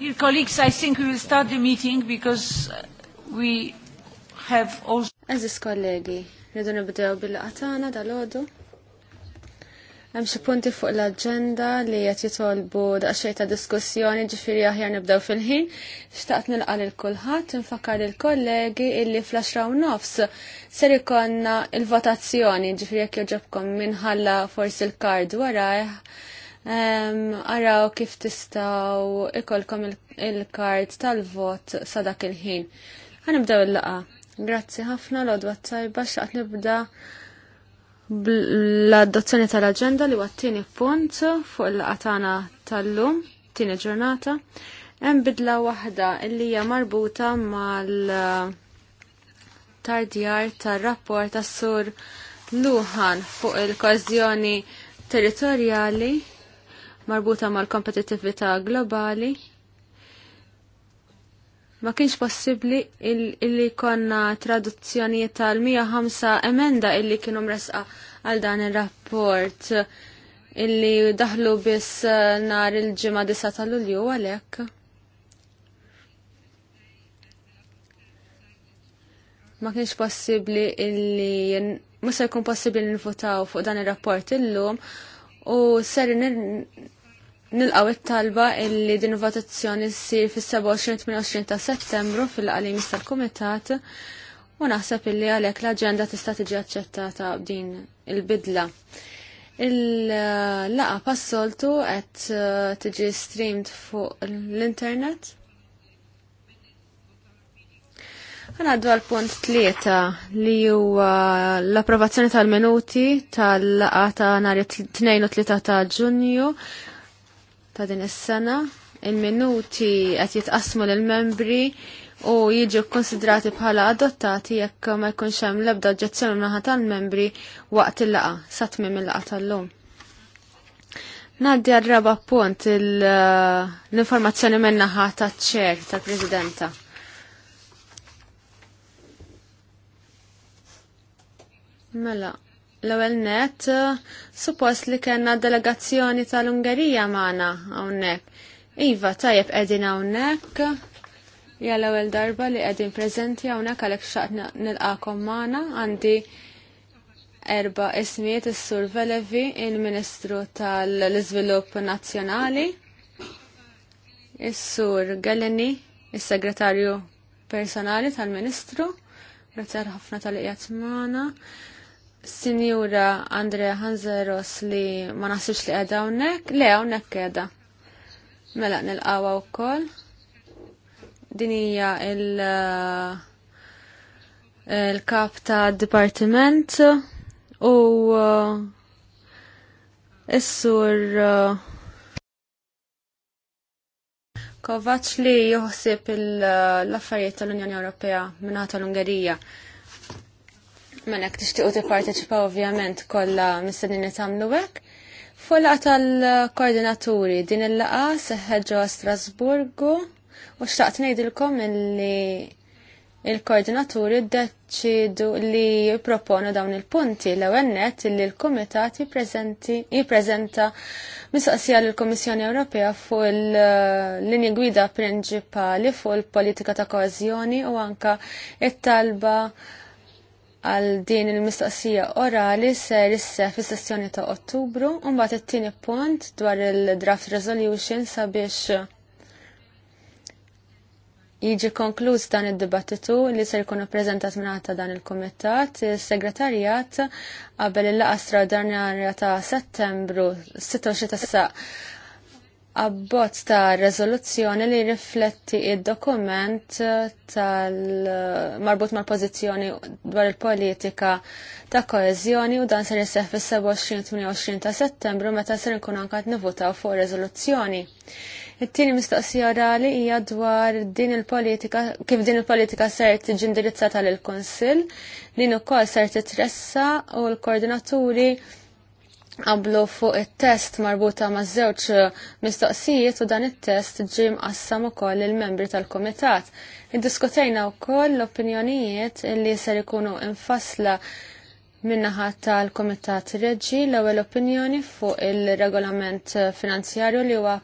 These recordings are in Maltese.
Dear colleagues, I think we will start the meeting because uh, we have also... Aziz kollegi, rridu nibdew bil-qatana dal-ħodu. Hemm punti fuq l agenda li qed jitolbu daqsxejn ta' diskussjoni ġifiri aħjar nibdew fil-ħin. Xtaqt nil-qal il kulħadd infakkar il kollegi illi fl-10 nofs ser ikonna il votazzjoni ġifiri jekk joġobkom minħalla forsi l-kard warajh Araw kif tistaw ikolkom il-kart tal-vot sa dak il-ħin. Għanibdaw il-laqa. Grazzi ħafna l-odwa tajba xaqt nibda bl-adozzjoni tal-agenda li għattini punt fuq il-laqa tana tal-lum, tini ġurnata. Hemm bidla waħda li hija marbuta mal tardjar tar-rapport tas-sur Luhan fuq il kważjoni territorjali marbuta mal kompetitività globali ma kienx possibbli illi konna traduzzjoni tal-105 emenda illi kienu mresqa għal dan il-rapport illi daħlu biss eh, nar il-ġimma disa tal-ulju għalek. Ma kienx possibbli illi musa jkun possibbli nifutaw fuq dan il-rapport illum u ser nilqaw it-talba illi din votazzjoni ssir fis-27-28 ta' Settembru fil-qalim tal-Kumitat u naħseb illi għalhekk l-aġenda tista' tiġi aċċettata din il-bidla. Il-laqa passoltu qed uh, tiġi streamed fuq l-internet. Għanaddu għal punt tlieta li huwa l-approvazzjoni tal-minuti tal-laqa ta' nhar 2 u 3 ta' Ġunju ta' din is-sena. Il-minuti qed jitqasmu lill-membri u jiġu konsidrati bħala adottati jekk ma jkunx hemm l-ebda oġġezzjoni naħa tal-membri waqt il-laqa sa tmiem il-laqa tal-lum. Ngħaddi għal-raba punt l-informazzjoni minnaħa ta' ċer tal-Presidenta. Mela, L-ewwel net, eh, suppost li kellna delegazzjoni tal-Ungerija magħna hawnhekk. Iva, tajjeb qegħdin hawnhekk. Ja l-ewwel darba li qegħdin preżenti hawnhekk għalhekk xaqt nilqakom magħna għandi erba' ismijiet is-Sur Velevi, il-Ministru tal-Iżvilupp Nazzjonali, is-Sur Galeni, is-Segretarju Personali tal-Ministru, Grazie ħafna tal-qiegħed magħna. Sinjura Andrea Hanzeros li ma naħsibx li qiegħda hawnhekk, le hawnhekk qiegħda. Mela nilqawha wkoll. Din hija il eh, il-kap ta' dipartiment u eh, is-sur eh, kovaċ li joħsib l-affarijiet tal-Unjoni Ewropea minna tal-Ungerija. tal ungerija Kaufman jek tixtiqu tipparteċipaw ovvjament kollha mistednin tagħmlu hekk. Fuq tal-koordinaturi din il-laqa seħħeġo Strasburgu u xtaqt ngħidilkom illi il-koordinaturi deċidu li jipproponu dawn il-punti l ewwel nett li l-Kumitat jippreżenta mistoqsija l kummissjoni Ewropea fuq il-linji gwida prinċipali fuq il-politika ta' koeżjoni u anka it-talba għal din il-mistaqsija orali ser issa fis-sessjoni ta' Ottubru u mbagħad it-tieni punt dwar il-draft resolution sabiex jiġi konkluż dan id-dibattitu li ser ippreżentat preżentat mingħata dan il-kumitat is-segretarjat qabel il-laqgħa straordinarja ta' Settembru 26 ta' abbozz ta' rezoluzzjoni li rifletti id-dokument eh, tal-marbut eh, mal pożizzjoni dwar il-politika ta' koezjoni u dan ser jisseħ fis 27 ta' settembru meta ser anke qed nivutaw fuq rezoluzzjoni. It-tieni mistoqsija orali hija dwar din il-politika kif din il-politika ser tiġi indirizzata lill kunsill din ukoll ser titressa u l-koordinaturi qablu fuq it-test marbuta ma' żewġ eh, mistoqsijiet u dan it-test ġim qassam ukoll il-membri tal-kumitat. Iddiskutejna wkoll l-opinjonijiet li ser ikunu infassla minnaħa tal-Komitat Reġi l-ewwel opinjoni fuq il-regolament finanzjarju li huwa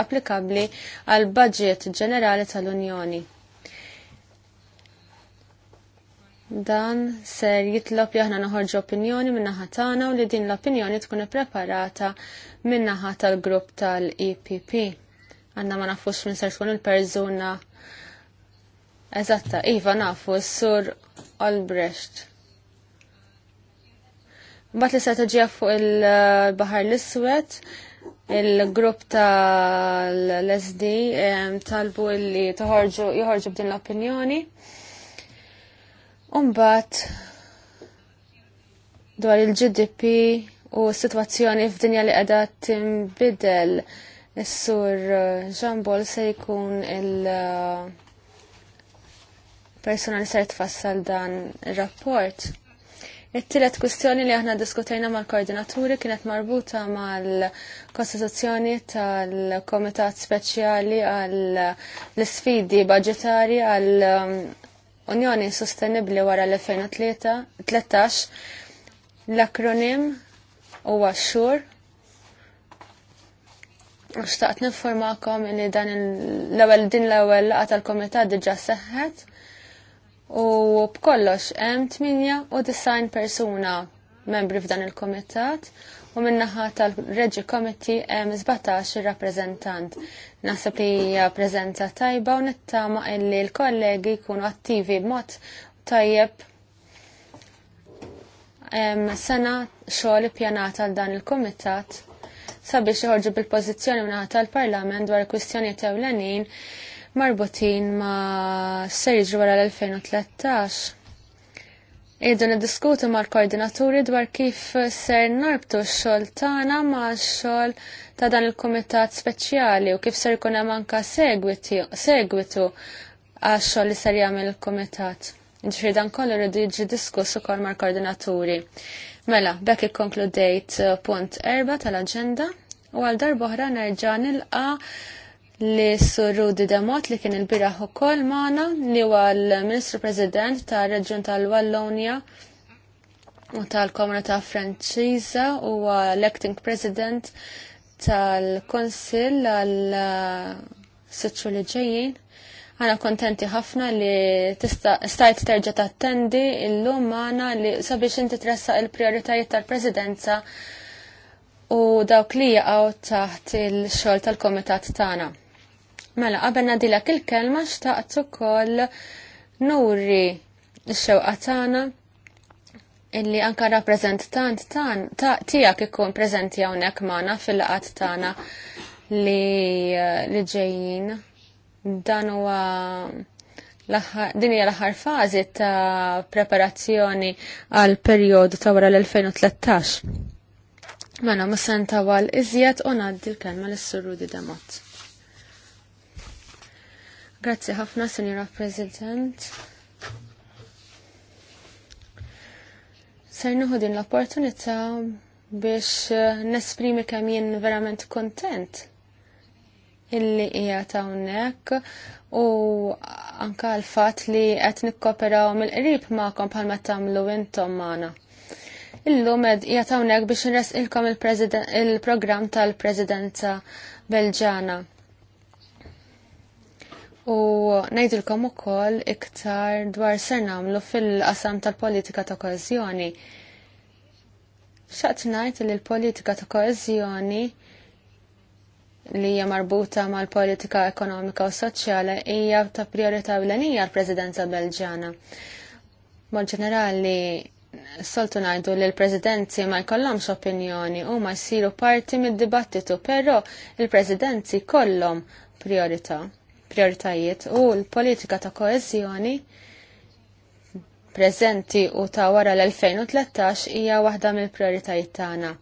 applikabli għal budget ġenerali tal-Unjoni. Dan ser jitlob li aħna noħorġu opinjoni minnaħa tagħna u li din l-opinjoni tkun ippreparata minnaħa tal-grupp tal-EPP. Għanna ma nafux minn ser tkun il-perżuna eżatta, iva nafu s-sur Albrecht. Bat li strategija fuq il-Bahar l-Iswed, il-grupp tal-SD talbu li toħorġu jħorġu b'din l-opinjoni. Umbat dwar il-GDP u s-situazzjoni f'dinja li qiegħda tinbidel is-sur Ġambol uh, se jkun il- uh, persona li se tfassal dan ir-rapport. It-tielet kwistjoni li aħna diskutejna mal-koordinaturi kienet marbuta mal-kostituzzjoni tal-Komitat Speċjali għall isfidi Budġetarji għal um, Unjoni Sostenibli wara l-2013 l-akronim huwa xur Xtaqt nifformakom li dan l-ewwel din l ewel laqgħa tal-komitat diġà seħħet u b'kollox hemm 98 persuna membri f'dan il-komitat u minnaħa tal-Reġi Committee hemm eh, 17 rappreżentant. Naħseb li hija preżenza tajba u nittama illi l-kollegi jkunu attivi b'mod tajjeb sena xogħol ippjanata għal dan il-kumitat sabiex joħorġu bil-pożizzjoni minnaħa tal-Parlament dwar kwistjonijiet ewlenin marbutin ma' ser jiġri wara l-2013 Idu niddiskutu mal-koordinaturi dwar kif ser narbtu x-xogħol tagħna max-xogħol ta' dan il-kumitat speċjali u kif ser ikun hemm anke segwitu għax-xogħol li ser jagħmel il-kumitat. Ġifieri dan kollu rridu jiġi diskuss ukoll mal-koordinaturi. Mela, bekk ikkonkludejt uh, punt erba' tal-aġenda u għal darba oħra nerġa' nilqa' li surru Didamot li kien il biraħu ukoll maħna li huwa l-Ministru President tar-Reġjun tal wallonia u tal-Komunità Franċiża huwa l-Acting President tal-Konsil għal uh, sitxu li ġejjin. Għana kontenti ħafna li stajt terġa tattendi illum maħna li sabiex inti tressa il-prioritajiet tal-presidenza u dawk li jaqaw taħt il-xol tal-komitat tagħna. Mela, qabel nadilak il-kelma x'taqtu koll nuri x-xewqa tagħna illi anka rappreżentant tan tiegħek ikun preżenti hawnhekk mana fil-laqat tagħna li li ġejjin. Dan huwa din hija l-aħħar fażi ta' preparazzjoni għal perjodu ta' wara l-2013. Mana mela, ma sentawal iżjed u ngħaddi l-kelma lis di Damott. Grazzi ħafna, Senjora President. Ser nuħu din l-opportunità biex eh, nesprimi kemm jien verament kontent illi hija hawnhekk u anka l-fatt li qed nikkoperaw mill-qrib magħkom bħalma tagħmlu intom magħna. Illum qed hija hawnhekk biex nresqilkom il-programm tal-Presidenza Belġana u ngħidilkom ukoll iktar dwar ser nagħmlu fil-qasam tal-politika ta' koezjoni. Xaqt ngħid li l-politika ta' koezjoni li hija marbuta mal-politika ekonomika u soċjali hija ta' priorità ewlenija l-Presidenza Belġjana. Mod ġenerali, soltu najdu li l-prezidenzi ma jkollhomx opinjoni u ma jsiru parti mid-dibattitu, però l prezidenzi kollom priorità prioritajiet u l-politika ta' koezjoni prezenti u ta' wara l-2013 hija waħda mill-prioritajiet tagħna.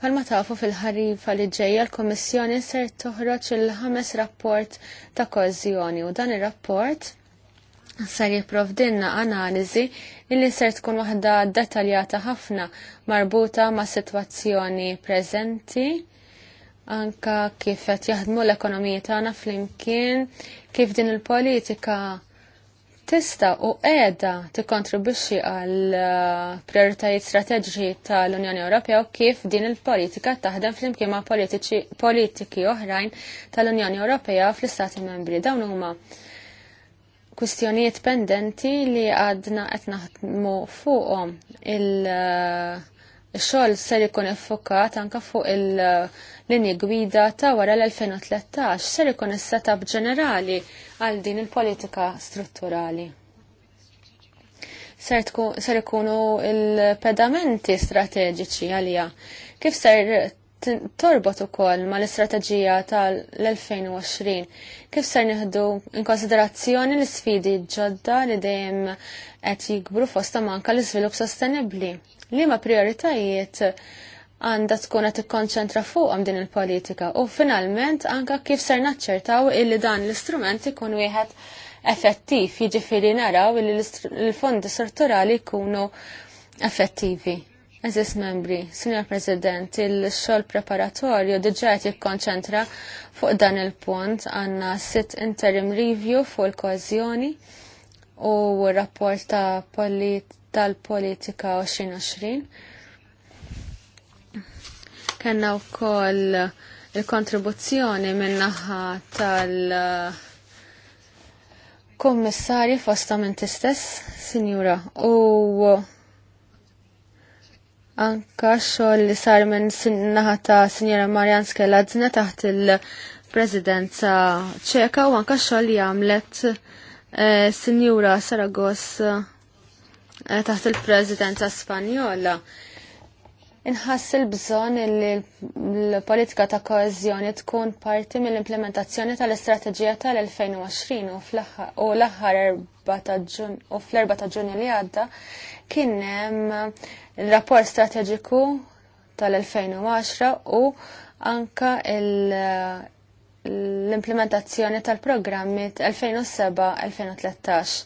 Palma tafu fil-ħarifa li ġejja l-Komissjoni ser toħroġ il-ħames rapport ta' koezjoni u dan ir-rapport ser jipprovdinna analiżi illi ser tkun waħda dettaljata ħafna marbuta ma' sitwazzjoni preżenti anka kif qed jaħdmu l-ekonomija tagħna flimkien kif din il-politika tista' u qiegħda tikkontribwixxi għal uh, prioritajiet strateġiċi tal-Unjoni Ewropea u kif din il-politika taħdem flimkien ma' politiċi politiki oħrajn tal-Unjoni Ewropea fl-Istati Membri. Dawn huma kwistjonijiet pendenti li għadna qed naħdmu fuqhom il- uh, xogħol ser ikun effokat anke fuq il- uh, linji gwida ta' wara l-2013 ser ikun is-setup ġenerali għal din il-politika strutturali. Ser ikunu il-pedamenti strateġiċi għalija. Kif ser torbot ukoll ma l-istrateġija tal-2020. Kif ser nieħdu in konsiderazzjoni l-sfidi ġodda li dejjem qed jikbru fosta manka l-iżvilupp sostenibbli? Liema prioritajiet għanda tkun qed ikkonċentra fuqhom din il-politika u finalment anka kif ser naċċertaw illi dan l-istrument ikun wieħed effettiv, jiġifieri naraw illi l-fondi strutturali jkunu effettivi. Eżis membri, Signor President, il-xol preparatorju diġa qed jikkonċentra fuq dan il-punt għandna sit interim review fuq il-kohezjoni u rapport ta' tal-politika 2020 Kenna u koll il-kontribuzzjoni minnaħa tal- uh, kommissari fosta minn tistess, sinjura, u anka xoll li sar minn naħa ta' sinjura Marjan Skeladzna taħt il-prezidenza ċeka u anka xoll li għamlet eh, sinjura Saragos eh, taħt il-prezidenza Spanjola. Inħass il-bżon li l-politika ta' koezjoni tkun parti mill-implementazzjoni tal-istrateġija tal-2020 u l-aħħar u fl-4 ta' ġunju li għadda kien hemm rapport strateġiku tal-2010 u anka l-implementazzjoni tal-programmi 2007-2013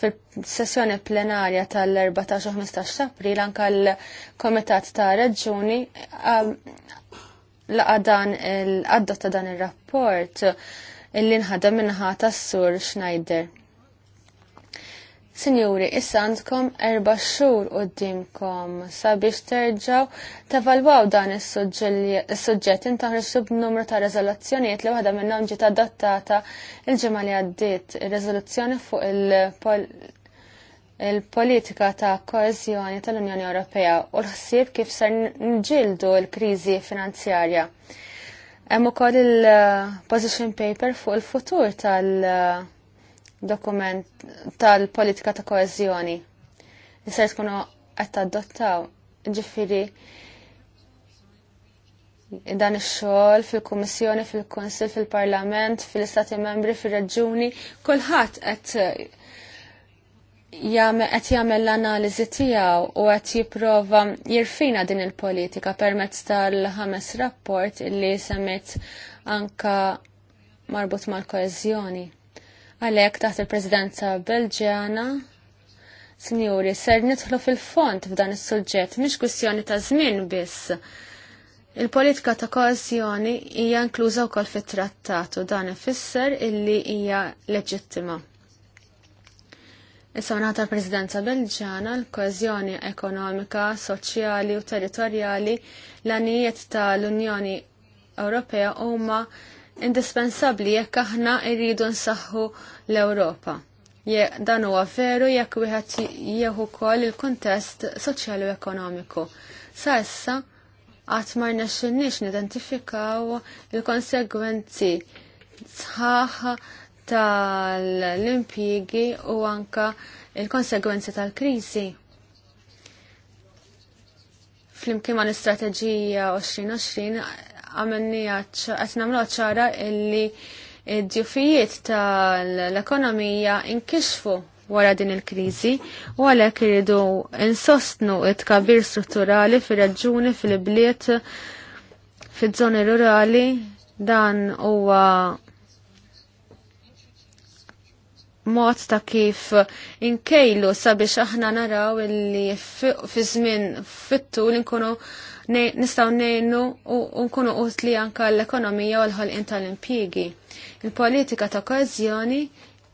fil-sessjoni plenarja tal-14 u 15 april anka l-Komitat ta' Reġuni um, laqa dan l ta' dan il-rapport illi nħadem minnħata tas-sur Schneider. Sinjuri, issa għandkom erba xhur dimkom sabiex terġaw tevalwaw dan is-suġġett intaħriġu b'numru ta' reżoluzzjonijiet li waħda minnhom ġiet adottata il-ġimgħa li għaddiet ir-reżoluzzjoni fuq il-politika ta' koeżjoni tal-Unjoni Ewropea u l-ħsieb kif ser nġildu l-kriżi finanzjarja. Hemm ukoll il-position paper fuq il-futur tal- dokument tal-politika ta' koezjoni. se tkunu qed tadottaw ġifieri dan ix-xogħol fil-Kummissjoni, fil-Kunsill, fil-Parlament, fil-Istati Membri, fir-Reġuni, kulħadd qed qed jagħmel l-analiżi tiegħu u qed jipprova jirfina din il-politika permezz tal-ħames rapport li semmit anka marbut mal-koeżjoni. Għalhekk taħt il-Presidenza Belġjana Signori, ser nidħlu fil-font f'dan is-suġġett, mhix kwistjoni ta' żmien biss. Il-politika ta' koazjoni hija inkluża wkoll fit-trattat u dan ifisser illi hija leġittima. Issa nata l-Presidenza Belġjana l-koezjoni ekonomika, soċjali u territorjali l-anijiet tal-Unjoni Ewropea huma indispensabbli jekk aħna jridu nsaħħu l-Ewropa. Dan huwa veru jekk wieħed jieħu wkoll il-kuntest soċjali u ekonomiku. Sa issa qatt ma rnexxinniex nidentifikaw il-konsegwenzi sħaħ tal-impjiegi u anka il-konsegwenzi tal-kriżi flimkien ma l-istrateġija 2020 għamenni għatnamlu ċara illi id-djufijiet tal-ekonomija inkixfu wara din il-krizi u għalek irridu insostnu it-kabir strutturali fi raġuni fil-bliet fil-żoni rurali dan huwa mod ta' kif inkejlu sabiex aħna naraw illi fi żmien fittu li nistaw nejnu u nkunu utli anka l-ekonomija u l-ħolqin tal-impjigi. Il-politika ta' koezjoni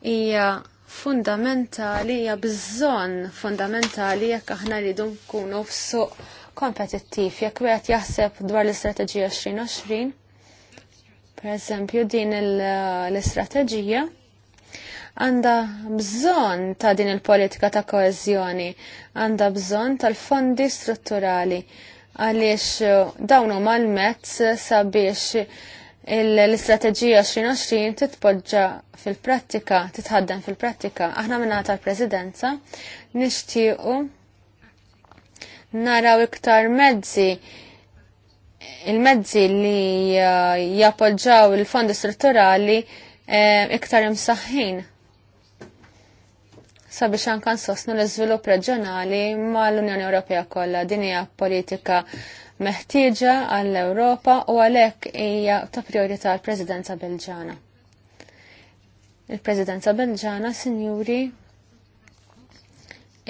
hija fundamentali, hija bżonn fundamentali jekk aħna rridu nkunu f'suq kompetittiv. Jekk wieħed jaħseb dwar l-istrateġija 2020, per eżempju din l-istrateġija, għanda bżon ta' din il-politika ta' koezjoni, għanda bżon tal-fondi strutturali, għaliex eh, dawn huma l-mezz sabiex l-istrateġija 2020 titpoġġa fil-prattika, titħaddan fil-prattika. Aħna minna l presidenza nixtiequ naraw iktar mezzi il-mezzi li eh, jappoġġaw il-fondi strutturali eh, iktar imsaħħin sabiex anka nsostnu l-iżvilupp reġjonali mal-Unjoni Ewropea kollha. Din hija politika meħtieġa għall-Ewropa u għalhekk hija ta' priorità l-Presidenza Belġana. Il-Presidenza Belġana, sinjuri,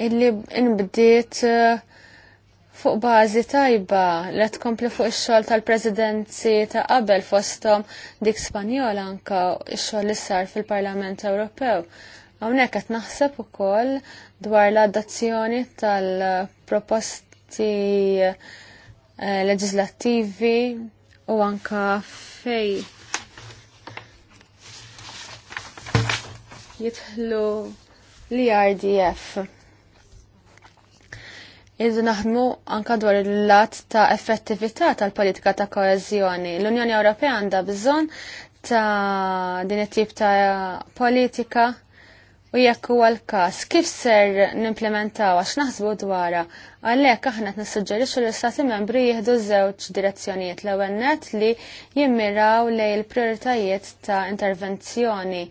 illi nbdiet eh, fuq bażi tajba li tkompli fuq ix-xogħol tal-Presidenzi ta' qabel fosthom dik Spanjola anka x-xogħol li sar fil-Parlament Ewropew Hawnhekk qed naħseb ukoll dwar l-adazzjoni tal-proposti eh, leġislattivi u anka fej jitħlu l-RDF. Iddu naħdmu anka dwar il-lat ta' effettività tal-politika ta' koezjoni. L-Unjoni Ewropea għandha bżonn ta' din it-tip ta' politika U jekk huwa l-każ, kif ser nimplementaw għax naħsbu dwarha għalhekk aħna qed nissuġġerixxu l istati membri jieħdu żewġ direzzjonijiet l-ewwel nett li jimmiraw lejn il-prioritajiet ta' intervenzjoni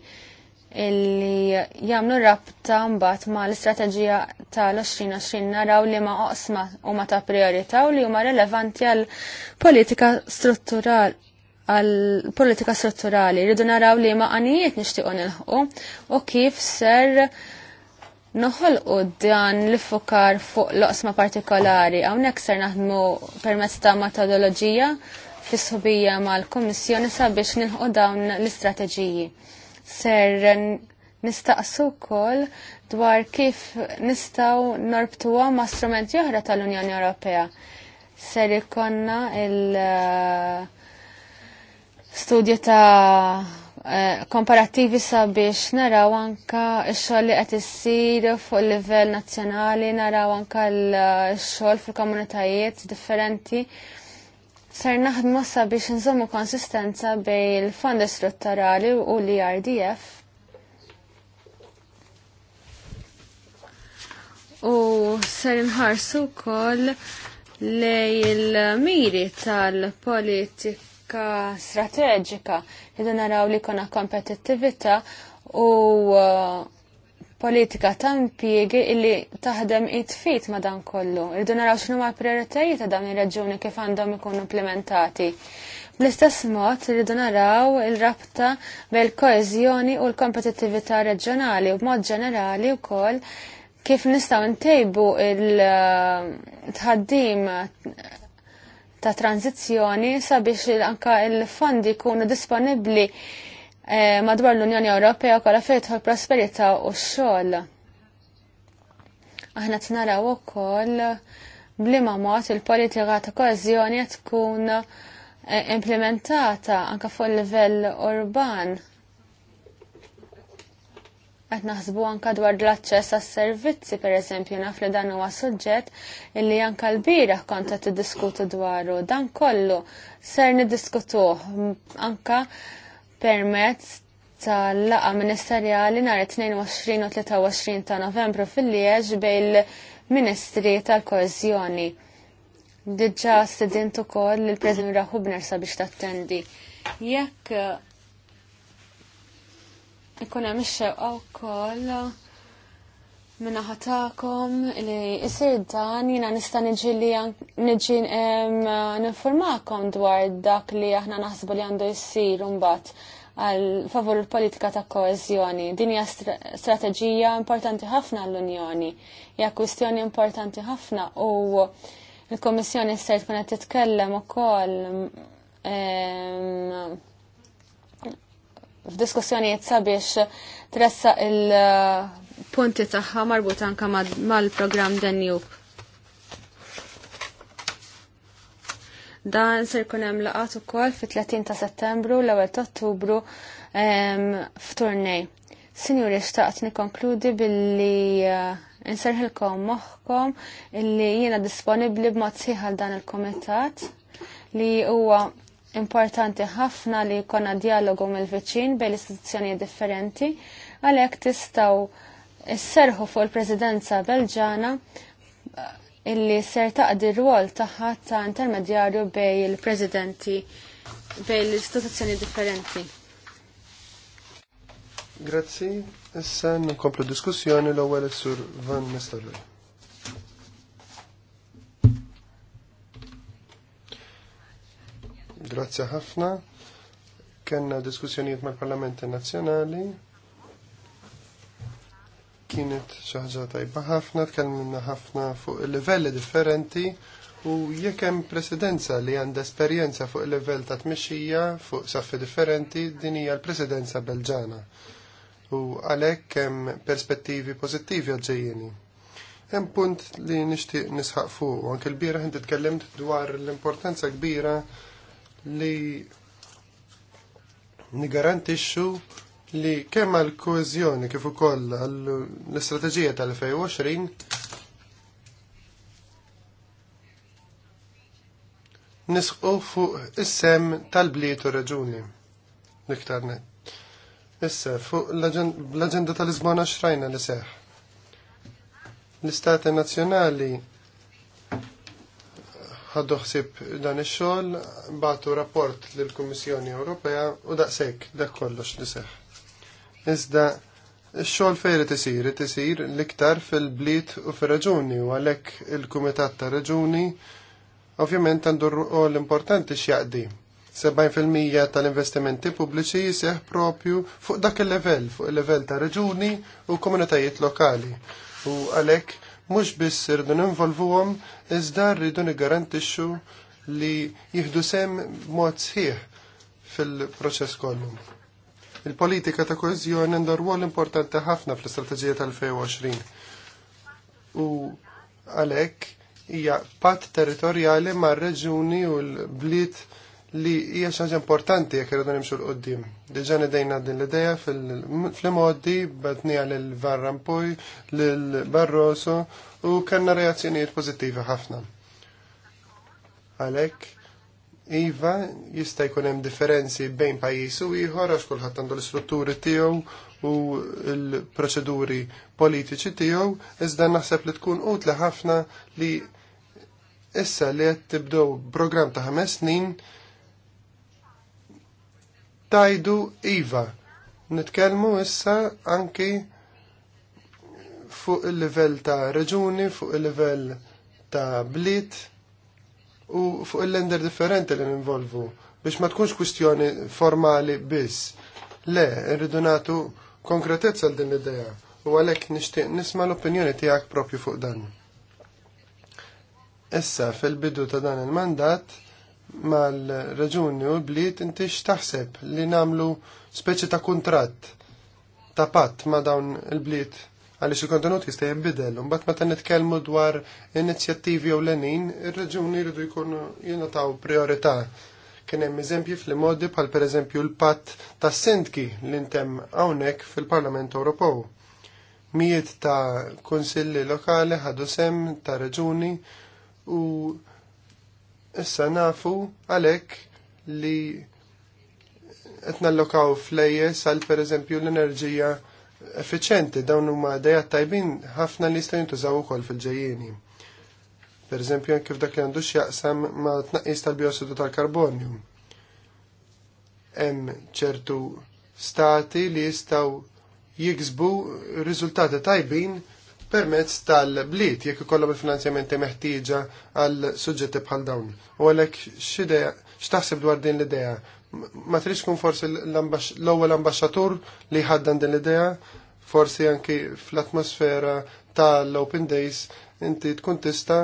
illi jagħmlu rabta mbagħad mal istrateġija tal-2020 naraw li ma oqsma huma ta' priorità u li huma relevanti għall politika strutturali għal-politika strutturali. Rridu naraw li ma' għanijiet nishtiqo nilħu u kif ser d dan l-fukar fuq loqsma partikolari. għaw ser naħdmu permezz ta' metodoloġija fis-subija mal-Kommissjoni sabiex nilħu dawn l-istrateġiji. Ser nistaqsu wkoll dwar kif nistgħu norbtuha ma' strumenti oħra tal-Unjoni Ewropea. Ser ikonna il- uh, studju ta' eh, komparattivi sabiex naraw anka x-xogħol li qed issir fuq livell nazzjonali, naraw anka l-xogħol fil-komunitajiet differenti. Ser naħdmu sabiex nżommu konsistenza bejn il fond strutturali u l-IRDF u ser nħarsu kol lej il-miri tal-politika politika strateġika jidu naraw li kona kompetittivita u uh, politika ta' impjiegi illi taħdem it fit ma' dan kollu. Irdu naraw xinu ma' prioritajiet ta' dan ir reġuni kif għandhom ikunu implementati. Bl-istess mod irridu naraw il-rabta bel koezjoni u l-kompetittività reġjonali u b'mod ġenerali wkoll kif nistgħu ntejbu il-tħaddim uh, ta' tranzizzjoni sabiex anka il-fondi kunu disponibli eh, madwar l-Unjoni Ewropea kolla fejtħu l-prosperita u x-xogħol. Aħna t-naraw ukoll blima mod il-politika ta' koeżjoni tkun eh, implementata anka fuq il livell urban Qed naħsbu anka dwar l-aċċess għas-servizzi pereżempju naf li dan huwa suġġett illi anka l bira kont qed tiddiskutu dwaru dan kollu ser niddiskutuh anka permezz tal-laqa ministerjali nhar 22 u 23 ta' Novembru fil-Lieġ bejn ministri tal-Koezjoni. Diġà student ukoll il-President Raħubner sabiex tattendi. Jekk ikun hemm ix-xewqa wkoll minna ħatakom li jsir dan jiena nista niġi li niġi ninformakom dwar dak li aħna naħsbu li għandu jsir mbagħad għal favur il-politika ta' koezjoni. Din hija strateġija importanti ħafna l-Unjoni, hija kwistjoni importanti ħafna u l-Kommissjoni se tkun qed titkellem ukoll f'diskussjonijiet sabiex tressa il-punti tagħha marbut anka mal-programm Danube. Dan se jkun hemm laqat ukoll fit-30 ta' Settembru l-ewwel ta' Ottubru f'turnej. Sinjuri xtaqt nikkonkludi billi eh, inserħilkom moħħkom illi jiena disponibbli b'mod dan il-kumitat li huwa importanti ħafna li jkollna dialogu mill-viċin bejn l-istituzzjonijiet differenti għalhekk tistgħu sserħu fuq il-Presidenza Belġana eh, illi ser taqdi r-rwol tagħha ta' intermedjarju bejn il-Presidenti bejn l-istituzzjoni differenti. Grazzi, issa nkomplu diskussjoni l-ewwel is sur Van Nistelrooy. Grazzi ħafna. Kenna diskussjonijiet mal-Parlamenti Nazzjonali. Kienet xaħġa tajba ħafna, tkellimna ħafna fuq livelli differenti u jekk hemm presidenza li għandha esperjenza fuq il-livell ta' tmixxija fuq saffi differenti din hija l-presidenza Belġana. U għalhekk hemm perspettivi pożittivi għal Hemm punt li nixtieq nisħaq fuq, anke l-bieraħ inti tkellimt dwar l-importanza kbira li nigarantixxu li kemm għal koezjoni kif ukoll l-istrateġija tal-2020 nisqu fuq is-sem tal-bliet u reġuni l-iktar net. Issa, fuq l-agenda tal-Lisbona xrajna li seħ. L-Istati Nazjonali ħaddu ħsieb dan ix-xogħol batu rapport lill-Kummissjoni Ewropea u daqshekk dak kollox li seħħ. Iżda x xogħol fejri tisir, tisir l-iktar fil-bliet u fir-raġuni u għalhekk il-Kumitat ta' Raġuni ovvjament għandu rwol importanti x'jaqdi. 70% tal-investimenti pubbliċi jiseħ propju fuq dak il-level, fuq il-level ta' raġuni u komunitajiet lokali. U għalhekk mhux biss irridu ninvolvuhom iżda rridu niggarantixxu li jieħdu sem mod sħiħ fil-proċess kollu. Il-politika ta' koeżjoni għandha rwol importanti ħafna fl-istrateġija tal-2020. U għalhekk hija patt territorjali mar-reġuni u l-bliet li hija xi ħaġa importanti jekk irridu nimxu l qudiem Diġà nidejna din l-idea fil-modi batnija lil Van Rampuy, lil Barroso u kellna reazzjonijiet pożittivi ħafna. Għalhekk Iva jista' jkun hemm differenzi bejn pajjiż u ieħor għax kulħadd għandu l-istrutturi tiegħu u l-proċeduri politiċi tiegħu, iżda naħseb li tkun utli ħafna li issa li qed tibdew programm ta' ħames snin tajdu iva. Nitkellmu issa anki fuq il-livell ta' reġuni, fuq il-livell ta' bliet u fuq il-lender differenti li ninvolvu biex ma tkunx kwistjoni formali biss. Le, irridu nagħtu konkretezza għal din l-idea u għalhekk nixtieq nisma' l-opinjoni tiegħek propju fuq dan. Issa fil-bidu ta' dan il-mandat mal reġuni u l-bliet inti x'taħseb li namlu speċi ta' kuntratt ta' patt ma' dawn il-bliet għaliex il-kontenut jista' jinbidel. Mbagħad meta nitkellmu dwar inizjattivi l-enin, ir reġuni jridu jkunu jingħataw priorità. Kien hemm eżempji fl-modi bħal pereżempju l-patt tas sindki li ntem hawnhekk fil-Parlament Ewropew. Mijiet ta' konsilli lokali ħadu sem ta' reġuni u issa nafu għalhekk li qed nallokaw flejjes għal pereżempju l-enerġija efficienti dawn huma dejat tajbin ħafna li jistgħu jintużaw ukoll fil-ġejjieni. Pereżempju kif dak li għandux jaqsam ma tnaqqis tal-biossidu tal-karbonju. Hemm ċertu stati li jistgħu jiksbu riżultati tajbin permezz tal-bliet jekk ikollhom il-finanzjamenti meħtieġa għal suġġetti bħal dawn. U għalhekk x'idea x'taħseb dwar din l-idea? Ma tridx tkun forsi l-ewwel ambaxxatur li ħaddan din l-idea, forsi anki fl-atmosfera tal-Open Days inti tkun tista'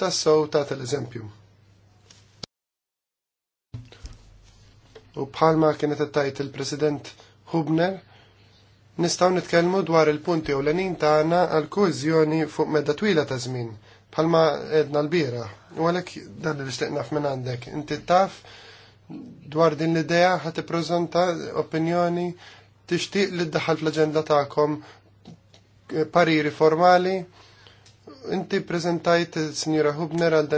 tassew ta' tal eżempju U bħalma kienet tajt il-President Hubner, nistgħu nitkellmu dwar il-punti u l enin tagħna għal koeżjoni fuq medda twila ta' żmien bħalma edna l-bira. U għalek dan li xteqnaf minn għandek. Inti taf dwar din l-idea ħat prezenta opinjoni tixtieq li ddaħal fl-aġenda tagħkom pariri formali. Inti prezentajt signora Hubner għal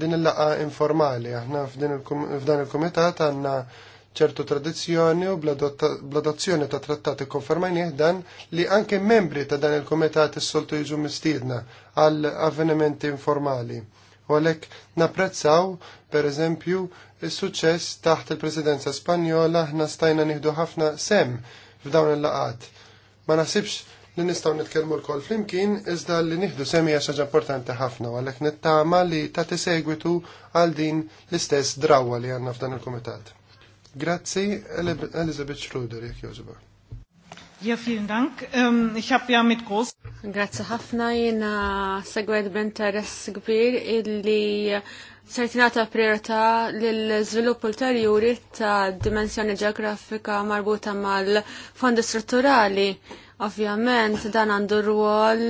din il-laqa informali. Aħna f'dan il-komitat għandna ċertu tradizzjoni u bladazzjoni ta' trattati konfermajni dan li anke membri ta' dan il-komitat is-soltu jiġu mistiedna għal avvenimenti informali. U għalhekk napprezzaw, per eżempju, il suċċess taħt il-Presidenza Spanjola ħna stajna nieħdu ħafna sem f'dawn il-laqat. Ma nasibx li nistgħu nitkellmu l-kol flimkien iżda li nieħdu sem hija xaġa importanti ħafna u għalhekk nittama li ta' segwitu għal din l-istess drawwa li għandna f'dan il-kumitat. Grazzi, Elizabeth Schroeder, jek jożba. Ja, vielen Dank. Um, ich habe ja mit groß. Grazie ħafna jena segwet b'interess kbir illi sertinata priorità l-żvilupp ulterjuri ta' dimensjoni ġeografika marbuta mal-fondi strutturali. Ovvjament dan għandu rwol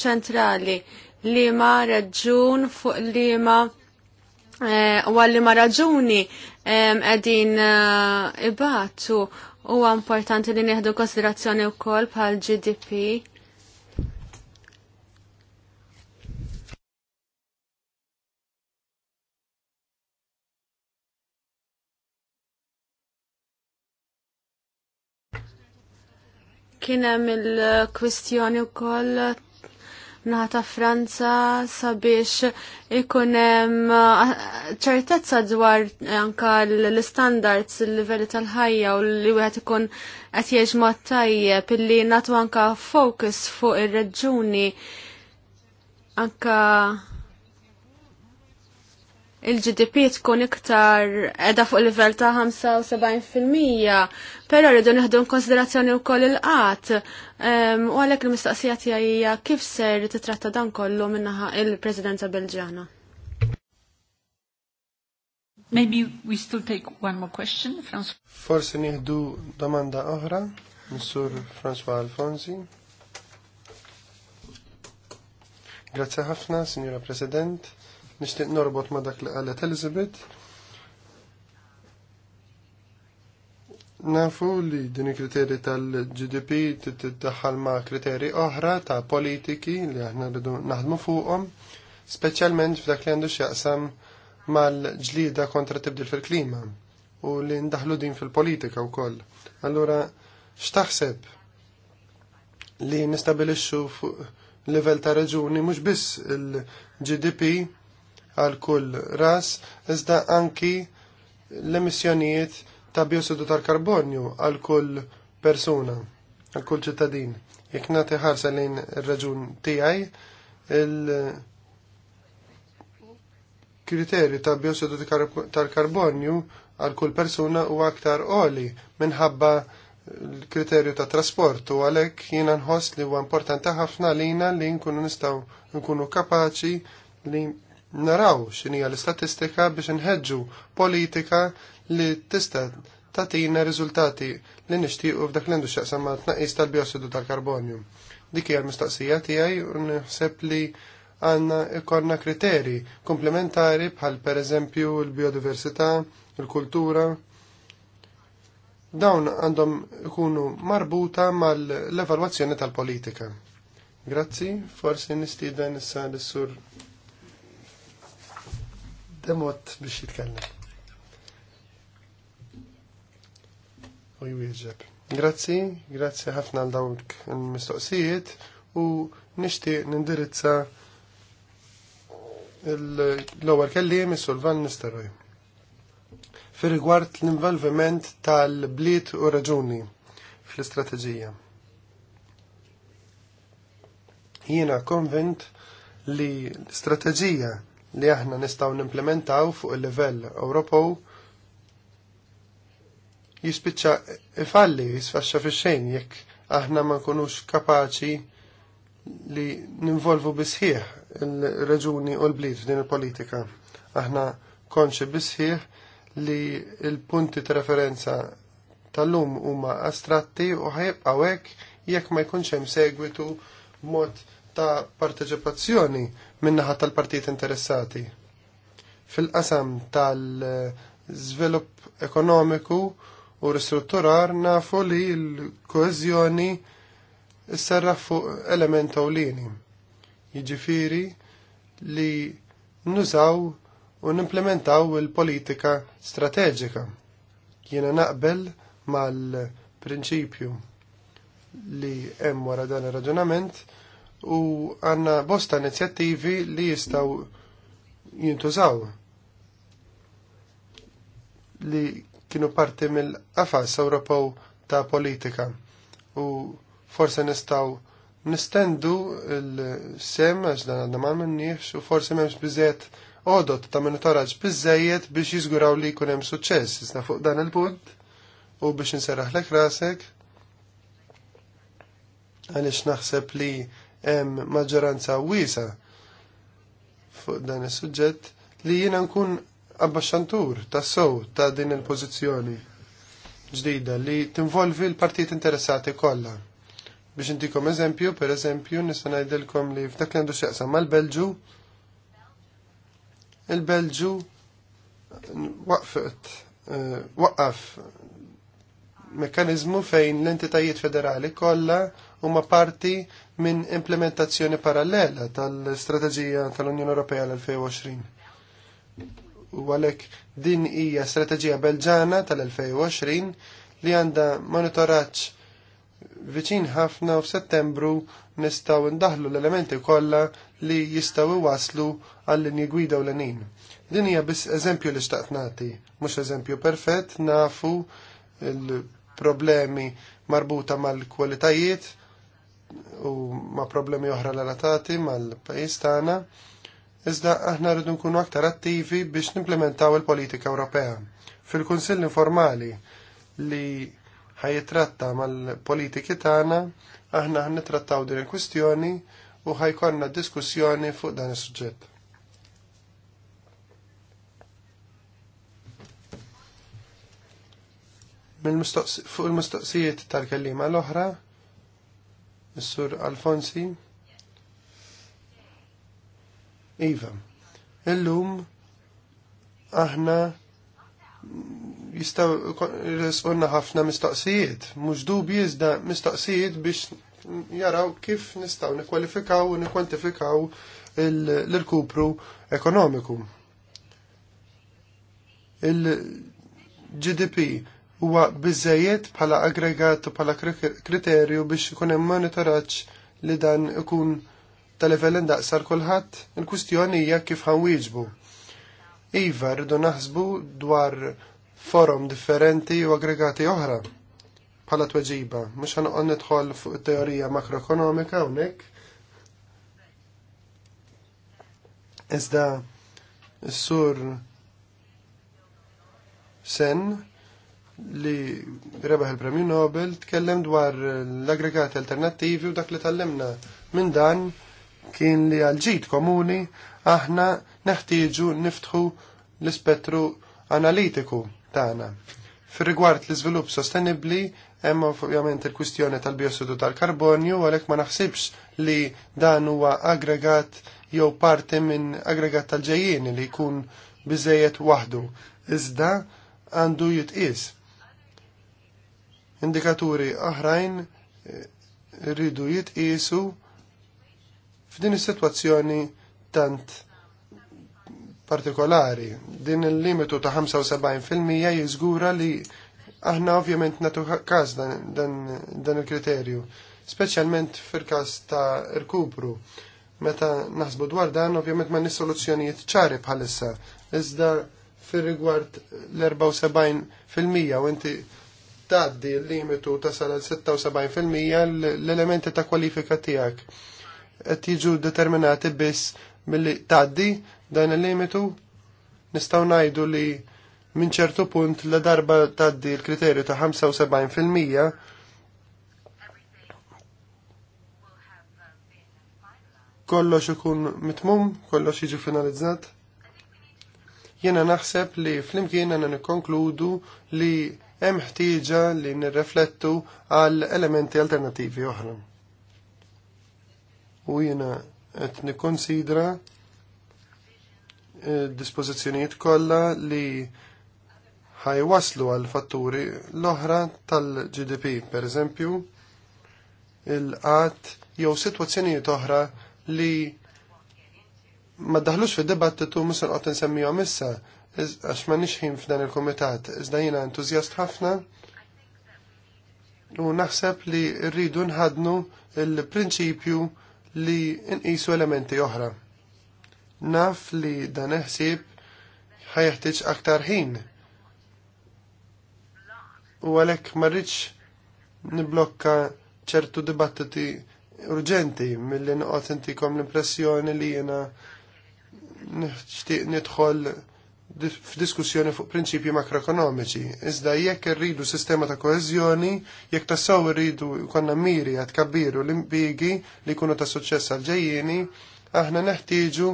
ċentrali. Lima, reġun, fuq Lima Eh, u għalli ma raġuni għedin eh, ibatu u importanti li nieħdu konsiderazzjoni wkoll bħal GDP. Kien hemm il-kwistjoni wkoll nata Franza sabiex ikunem uh, ċertezza dwar eh, anka l-standards, l-livelli tal-ħajja u li wieħed ikun qed jeġma' tajjeb illi natu anka focus fuq ir-reġuni anka il-GDP tkun iktar edha fuq livell ta' 75%, pero rridu neħdu konsiderazzjoni ehm, u koll il-qat. U għalek l mistaqsijat tijajja kif ser titratta dan kollu minnaħa il-Presidenza Belġana? Maybe we still take one more question, François. Forse nieħdu domanda oħra, Mr. François Alfonsi. Grazie ħafna, Signora President nixtieq norbot ma dak li qalet Elizabeth. Nafu li din il-kriteri tal-GDP tiddaħħal ma' kriteri oħra ta' politiki li aħna rridu naħdmu fuqhom, speċjalment f'dak li għandu x'jaqsam mal-ġlida kontra tibdil fil-klima u li ndaħlu din fil-politika wkoll. Allura x'taħseb li nistabilixxu fuq level ta' raġuni mhux biss il-GDP għal kull ras, iżda anki l-emissjonijiet ta' biossidu tal-karbonju għal kull persuna, għal kull ċittadin. Jekk nagħti ħarsa lejn ir-raġun tiegħi, il-kriterju ta' biossidu tal-karbonju għal kull persuna u aktar oli minħabba l-kriterju ta' trasport u għalhekk jiena nħoss li huwa importanti ħafna lina li nkunu nistgħu nkunu kapaċi li naraw x'inija l-istatistika biex inħeġġu politika li tista' tatina riżultati li nixtiequ f'dak l-indu xaqsam ma' tnaqqis tal-biossidu tal-karbonju. Dik hija l-mistoqsija tiegħi u nħseb li għandna ikollna kriteri komplementari bħal pereżempju l-biodiversità, il-kultura, dawn għandhom ikunu marbuta mal-evalwazzjoni tal-politika. Grazzi, forsi nistiden issa l-sur demot biex jitkellem. U jwieġeb. Grazzi, grazzi ħafna għal dawk il-mistoqsijiet u nixtieq nindirizza l-ewwel kelliem is Sulvan Nisteroj. Fi rigward l-involviment tal-bliet u raġuni fl-istrateġija. Jiena konvent li l-istrateġija li aħna nistgħu nimplementaw fuq il-livell Ewropew jispiċċa ifalli, jisfaxxa fix-xejn jekk aħna ma nkunux kapaċi li ninvolvu bisħieħ il-reġuni u l-bliet f'din il-politika. Aħna konċi bisħieħ li il-punti ta' referenza tal-lum huma astratti u ħajbqaw hekk jekk ma jkunx hemm segwitu mod ta' parteċipazzjoni minnaħa tal-partijiet interessati. Fil-qasam tal-żvilupp ekonomiku u ristrutturar nafu li l-koezjoni s-serra fuq element ewlieni. Jiġifieri li nużaw u nimplementaw il-politika strateġika. Jiena naqbel mal-prinċipju li hemm wara dan ir-raġunament u għanna bosta inizjattivi li jistaw jintużaw li kienu parti mill-qafas Ewropew ta' politika u forse nistaw nistendu il-sem għax dan għadna ma' minniex u forse memx bizet odot ta' monitoraġġ bizzejiet biex jizguraw li jkun hemm suċċess iżda fuq dan il-punt u biex l rasek għaliex naħseb li hemm maġġoranza wiesa fuq dan is-suġġett li jiena nkun abbaxxantur tas-sow ta' din il-pożizzjoni ġdida li tinvolvi l-partijiet interessati kollha. Biex intikom eżempju, per eżempju, nista' ngħidilkom li f'dak li għandu x'jaqsam mal-Belġu il-Belġu waqfet eh, waqaf mekkaniżmu fejn l-entitajiet federali kollha huma parti minn implementazzjoni parallela tal-Strateġija tal-Unjoni Ewropea l-2020. U għalhekk din hija strateġija Belġana tal-2020 li għandha monitoraġġ viċin ħafna u f'Settembru nistgħu ndaħlu l-elementi kollha li jistgħu waslu għall-linji gwida u l-nin. Din hija biss eżempju li xtaqt nagħti, mhux eżempju perfett, nafu l-problemi marbuta mal-kwalitajiet, u ma' problemi oħra relatati mal-pajis tagħna, iżda aħna rridu nkunu aktar attivi biex nimplementaw il-politika Ewropea. Fil-Kunsill informali li ħajitratta mal-politiki tagħna, aħna ħnitrattaw din il-kwistjoni u ħajkonna diskussjoni fuq dan is-suġġett. Fuq il-mistoqsijiet tal-kellima l-oħra, Is-Sur Alfonsi. Iva. Illum aħna jistaw resqonna ħafna mistaqsijiet, mhux dubi iżda mistaqsijiet biex jaraw kif nistaw nikwalifikaw u nikwantifikaw l-irkupru ekonomiku. Il-GDP huwa biżejjed bħala aggregat u bħala kriterju biex ikun hemm monitoraġġ li dan ikun tal-level indaqsar kulħadd. Il-kwistjoni hija kif wieġbu. Iva rridu naħsbu dwar forum differenti u aggregati oħra bħala tweġiba. Mhux ħanoqgħod nidħol fuq teorija makroekonomika hawnhekk. Iżda s-sur sen li rebaħ il-Premju Nobel tkellem dwar l-aggregati alternattivi u dak li tallemna minn dan kien li għal-ġid komuni aħna neħtieġu niftħu l-ispettru analitiku tagħna. Fir-rigward l-iżvilupp sostenibbli hemm ovvjament il-kwistjoni tal-biossidu tal-karbonju għalhekk ma naħsibx li dan huwa aggregat jew parti minn aggregat tal-ġejjieni li jkun biżejjed waħdu. Iżda għandu jitqies. Indikaturi aħrajn eh, rridu jitqisu f'din is-sitwazzjoni tant partikolari. Din il-limitu ta' 75% jiżgura li aħna ovvjament natu każ dan, dan, dan il-kriterju, speċjalment fil-każ ta' rkupru. Meta naħsbu dwar dan, ovvjament ma' nis-soluzzjonijiet ċari bħalissa, iżda fil-rigward l-74% u inti taddi l-limitu tasal għal 76% l-elementi ta' kwalifika tijak. Et jiġu determinati biss mill-li taddi dan il-limitu nistaw najdu li minn ċertu punt la darba taddi l-kriterju ta' 75% kollox ikun mitmum, kollox jiġi finalizzat. Jena naħseb li fl-imkien għanna nikkonkludu li hemm ħtieġa li nirreflettu għal elementi alternativi oħra. U jiena qed nikkonsidra eh, dispożizzjonijiet kollha li ħajwaslu għal fatturi l-oħra tal-GDP, per eżempju, il-qat jew sitwazzjonijiet oħra li ma daħlux fid dibattitu musan qot nsemmihom issa għax ma nixħin f'dan il-komitat, iżda jiena entużjast ħafna u naħseb li rridu nħadnu il-prinċipju li nqisu elementi oħra. Naf li dan eħsib ħajħtieġ aktar ħin. U għalhekk ma rridx niblokka ċertu dibattiti urġenti milli noqgħod intikom l-impressjoni li jiena nixtieq nidħol f'diskussjoni fuq prinċipji makroekonomiċi. Iżda jekk irridu sistema ta' koeżjoni, jekk tassaw irridu konna miri għad kabiru l-impigi li kunu ta' suċċess għal-ġejjini, aħna neħtieġu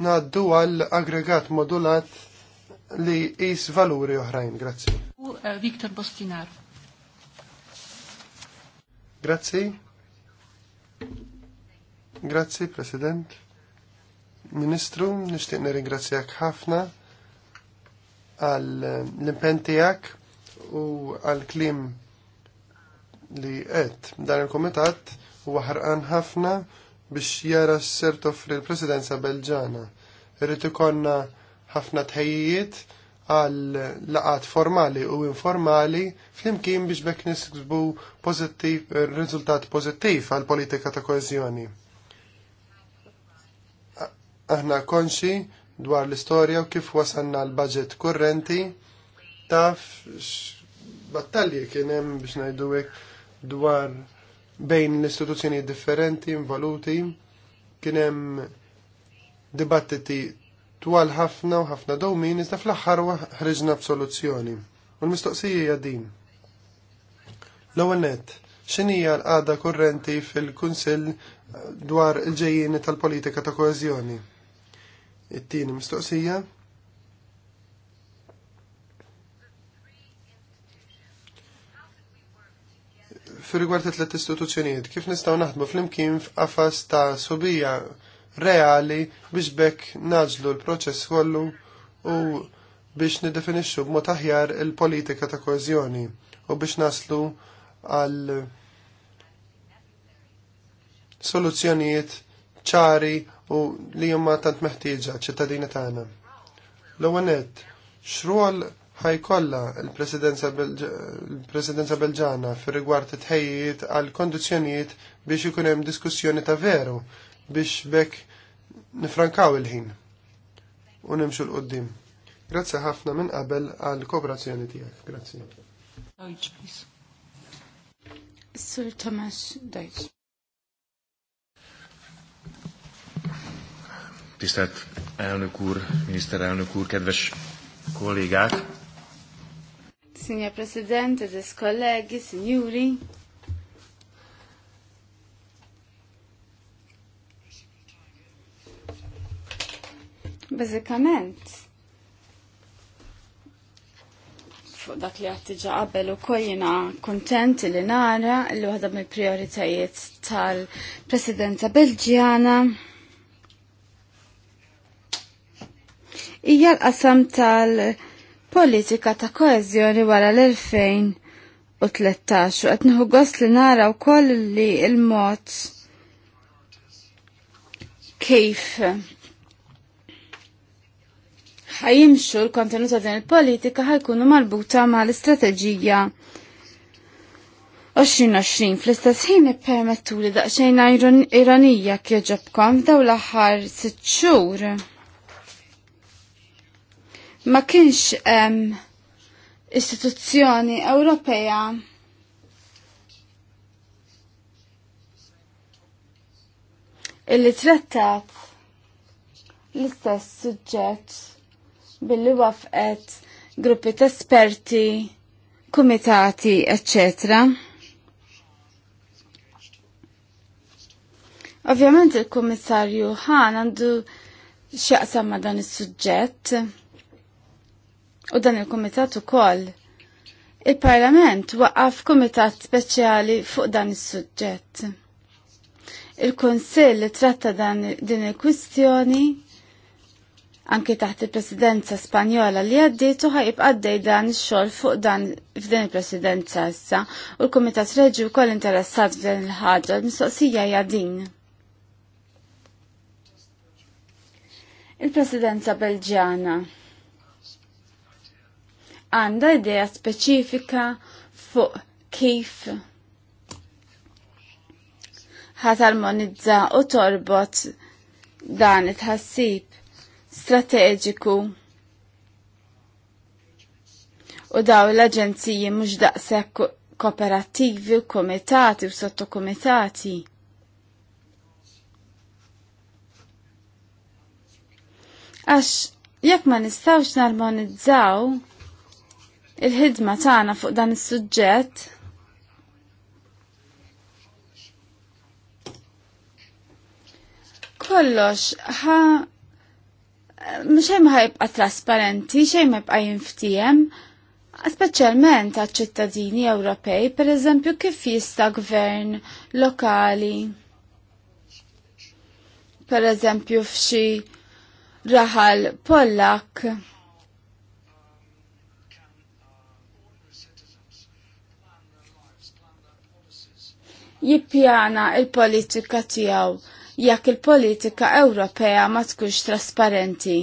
naddu għal aggregat modulat li jis valuri oħrajn. Grazzi. Eh, Viktor Bostinar. Grazzi. Grazzi, President. Ministru, nixtieq nirringrazzjak ħafna għal l-impenn u għal klim li għed. dan il-kumitat huwa għarqan ħafna biex jara s-ser toffri l-presidenza belġana. Irrid konna ħafna tħejjiet għal laqat formali u informali flimkien biex bekk nisbu eh, riżultat pożittiv għal politika ta' koeżjoni. Aħna konxi dwar l-istorja u kif wasanna l-budget kurrenti taf battalji kien hemm biex ngħidu dwar bejn l-istituzzjoni differenti, involuti, kien hemm dibattiti twal ħafna u ħafna domini, iżda fl-aħħar ħriġna b'soluzzjoni. U l-mistoqsija hija din. L-ewwel nett, x'inhija l-qagħda kurrenti fil-Kunsill dwar il-ġejjieni tal-politika ta' koeżjoni? It-tieni mistoqsija. Fir rigward it-tlet istituzzjonijiet, kif nistgħu naħdmu flimkien f'qafas ta' subija reali biex bekk naġlu l-proċess kollu u biex nidefinixxu b'mod aħjar il-politika ta' koeżjoni u biex naslu għal soluzzjonijiet ċari u li jumma tant meħtieġa ċittadini tagħna. L-ewwel nett, ħajkolla il l-Presidenza Belġana fir-rigward it-tħejjiet għal kondizjoniet biex ikun hemm diskussjoni ta' veru biex bekk nifrankaw il-ħin u nimxu l-qoddim. Grazzi ħafna minn qabel għal kooperazzjoni tiegħek. Grazzi. Sir Thomas Deutsch. Tisztelt elnök úr, miniszterelnök úr, kedves kollégák! Signor Presidente, kollegi, signori! Bazzikament, dak li għattiġa qabel u kojina kontent li nara li għadam mill prioritajiet tal-presidenza Belġjana hija l-qasam tal-politika ta' koeżjoni wara l-2013 u qed nieħu gost li nara wkoll li l-mod kif ħajimxu l-kontenut ta' din il-politika ħajkunu marbuta ma' l-istrateġija 2020 fl-istess ħin ippermettu li daqsxejn ironija kieġobkom f'daw l-aħħar sitt xhur ma kienx hemm istituzzjoni Ewropea illi trattat l-istess suġġett billi wafqet gruppi ta' esperti, komitati eccetera. Ovvjament il-Kummissarju ħan għandu x'jaqsam ma' dan is-suġġett u dan il-Kumitat ukoll. Il-Parlament waqaf Kumitat Speċjali fuq dan is-suġġett. Il-Kunsill tratta dan din il-kwistjoni anke taħt il-Presidenza Spanjola li għaddiet u ħajibqa' għaddej dan ix-xogħol fuq dan f'din il-Presidenza issa u l-Kumitat Reġi wkoll interessat f'din il-ħaġa l-mistoqsija hija din. Il-Presidenza Belġjana għandha idea speċifika fuq kif ħatarmonizza u torbot dan it-ħassib strateġiku u daw l-aġenziji mhux daqshekk kooperativi, u komitati u sottokomitati. Għax jekk ma nistawx narmonizzaw Il-ħidma tagħna fuq dan is-suġġett kollox ħa xejn ma ħajbqa' trasparenti, xejn ma jibqa' jinftiehem, speċjalment għaċ-ċittadini Ewropej, pereżempju kif jista' gvern lokali. Pereżempju f'xi raħal Pollak jippjana il-politika tijaw, jekk il-politika Ewropea ma tkunx trasparenti.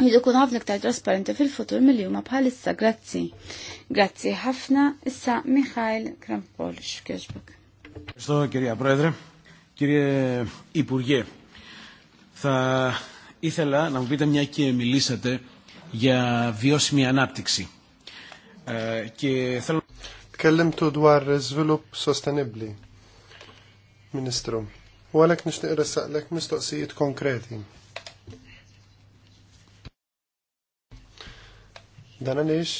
Jidu kun ħafna ktar trasparenti fil-futur mill jumma bħalissa, grazzi. Grazzi ħafna, issa Mikhail Krampolix, xkieġbuk. Ευχαριστώ κυρία Πρόεδρε. Κύριε ipurje, θα ήθελα να μου πείτε μια και μιλήσατε για βιώσιμη ανάπτυξη. Ε, και θέλω... Tkellimtu dwar żvilupp sostenibbli, Ministru. U għalhekk nixtieq ressaqlek mistoqsijiet konkreti. Dan għaliex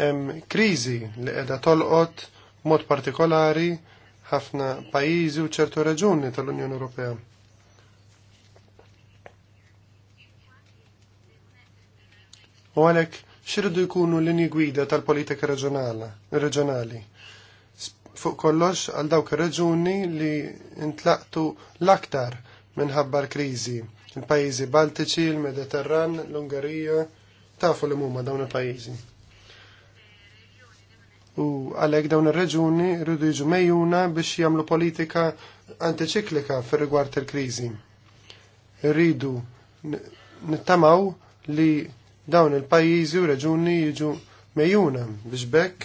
hemm kriżi li qiegħda tolqot mod partikolari ħafna pajjiżi u ċertu reġuni tal-Unjoni Ewropea. U għalhekk xirridu jkunu l-linji gwida tal-politika reġjonali. Fuq kollox għal dawk ir-reġuni li intlaqtu l-aktar minħabba l-kriżi. Il-pajjiżi Baltiċi, il-Mediterran, l-Ungarija, tafu li huma dawn il-pajjiżi. U għalhekk dawn ir-reġuni rridu jiġu mejjuna biex jagħmlu politika antiċiklika fir-rigward il-kriżi. Rridu nittamaw li dawn il-pajjiżi u reġuni jiġu mejjuna biex bekk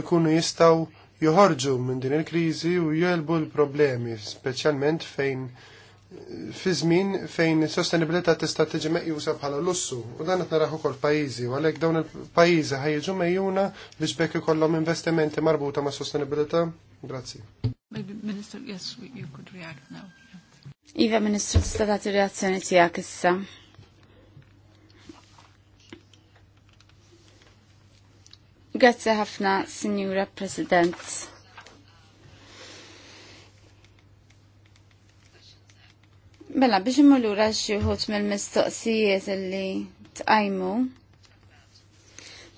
ikunu jistaw joħorġu minn din il-kriżi u jelbu l-problemi, speċjalment fejn fi żmien fejn sostenibilità tista' tiġi meqjusa bħala lussu u dan qed naraħ ukoll pajjiżi u għalhekk dawn il-pajjiżi jiġu mejjuna biex bekk ikollhom investimenti marbuta ma' sostenibilità. Grazzi. Minister, yes, you could react now. Iva, Ministru, tista' tagħti reazzjoni tiegħek issa. Grazzi ħafna, Signora President. Mela, biex imulura xieħut mill-mistoqsijiet li tqajmu,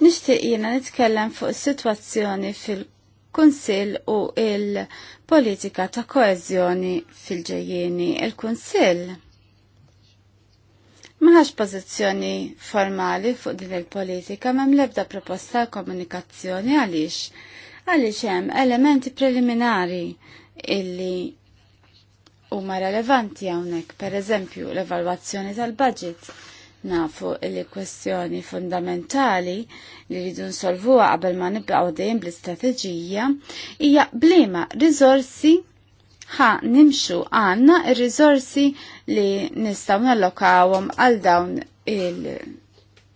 nishtiq jena nitkellem fuq situazzjoni fil-Kunsil u il-politika ta' koezjoni fil-ġejjeni. Il-Kunsil Maħax pozizjoni formali fuq din il-politika mem lebda proposta komunikazzjoni għaliex. Għaliex hemm elementi preliminari illi huma relevanti hawnhekk, per eżempju l-evalwazzjoni tal-budget nafu li kwestjoni fundamentali li ridu nsolvuha qabel ma nibqgħu dejjem bl-istrateġija hija blima riżorsi ħa nimxu għandna ir-riżorsi li nistaw nallokawhom għal dawn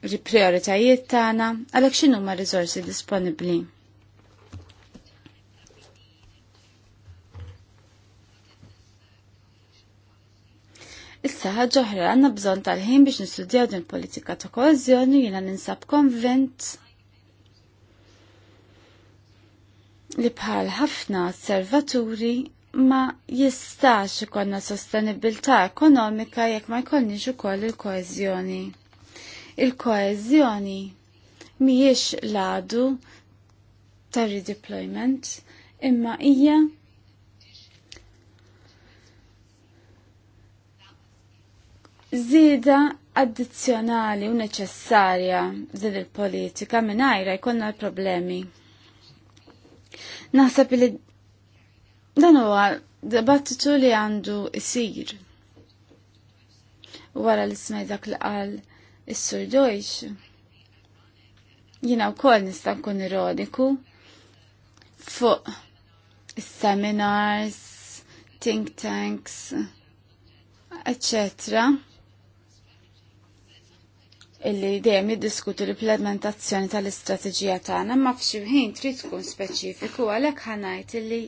il-prioritajiet tagħna għalhekk x'inhu ma' riżorsi disponibbli. Issa ħaġa oħra għandna bżonn tal-ħin biex nistudjaw din politika ta' koeżjoni jiena ninsab konvent li bħal ħafna osservaturi ma jistax ikonna sostenibilità ekonomika jekk ma jkollniex ukoll il-koeżjoni. Il-koeżjoni mhijiex l-għadu ta' redeployment imma hija Zida addizzjonali u neċessarja din il-politika minn ajra jkollna l-problemi. Naħseb li Dan huwa dibattitu li għandu isir. Wara li smaj dak li qal is-sur Deutsch. Jina wkoll nista' nkun ironiku fuq is-seminars, think tanks, eccetera illi dejjem jiddiskutu l-implementazzjoni tal-istrateġija tagħna ma f'xi ħin trid tkun speċifiku għalhekk ħanajt illi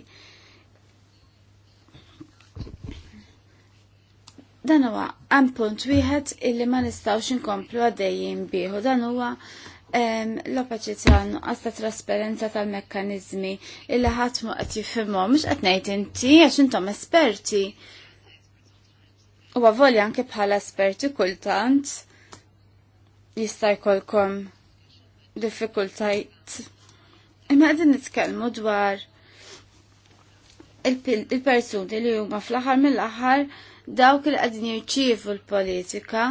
Dan huwa hemm punt wieħed illi ma nistgħux inkomplu għaddejjin bieħu. Dan huwa l-opaċità nuqqas ta' trasparenza tal-mekkaniżmi illi ħadd mu qed jifhimhom mhux qed ngħid inti għax intom esperti. U għavolja anke bħala esperti kultant jista' jkollkom diffikultajt. Imma qegħdin nitkellmu dwar il-persuni li huma fl-aħħar mill-aħħar dawk li qegħdin jirċievu l-politika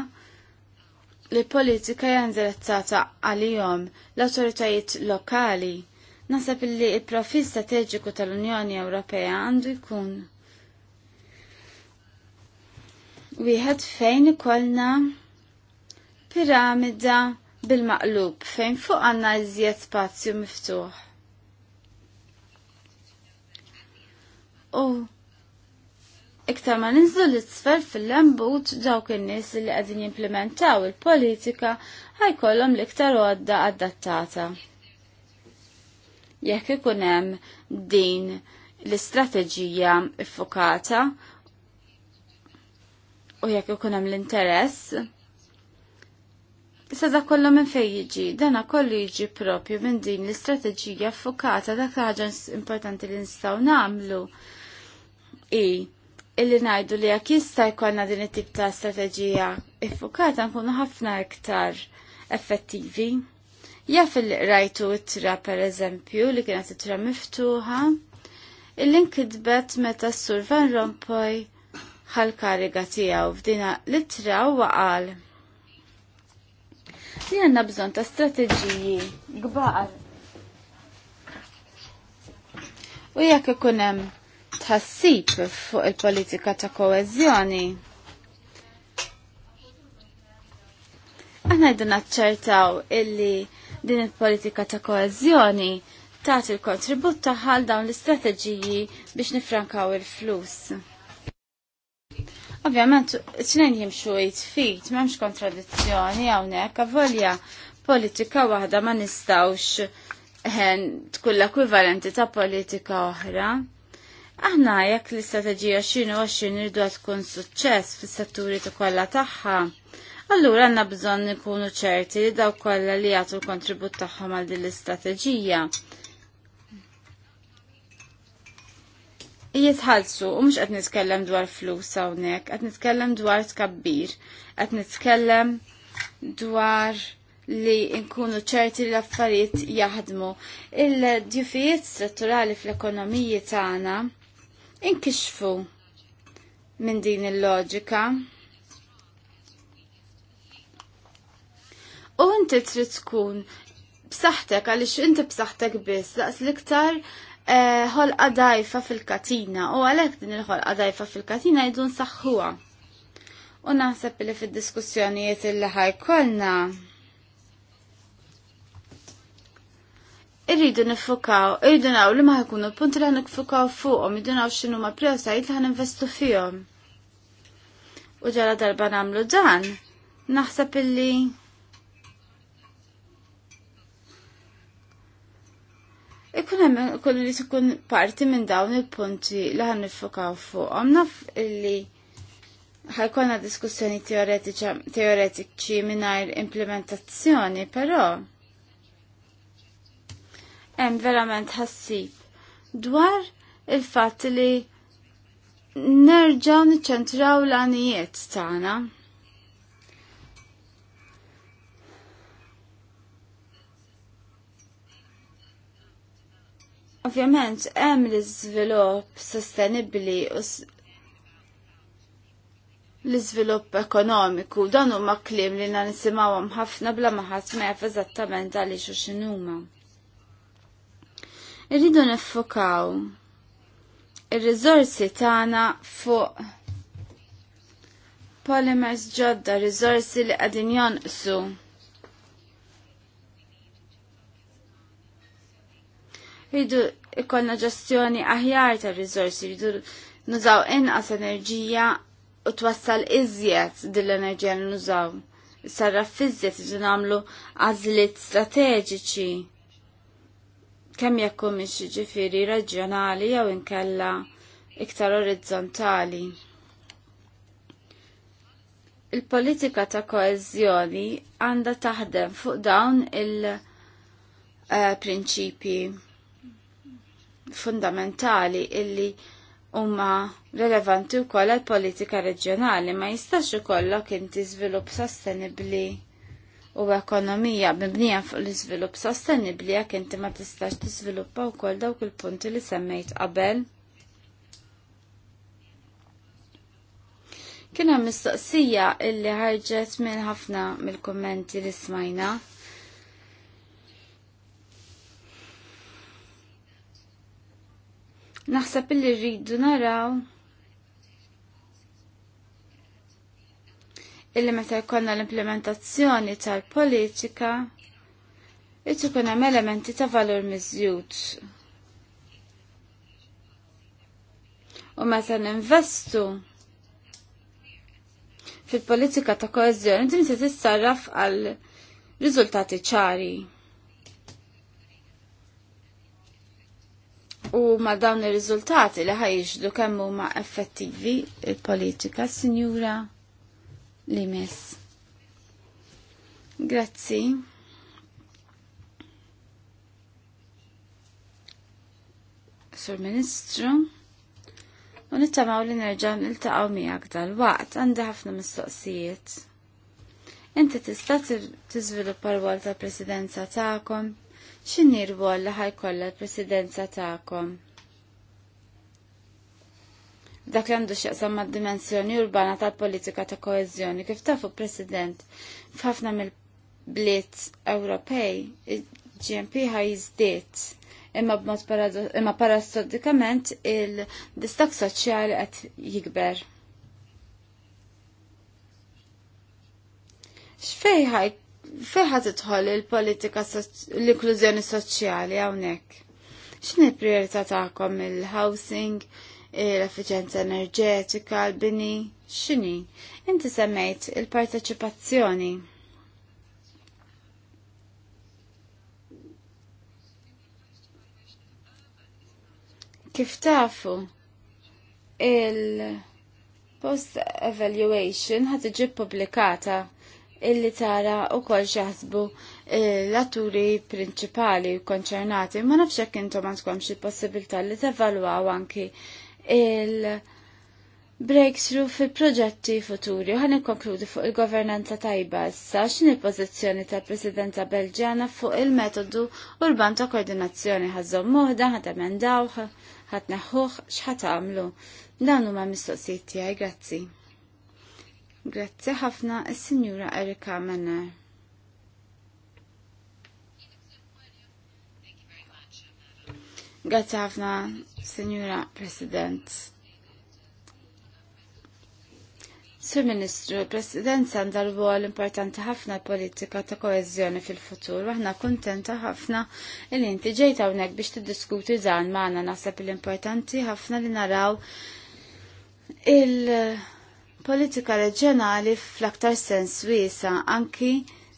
li politika hija indirizzata għalihom l-awtoritajiet lokali. Nasab li il-profil strateġiku tal-Unjoni Ewropea għandu jkun wieħed fejn ikollna piramida bil-maqlub fejn fuq għanna iżjed spazju miftuħ. U iktar ma ninżlu l-isfel fil-lembut dawk in-nies li qegħdin jimplementaw il-politika ħajkollhom l-iktar għadda adattata. Jekk ikun hemm din l-istrateġija iffokata u jekk ikun hemm l-interess, Issa da kollu minn fej jiġi, dana kollu jiġi propju minn din l-istrateġija affokata dak ħaġa importanti li nistgħu nagħmlu. I, illi najdu li jekk jista' jkollna din it-tip ta' strateġija iffukata nkunu ħafna iktar effettivi. Ja fil rajtu it-tra per eżempju li kienet it-tra miftuħa, illi nkidbet meta s-sur Van Rompuy ħal kariga tiegħu f'dina l-ittra waqal. Li għanna bżonn ta' strateġiji kbar. U jekk ikun hemm tħassib fuq il-politika ta' koezjoni. Aħna jdu naċċertaw illi din il-politika ta' koezjoni ta' il kontribut għal dawn l-istrateġiji biex nifrankaw il-flus. Ovvjament, t-tnejn jimxu jitfit, memx kontradizzjoni għawnek, għavolja politika waħda ma nistawx eh, tkun l-ekwivalenti ta' politika oħra. Aħna jekk l-istrateġija għaxin irdu tkun suċċess fis-setturi kollha tagħha. Allura għandna bżon nikunu ċerti li daw kollha li jagħtu l-kontribut tagħhom għal din l-istrateġija. Jitħallsu u mhux qed nitkellem dwar flus hawnhekk, qed nitkellem dwar tkabbir, qed nitkellem dwar li nkunu ċerti li l-affarijiet jaħdmu. Il-djufijiet strutturali fl-ekonomiji tagħna inkixfu minn din il-loġika. U inti trid tkun b'saħħtek għaliex inti b'saħħtek biss daqs l-iktar eh, ħolqa dajfa fil-katina u għalhekk din il-ħolqa dajfa fil-katina jdu nsaħħuha. U naħseb li fid-diskussjonijiet illi ħajkolna irridu nifukaw, irridu naw li ma ħakunu punti li nifukaw fuqom, irridu naw xinu ma prijotajt li għan investu fijom. U ġala darba namlu dan, naħseb illi Ikun hemm kollu li tkun parti minn dawn il-punti li ħan nifukaw fuqhom naf illi ħajkonna diskussjoni teoretiċi mingħajr implementazzjoni, però hemm verament ħassib dwar il-fatt li nerġaw niċċentraw l-għanijiet tagħna. Ovvjament, hemm l-iżvilupp sostenibbli u l-iżvilupp ekonomiku dan huma kliem li nisimgħuhom ħafna bla ma ħadd ma jaf eżattament għaliex u x'inhuma. Irridu niffokaw ir-riżorsi tagħna fuq polymers ġodda, riżorsi li qegħdin jonqsu. Rridu ikollna ġestjoni aħjar tar-riżorsi, rridu nużaw inqas enerġija u twassal iżjed dil-enerġija li nużaw. Sarra fizzet iġu namlu għazlit strateġiċi kemm jekk mhix ġifieri reġjonali jew inkella iktar orizzontali. Il-politika ta' koeżjoni għandha taħdem fuq dawn il-prinċipi eh, fundamentali illi huma relevanti wkoll għall politika reġjonali ma jistax ukoll inti żvilupp sostenibbli u ekonomija mibnija fuq l-iżvilupp sostenibbli jekk inti ma tistax tiżviluppa wkoll dawk il-punti li semmejt qabel. Kien hemm mistoqsija illi ħarġet minn ħafna mill-kummenti li smajna. Naħseb illi rridu naraw illi meta jkollna l-implementazzjoni tal-politika irid ikun hemm elementi ta' valur miżjud. U meta ninvestu fil-politika ta' koeżjoni din se tissarraf għal riżultati ċari. U ma dawn ir-riżultati li ħajġdu kemm huma effettivi il-politika, sinjura li mess. Grazzi. Sur Ministru, u nittamaw li nerġaw nil-taqaw miegħek dal-waqt għandi ħafna mistoqsijiet. Inti tista' tiżviluppa l-wol ta' presidenza tagħkom, x'inhi r-wol li ħajkolla l-presidenza tagħkom? dak li għandu xieqsam ma' dimensjoni urbana tal-politika ta' koezjoni. Kif fuq President, f'ħafna mill-bliet Ewropej, gmp ħaj jizdiet imma b'mod imma parastodikament il-distak soċjali qed jikber. X'fej ħaj fejn il-politika l-inklużjoni soċjali hawnhekk? X'inhi prijorità tagħkom il-housing, il housing l-efficienza enerġetika, l-bini, xini. Inti semmejt il-parteċipazzjoni. Kif tafu il-post evaluation ħad iġi publikata illi tara u kol xaħsbu l-atturi prinċipali konċernati, ma nafx jekk intom għandkom xi possibilità li tevalwaw anki il- breakthrough fil proġetti futuri. Għan konkludi fuq il-governanza tajba issa xin il-pozizjoni ta' presidenza Belġana fuq il-metodu urban ta' koordinazzjoni ħazzom muħda, ħat emendaw, ħat neħuħ, xħat għamlu. Dan huma mistoqsijiet tiegħi, grazzi. Grazzi ħafna is-Sinjura Erika Menner. Grazzi ħafna, Signora President. Sur Ministru, il-Presidenza għandha rwol importanti ħafna politika ta' koeżjoni fil-futur, waħna aħna kuntenta ħafna il inti ġejta hawnhekk biex tiddiskuti dan magħna naħseb l-importanti ħafna li naraw il- politika reġjonali fl-aktar sens wiesa anki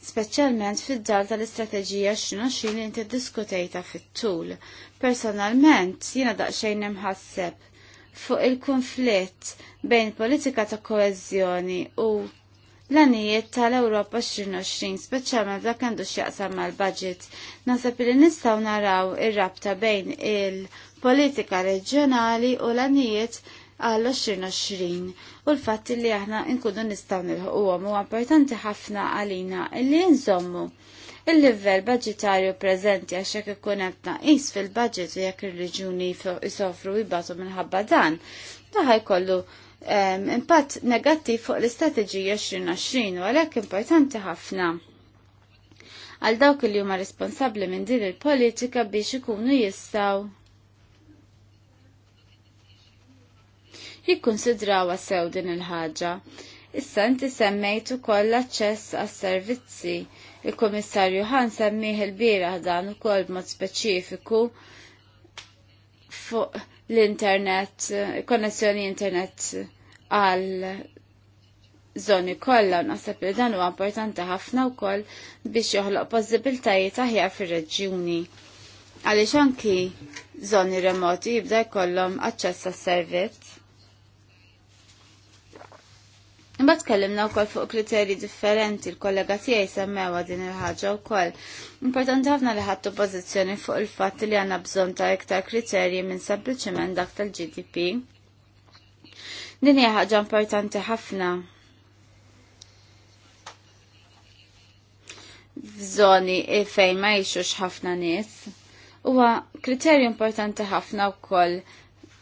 speċjalment fid-dal tal-istrateġija x'inhu xin li inti ddiskutejta fit-tul. Personalment, jiena daqsxejn imħasseb fuq il-konflitt bejn politika ta' koeżjoni u l-anijiet tal-Ewropa 2020, speċjalment dak għandu x'jaqsam mal-budget. naħseb li nistgħu naraw ir-rabta bejn il-politika reġjonali u l-anijiet għall 2020 u l-fatt li aħna nkunu nistgħu nilħuqhom huwa importanti ħafna għalina illi nżommu il-livell budgetarju preżenti għax jekk ikun hemm tnaqis fil-budget u jekk ir-reġuni jsofru jibatu minħabba dan, da ħajkollu impatt negattiv fuq l-istrateġija 2020 u għalhekk importanti ħafna għal dawk li huma responsabbli minn din il-politika biex ikunu jistgħu jikkonsidrawa sew din il-ħaġa. Issa inti semmejtu koll aċċess għas servizzi Il-Komissarju ħan semmih il bieraħ dan ukoll b'mod speċifiku fuq l-internet, konnessjoni internet għal zoni kollha naħseb li dan huwa importanti ħafna wkoll biex joħloq possibiltajiet aħjar fir-reġjuni. Għaliex anki żoni remoti jibda jkollhom aċċess għas-servizz. Imbagħad tkellimna wkoll fuq kriterji differenti l-kollega tiegħi semmewa din il-ħaġa wkoll. Importanti ħafna li ħadtu pożizzjoni fuq il-fatt li għandna bżonn ta' iktar kriterji minn sempliċement dak tal-GDP. Din hija ħaġa importanti ħafna. F'żoni fejn ma jiexux ħafna nies. Huwa kriterju importanti ħafna wkoll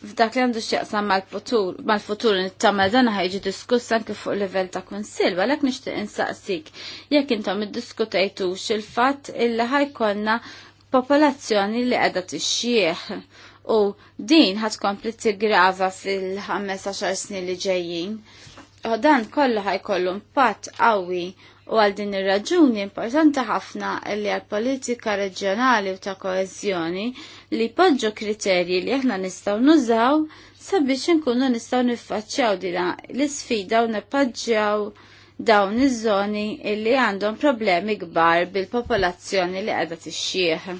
f'dak li għandu x'jaqsam mal-futur, mal-futur nittama dan ħajġi diskuss anke fuq livell ta' kunsill, għalhekk nixtieq insaqsik jekk intom iddiskutejtux il-fatt illi ħajkonna popolazzjoni li qiegħda tixjieħ u din ħad kompli tigrava fil-15 snin li ġejjin. Dan kollu ħajkollu impatt qawwi U għal din ir-raġuni importanti ħafna li għal politika reġjonali u ta' koeżjoni li poġġu kriterji li aħna nistgħu nużaw sabiex inkunu nistgħu niffaċċjaw dina l-isfida u nippaġġjaw dawn iż-żoni li għandhom problemi kbar bil-popolazzjoni li qiegħda tixxieħ.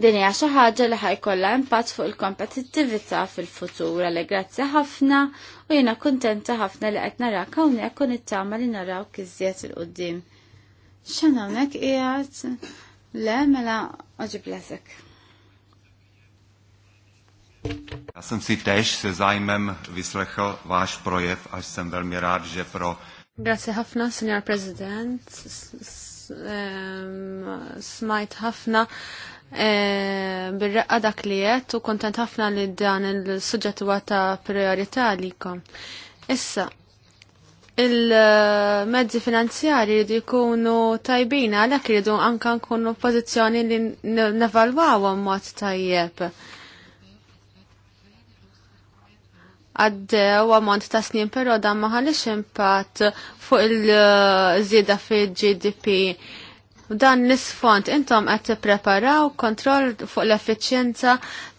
Din hija xi ħaġa li ħajkollha impatt fuq il-kompetittività fil-futur li grazzi ħafna u jiena kuntenta ħafna li qed narak hawnhekk u nittama li naraw kiżjed il-qudiem. X'għan hawnhekk qiegħed le mela oġib lesek. Já jsem si tež se zájmem vyslechl váš projev a jsem velmi rád, že pro... Grazie ħafna, senjor prezident. Smajt ħafna E, bil-reqqa dak li jett u kontent ħafna li dan il-sujġet huwa ta' għalikom. Issa, il-mezzi finanzjari li jkunu tajbin għalhekk iridu anke nkunu pozizjoni li nevalwawhom mod tajjeb. Għaddew ammont ta' snin però dan ma ħalix impatt fuq il-żieda eh, fil-GDP dan l-isfond intom qed tippreparaw kontroll fuq l-effiċjenza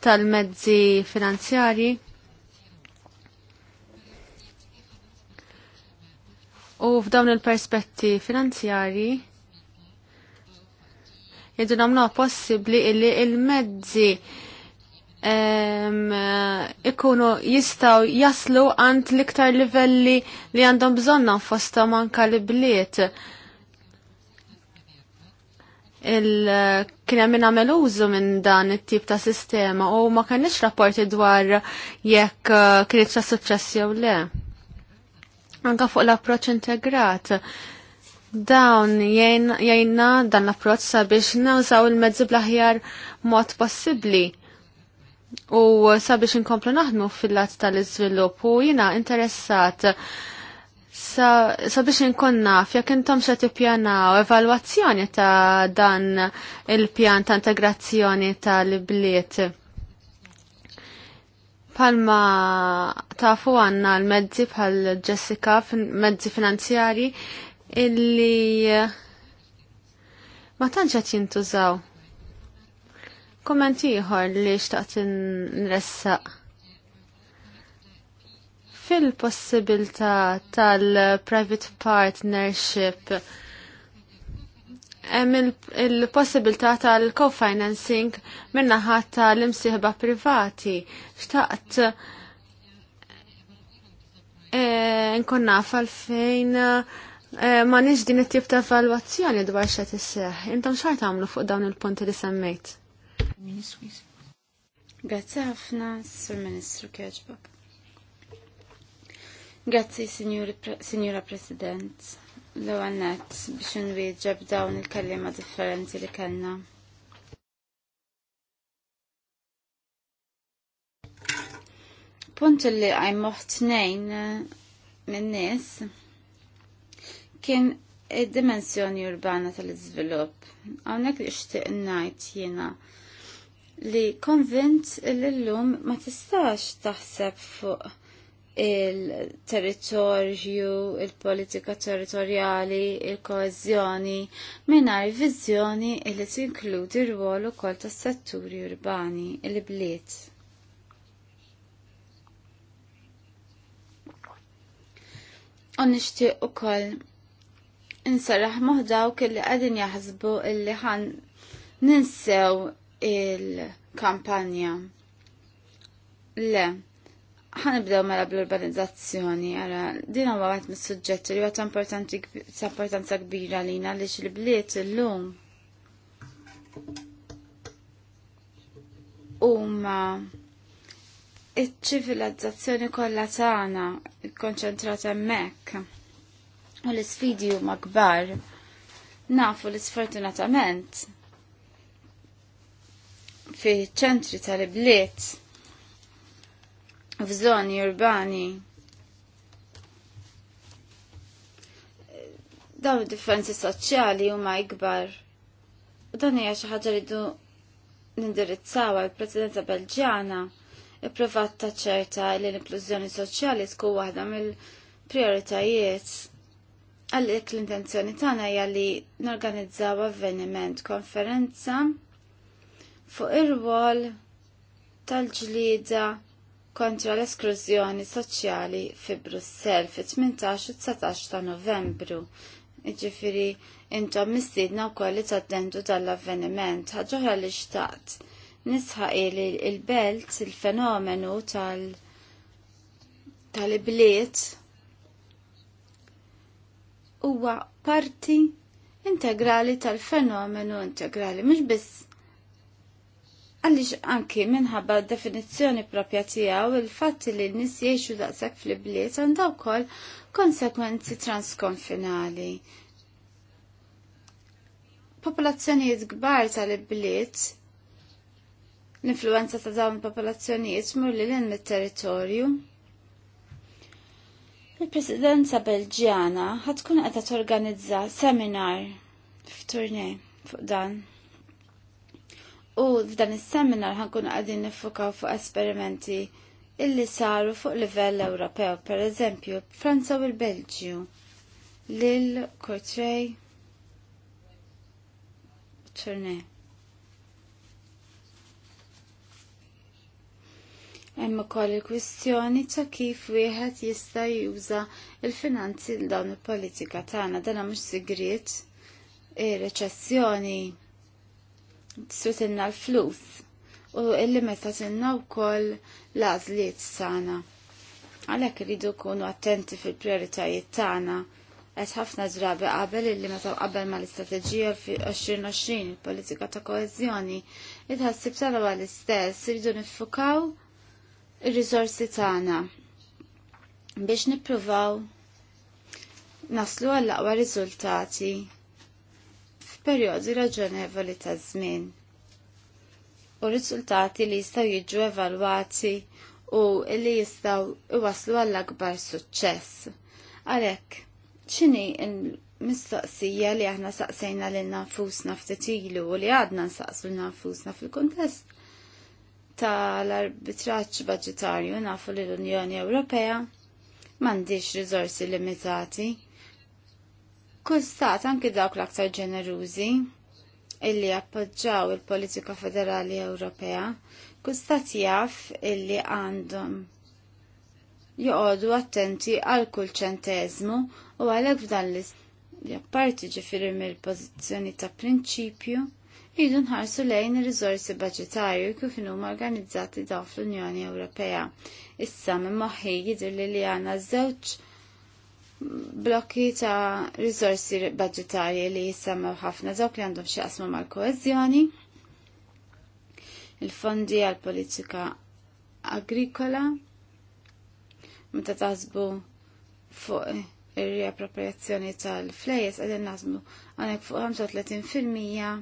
tal-mezzi finanzjari? U f'dawn il-perspetti finanzjari jiddu namna possibli illi il-mezzi ikunu jistaw jaslu għand l-iktar livelli li għandhom bżonna fosta manka li bliet il-kienem minn għamel użu minn dan it-tip ta' sistema u ma kienx rapporti dwar jekk uh, kienet ta' suċċess jew le. Anka fuq l-approċ integrat. Dawn jajna dan l-approċ sabiex nawżaw il-mezzi bl-aħjar mod possibbli. U sabiex inkomplu naħdmu fil-lat tal-iżvilupp u jina interessat Sa Sabiex inkun naf, jekk intom se tippjanaw evalwazzjoni ta' dan il-pjan ta' integrazzjoni tal-bliet. Palma tafu għanna l-mezzi bħal Jessica, mezzi finanzjari, illi ma tantx qed jintużaw. Kommenti ieħor li xtaqt nressaq fil-possibilità tal-private partnership hemm il-possibilità tal-co-financing minnaħa tal-imsieħba privati. Xtaqt eh, nkun naf għalfejn eh, ma nix din it-tip ta' evalwazzjoni dwar xa tisseħ. Intom xar għamlu fuq dawn il-punti li semmejt? Grazzi ħafna, Sur Ministru Kieġbak. Grazzi, Signora President. L-għannet biex nwieġeb dawn il kallima differenti li kellna. Punt li għaj moħt nejn eh, minn-nis kien id-dimensjoni urbana tal izvilup Għawnek li xtiq najt jena li konvint l-lum ma tistax taħseb fuq il-territorju, il-politika territorjali, il-koezjoni, minar vizjoni illi tinkludi r-wol ukoll tas setturi urbani, il-bliet. U nixtieq ukoll insarraħ moħdawk illi qegħdin jaħsbu illi ħan ninsew il-kampanja. Le, ħanibdew mela bl-urbanizzazzjoni, għara, din huwa għat mis-suġġett li huwa importanza kbira lina li xil-bliet illum. Huma iċ-ċivilizzazzjoni kollha tagħna kkonċentrata hemmhekk. U l-isfidi huma kbar. Nafu li sfortunatament fi ċentri tal-bliet f'żoni urbani. Dawn differenzi soċjali huma ikbar. U dan hija xi ħaġa li nindirizzaw għall presidenza Belġjana ipprovat taċċerta li l-inklużjoni soċjali tkun waħda mill-prioritajiet. Għalhekk l-intenzjoni tagħna hija li norganizzaw avveniment konferenza fuq ir-rwol tal-ġlieda kontra l-esklużjoni soċjali fi Brussel fi 18 u 19 ta' novembru. Iġifiri, intom mistidna u koll li tattendu tal-avveniment, ħagġoħra li xtaqt. Nisħaqi li il-belt, il-fenomenu tal- tal-ibliet huwa parti integrali tal-fenomenu integrali, mhux biss Għalix anki minħabba definizzjoni propja tijaw il fat li l-nis jiexu daqsak fl-bliet għandaw kol konsekwenzi transkonfinali. Popolazzjonijiet gbar tal-bliet l-influenza ta' dawn popolazzjonijiet mur li l-in mit-territorju. Il-Presidenza Belġjana ħatkun qed organizza seminar f'turnej fuq dan U f'dan is-seminar ħankun għadin nifukaw fuq esperimenti illi saru fuq livell Ewropew, per eżempju, Franza u l-Belġju, Lil, Kortrej, Tournai. Hemm ukoll il-kwistjoni ta' kif wieħed jista' juża il-finanzi l dawn il-politika tagħna dan mhux sigriet ir-reċessjoni sutinna l-flus u illi metatinna u koll lażliet sana. Għalek rridu kunu attenti fil-prioritajiet tagħna għet ħafna ġrabi qabel illi meta qabel ma l istrategija fi 2020 il-politika ta' koezjoni itħassib tagħna għal istess rridu nifukaw ir-riżorsi tagħna biex nippruvaw naslu għall-aqwa riżultati f'perjodi raġonevoli ta' żmien. U riżultati li jistgħu jiġu evalwati u li jistgħu iwaslu għall-akbar suċċess. Għalhekk, x'inhi l mistoqsija li aħna saqsejna lil nafusna ftit ilu u li għadna nsaqsu l nafusna fil kuntest tal-arbitraċ budgetarju nafu lill l-Unjoni Ewropea m'għandix riżorsi limitati Kull stat anki dawk l-aktar ġenerużi illi appoġġaw il-politika federali Ewropea, kustat jaf illi għandhom joqogħdu attenti għal kull ċentezmu u għalek f'dan li apparti ġifieri mill-pożizzjoni ta' prinċipju jidu nħarsu lejn ir rizorsi budgetarju kif huma organizzati dawk fl-Unjoni Ewropea. Issa minn moħħi jidher li li għana żewġ blokki ta' rizorsi budgetarji li jissamma ħafna dawk li għandhom xaqsmu mal-koezjoni, il-fondi għal-politika agrikola, meta taħsbu fuq ir-riappropriazzjoni tal-flejes għadin nażmu għanek fuq 35%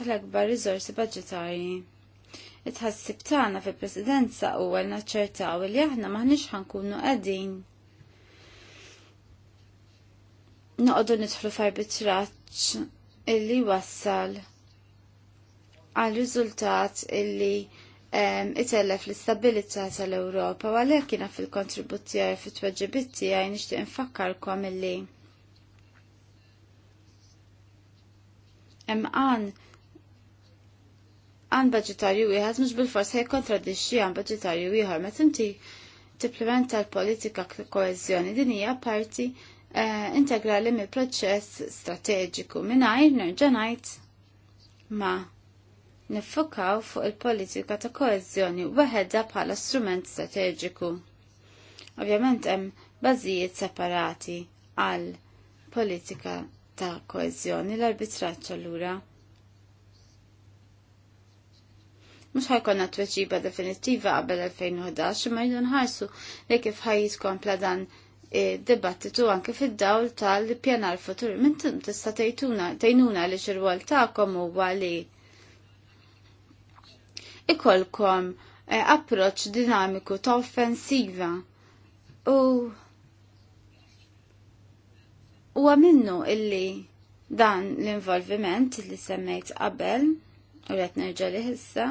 tal-akbar rizorsi budgetarji Itħassib tagħna fil-Presidenza huwa naċċertaw li aħna maħniex ħankunu qegħdin noqogħdu nidħlu f'arbitraġġ illi wassal għal riżultat illi ehm, itellef l-istabilità tal-Ewropa u għalhekk kien fil-kontribut tiegħi fit-tweġibiet tiegħi nixtieq infakkarkom illi hemm għan għan budgetarju wieħed mhux bil-fors ħej kontradixi għan budgetarju ieħor meta inti tipplementa l-politika koeżjoni din hija parti eh, integrali mill proċess strateġiku mingħajr nerġa' ngħid ma niffokaw fuq il-politika ta' koeżjoni weħedha bħala strument strateġiku. Ovvjament hemm bażijiet separati għal politika ta' koezjoni l-arbitraċċ allura. Mux ħajkonna tweċiba definitiva qabel 2011 ma jdu nħarsu li kif ħajit kompla dan e, dibattitu anke fid-dawl tal-pjanar futur. Mintum tista' tejnuna li xirwol ta'kom u li ikolkom e, approċ dinamiku ta' offensiva u u għaminnu illi dan l-involviment li semmejt qabel u rrit nerġa li hissa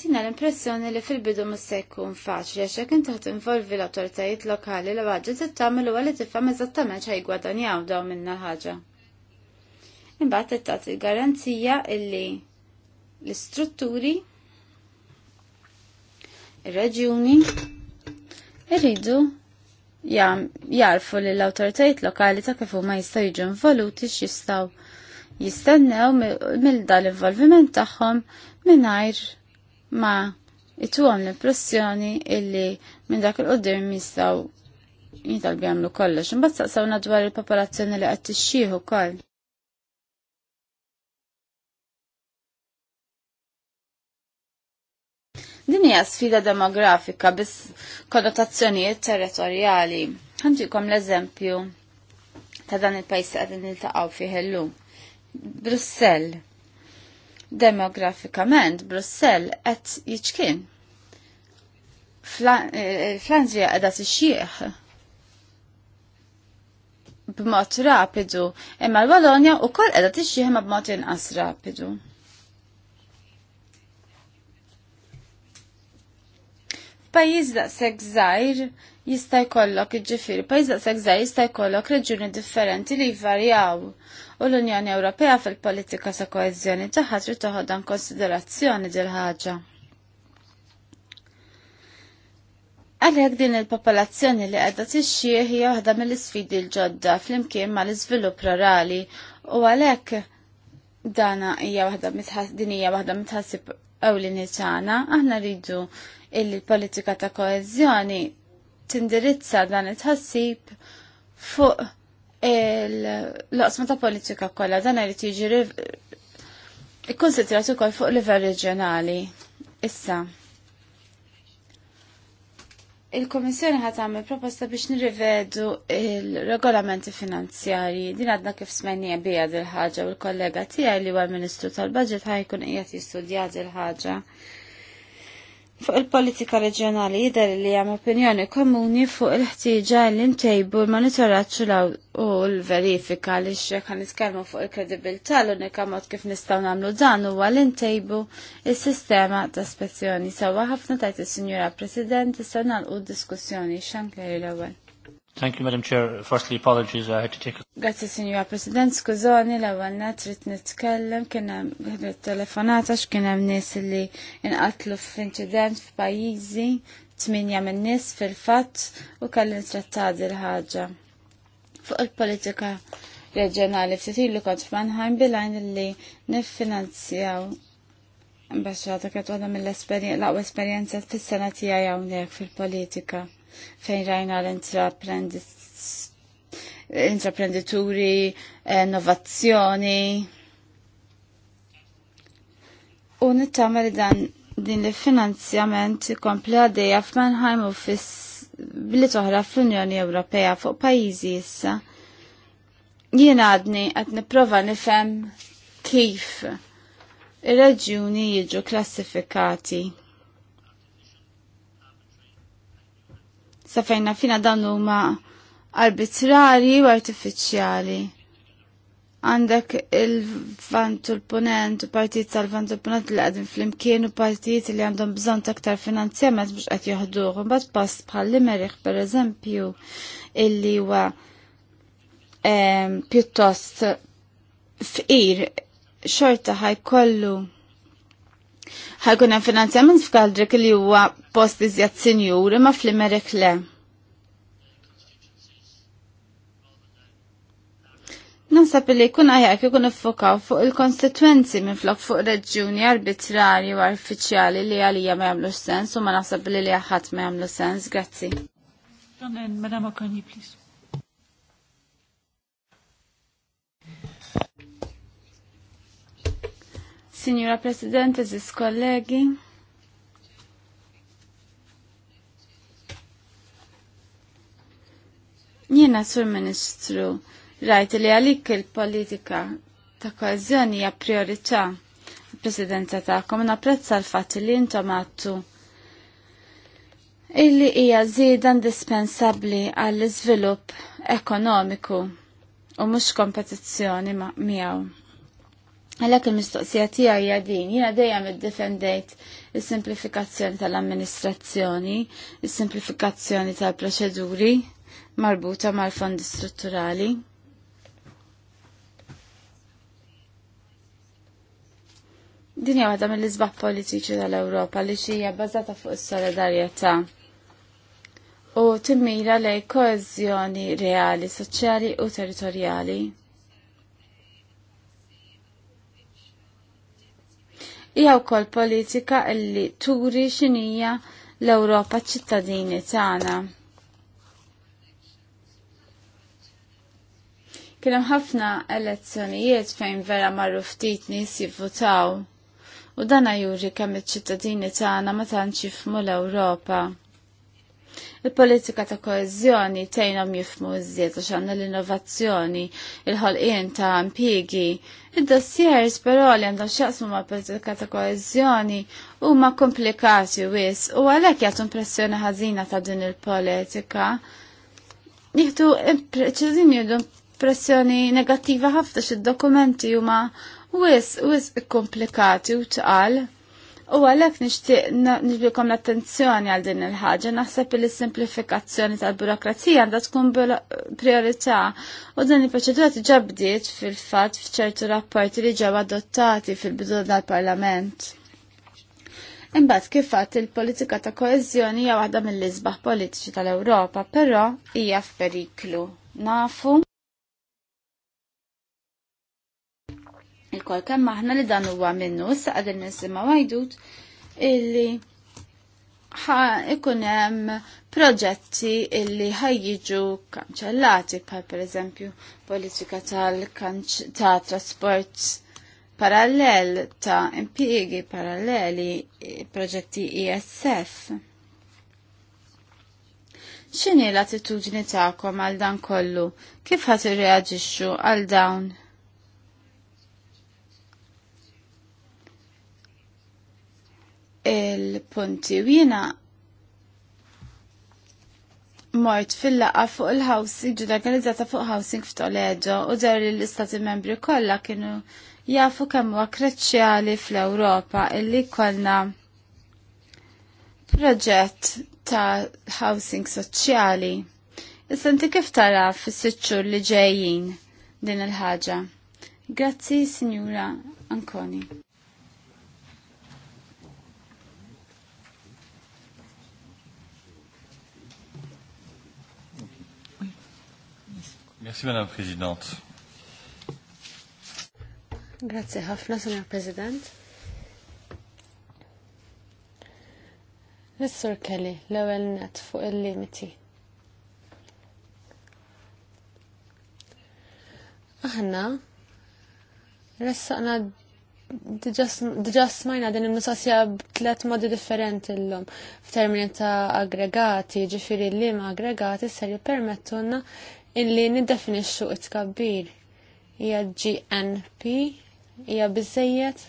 Tina l-impressjoni li fil-bidu mus se jkun faċli għax jekk inti involvi l-awtoritajiet lokali li waġġa tittamel huwa li fam eżattament ħajgwadanjaw daw minna ħaġa. Imbagħad tittat il-garanzija illi l-istrutturi ir-reġjuni irridu jarfu li l-autoritajiet lokali ta' kif ma jistgħu jiġu involuti x'jistgħu jistennew mill dal involviment tagħhom mingħajr ma ituhom l-impressjoni illi minn dak il-qoddim jistgħu jintalbi għamlu kollox. Imbagħad saqsawna dwar il-popolazzjoni li qed tixxieħ ukoll. Din hija sfida demografika biss konnotazzjonijiet territorjali. Ħantikom l-eżempju ta' dan il pajsa qed niltaqgħu fih illum. Brussell Demografikament, Brussell qed jiċkien. Flandria eh, eh, qiegħda tixjieħ b'mod rapidu, imma l-Walonja wkoll qiegħda tixjieħ ma b'mod inqas rapidu. Pajjiż daqshekk żgħir jista' jkollok iġifieri, pajjiż daqshekk żgħir jista' jkollok reġuni differenti li jvarjaw. U l-Unjoni Ewropea fil-politika sa' taħat tagħha trid dan konsiderazzjoni dil ħaġa. Għalhekk din il-popolazzjoni li qiegħda tixxieħ hija waħda mill-isfidi l-ġodda flimkien mal-iżvilupp rurali u għalhekk dana hija waħda din hija waħda mitħassib ewlieni tagħna aħna rridu il-politika ta' koezjoni tindirizza dan it-ħassib fuq l osma ta' politika kollha dan irid jiġi ikkonsidrat ukoll fuq livell reġjonali. Issa. Il-Komissjoni ħat għamil proposta biex nirrivedu il-regolamenti finanzjarji. Din għadna kif smajnija bija dil-ħagġa u l-kollega tijaj li huwa ministru tal-Budget ħajkun qiegħed jistudja dil-ħagġa. Fuq il-politika reġjonali jidher li hemm opinjoni komuni fuq il-ħtieġa li ntejbu l-monitoraġġ u l-verifika li xek ħan fuq il-kredibilità l-unika mod kif nistgħu nagħmlu dan huwa li ntejbu s sistema ta' spezzjoni. Sewwa ħafna tajt is-Sinjura President issa nagħlqu d-diskussjoni x'anke l-ewwel. Thank you, Madam Chair. Firstly, apologies, I had to take a... Grazie, Signora President. Skużoni, l-ewwel natrit nitkellem, kien hemm telefonata x'kien hemm nies li inqatlu f'inċident f'pajjiżi, tminja minn nies fil-fatt u kelli nitrattat il-ħaġa. Fuq il-politika reġjonali ftit ilu kont f'Mannheim bilajn li niffinanzjaw Baxħata kħet għadha mill-laqwa esperjenza fis-sena tiegħi fil-politika fejn rajna l-intraprendituri, eh, innovazzjoni. U nittamel dan din li finanzjament kompli għaddejja f'Manheim u fis billi toħra fl-Unjoni Ewropea fuq pajjiżi issa. Jien għadni qed nipprova nifhem kif ir-reġjuni jiġu klassifikati sa fina dawn huma arbitrari u artifiċjali. Għandek il-vant u l-ponent u partijiet tal-vant u l-ponent li għadin fl-imkien u partijiet li għandhom bżon ktar finanzjament biex qed joħduh. Mbagħad pass bħal Limerick per eżempju illi huwa ehm, pjuttost fqir xorta ħaj kollu ħajkun hemm finanzjament f'Galdrek li huwa post iżjed sinjuri ma fl imerik le. Nasab li kun għajak jikun iffokaw fuq il-konsekwenzi minn flok fuq reġjuni arbitrari u artificiali li għalija ma jagħmlux sens u ma nasab li li għahat ma jagħmlu sens. Grazzi. Madame Okoni, please. Signora Presidente, zis kollegi. Jiena sur Ministru, rajt li għalik il-politika ta' koezjoni hija priorità presidenza ta'kom napprezza l-fatt li intom għattu illi hija żieda indispensabbli għall iżvilupp ekonomiku u mhux kompetizzjoni miegħu. Għalhekk il-mistoqsija tiegħi jadin, din, jiena dejjem iddefendejt il simplifikazzjoni tal-amministrazzjoni, il simplifikazzjoni tal-proċeduri marbuta mal-fondi strutturali. Din hija waħda mill-isbaħ politiċi tal-Ewropa li xija bbażata fuq is-solidarjetà u timmira lej koeżjoni reali, soċjali u territorjali. hija wkoll politika illi turi x'inhija l-Ewropa ċittadini tagħna. Kien hemm ħafna elezzjonijiet fejn vera marru ftit nies jivvutaw u dan juri kemm iċ-ċittadini tagħna ma tantx jifhmu l-Ewropa. Il-politika ta' koezjoni tejnom jifmu iżjed għax għandna l-innovazzjoni, il-ħolqien ta' impjiegi. Id-dossiers però li għandhom xaqsmu ma' politika ta' koezjoni huma komplikati wis u għalhekk jagħtu pressjoni ħażina ta' din il-politika. Nieħdu ċiżin jieħdu pressjoni negattiva ħafna x dokumenti u huma wis wis komplikati u tqal. U għalek nishtiq nishbikom l-attenzjoni għal din il-ħagġa, naħseb li simplifikazzjoni tal-burokrazija għandha tkun priorità u din il-proċedura t-ġabdiet fil-fat fċertu rapporti li ġew adottati fil-bidu tal-Parlament. Imbagħad kif fatt il-politika ta' koeżjoni hija waħda mill-isbaħ politiċi tal-Ewropa, però hija f'periklu. Nafu il-kol kemm aħna li dan huwa minnu issa qegħdin nisimgħu wajdut illi ħa ikun hemm proġetti illi ħajjiġu kanċellati bħal pereżempju politika tal ta trasport parallel ta' impjiegi paralleli proġetti ISF. E X'inhi l-attitudni tagħkom għal dan kollu? Kif ħat reagixxu għal dawn il-punti u jiena mort fil-laqa fuq il-housing, ġud organizzata fuq housing f'Toledo u dar l-istati membri kollha kienu jafu kemm huwa kruċjali fl-Ewropa illi kollna proġett ta' housing soċjali. Issa inti kif tara fis-sitxur li ġejjin din il-ħaġa? Grazzi, Signora Anconi. Merci, Madame President. Grazie ħafna, Signor President. Mr. Kelly, l-ewel net fuq il-limiti. Aħna, ressaqna diġa smajna din il nusasja b'tlet modi differenti l-lum. F'termini ta' aggregati, ġifiri l-lim aggregati ser jippermettuna illi niddefinixxu it-tkabbir hija GNP hija biżejjed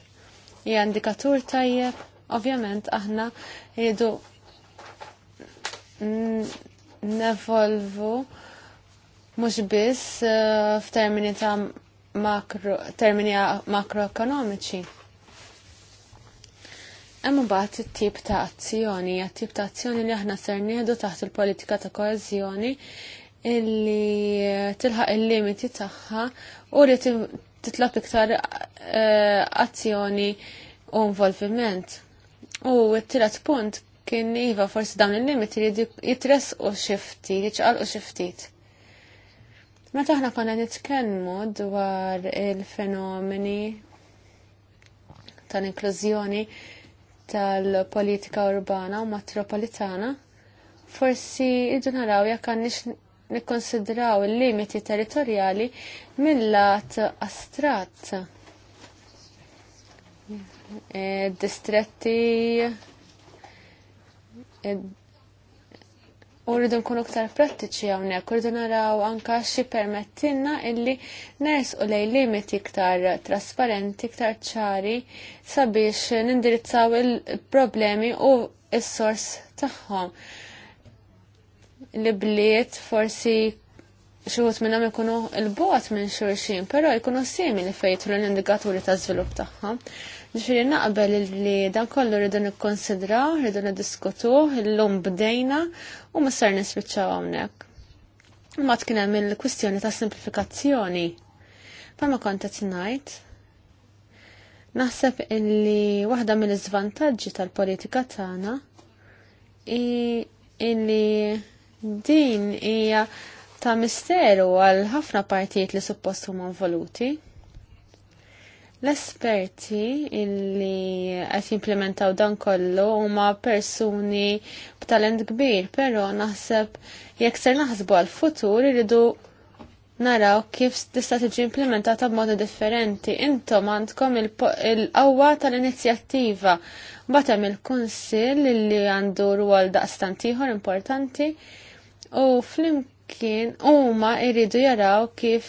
hija indikatur tajjeb, ovvjament aħna jridu nevolvu mhux biss eh, f'termini ta' makro, termini makroekonomiċi. Hemm imbagħad it-tip ta' azzjoni, hija tip ta' azzjoni li aħna ser nieħdu taħt il-politika ta' koeżjoni illi tilħaq il-limiti tagħha u li titlab iktar eh, azzjoni u involviment. U t-tirat punt kien iva forsi dawn il-limiti li jitress u xifti, jiċqal u xiftit. Meta aħna konna nitkellmu dwar il-fenomeni tal-inklużjoni tal-politika urbana u metropolitana, forsi idu naraw jekk għandix nikkonsidraw il-limiti territorjali mill-lat astrat. E, distretti e, u rridu nkunu ktar prattiċi hawnhekk, urridu naraw anka xi permettilna illi nersqu lej limiti iktar trasparenti, iktar ċari sabiex nindirizzaw il-problemi u s-sors tagħhom li bliet forsi xuħut minnam ikunu il-bot minn xurxin, pero ikunu li fejtru l-indikaturi ta' zvilup taħħa. Ġifiri naqbel li dan kollu rridu nikkonsidraw, rridu niddiskutu, l-lum bdejna u sar nispiċċaw għamnek. Ma tkien hemm il-kwistjoni ta' simplifikazzjoni. Fama kontet qed ngħid. Naħseb illi waħda mill-iżvantaġġi tal-politika tagħna illi din hija ta' misteru għal ħafna partijiet li suppost huma involuti. L-esperti illi qed jimplementaw dan kollu huma persuni b'talent kbir, però naħseb jekk ser naħsbu għal futur iridu naraw kif tista' tiġi implementata b'modi differenti. Intom għandkom il-qawwa tal-inizjattiva batem il-kunsill li għandu rwol daqstant ieħor importanti u flimkien huma jridu jaraw kif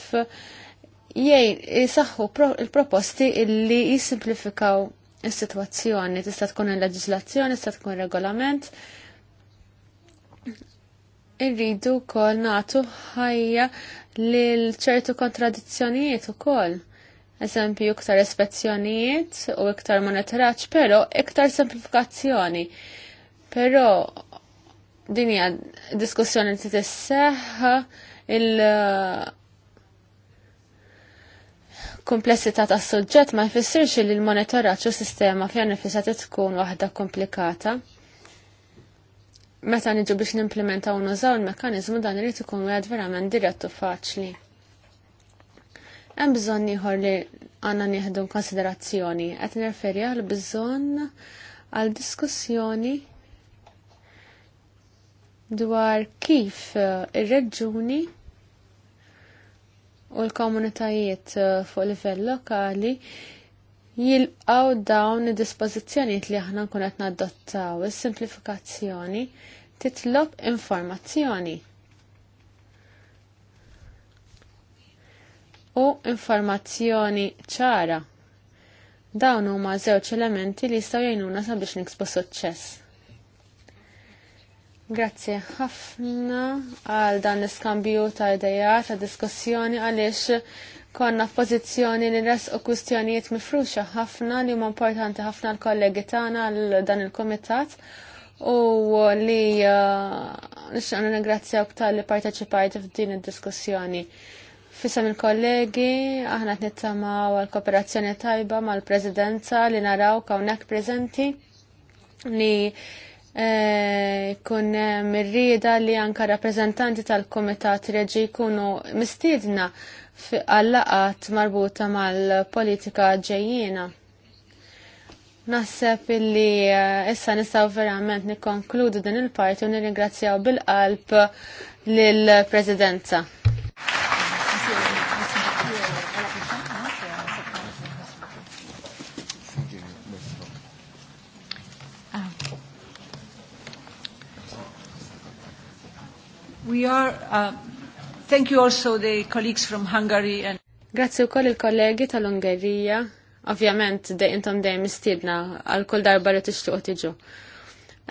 jgħin jisaxħu il-proposti illi jisimplifikaw is-sitwazzjoni. Tista' tkun il-leġislazzjoni, tista' tkun regolament. Irridu kol natu ħajja lil ċertu kontradizzjonijiet ukoll. Eżempju, iktar ispezzjonijiet u iktar monitoraġġ, però iktar semplifikazzjoni. Però din hija diskussjoni li tisseħħ il- komplessità tas suġġett ma jfissirx li l-monitoraġġ u sistema fija nifisa tkun waħda komplikata. Meta niġu biex nimplementaw nużaw il mekanizmu dan irid ikun wieħed verament dirett u faċli. Hemm bżonn ieħor li għandna nieħdu konsiderazzjoni qed nirferi għal bżonn għal diskussjoni dwar kif eh, ir-reġuni u l-komunitajiet eh, fuq livell lokali jilqaw dawn id-dispożizzjonijiet li aħna nkun qed nadottaw is-simplifikazzjoni titlob informazzjoni. U informazzjoni ċara. Dawn huma żewġ elementi li jistgħu jgħinuna sabiex niksbu suċċess. Grazie ħafna għal dan l-iskambju ta' ideja ta' diskussjoni għaliex konna f'pożizzjoni li res u kustjonijiet mifruxa ħafna li huma importanti ħafna l-kollegi tagħna għal dan il-kumitat u li uh, nixtieq ningrazzjawk tal-li parteċipajt f'din id-diskussjoni. Fissam il-kollegi, aħna t-nittama għall kooperazzjoni tajba mal-prezidenza li naraw kawnek prezenti li Eh, kun eh, mirrida li anka rappresentanti tal-Komitat Reġi jkunu mistiedna għallaqat marbuta mal-politika ġejjina. Naħseb illi eh, issa nistaw verament nikkonkludu din il-parti u nirringrazzjaw bil-qalb lill-Presidenza. We are, uh, thank you also the colleagues from Hungary. And... Grazzi u koll il-kollegi tal-Ungerija. Ovvjament, de intom dejjem mistiedna għal kull darba li tixtuq tiġu.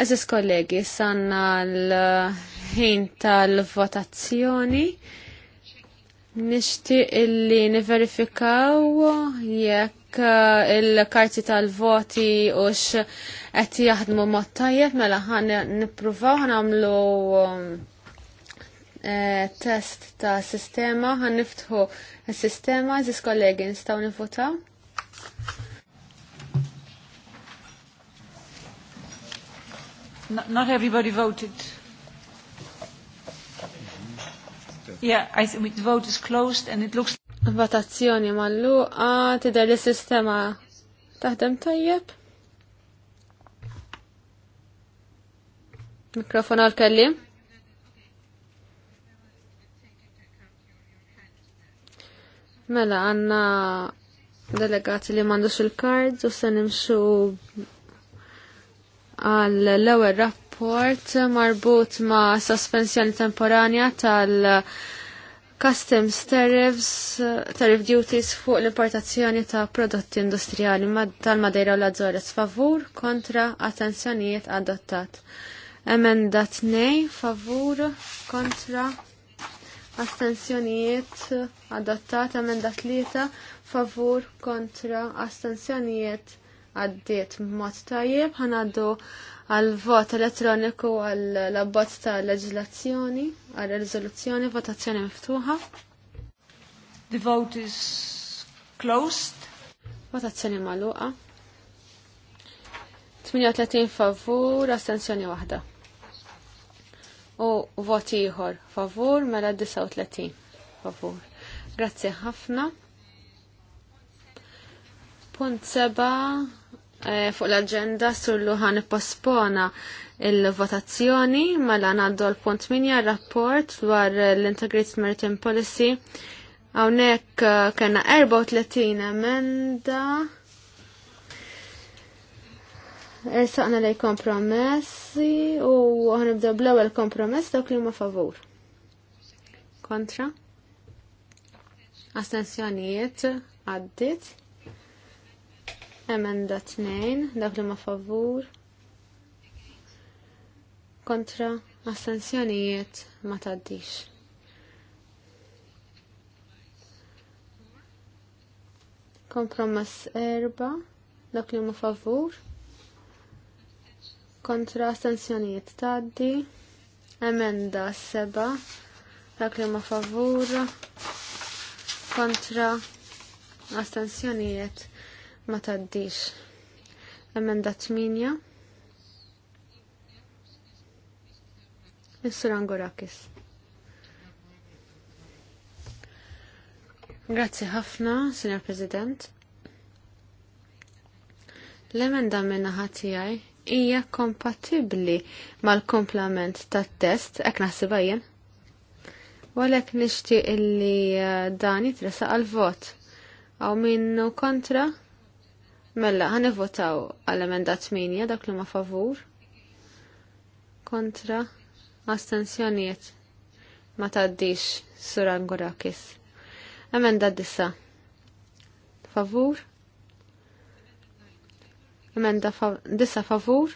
Eżis kollegi, sanna l-ħin tal-votazzjoni. Nishti illi niverifikaw jekk il-karti tal-voti ux għetti jahdmu mod tajjeb mela ħan nipruvaw ħan għamlu Eh, test ta' sistema, għan niftħu sistema, ziz kollegi, nistaw nifuta. Not everybody voted. Yeah, I think the vote is closed and it looks... Votazzjoni malluqa, tider li sistema taħdem tajjeb. Mikrofon għal-kellim. Mela, għanna delegati li mandux il-kard u se nimxu għal l rapport marbut ma' sospensjoni temporanja tal- Customs tariffs, tariff duties fuq l-importazzjoni ta' prodotti industrijali tal-Madeira u l-Azzores favur kontra attenzjonijiet adottat. Emenda 2 favur kontra astensjonijiet adottat emenda tlieta favur kontra astensjonijiet għaddiet mod tajjeb ħanaddu għal vot elettroniku għal labbot abbozz ta' leġislazzjoni għal riżoluzzjoni votazzjoni miftuħa. The vote is closed. Votazzjoni maluqa. 38 favur, astensjoni waħda u voti ieħor favur mela 39 favur. Grazzi ħafna. Punt seba eh, fuq l-agenda sullu ħan pospona il-votazzjoni mela naddu l-punt minja rapport dwar l-Integrated Maritime Policy. Hawnhekk eh, kena 34 emenda saqna lej kompromessi u għanibda blaw ewel kompromess dawk li huma favur. Kontra? Astensjonijiet għaddit. Emenda tnejn. dawk li huma favur. Kontra? Astensjonijiet ma taddix. Kompromess erba' dak li ma favur kontra astensjonijiet taddi emenda seba dak li ma favur kontra astensjonijiet ma taddix emenda 8 Mr. Angorakis. Grazzi ħafna, Signor President. L-emenda minna ħatijaj hija kompatibbli mal-komplement tat-test, hekk naħsibha jien. Walek nixtieq illi eh, dan jitresa għal-vot. Għaw minnu kontra? Mella, ħan votaw għal-emenda 8 dak li ma favur. Kontra? Astenzjoniet. Ma taddix surangurakis. Emenda disa. Favur? Emenda disa favur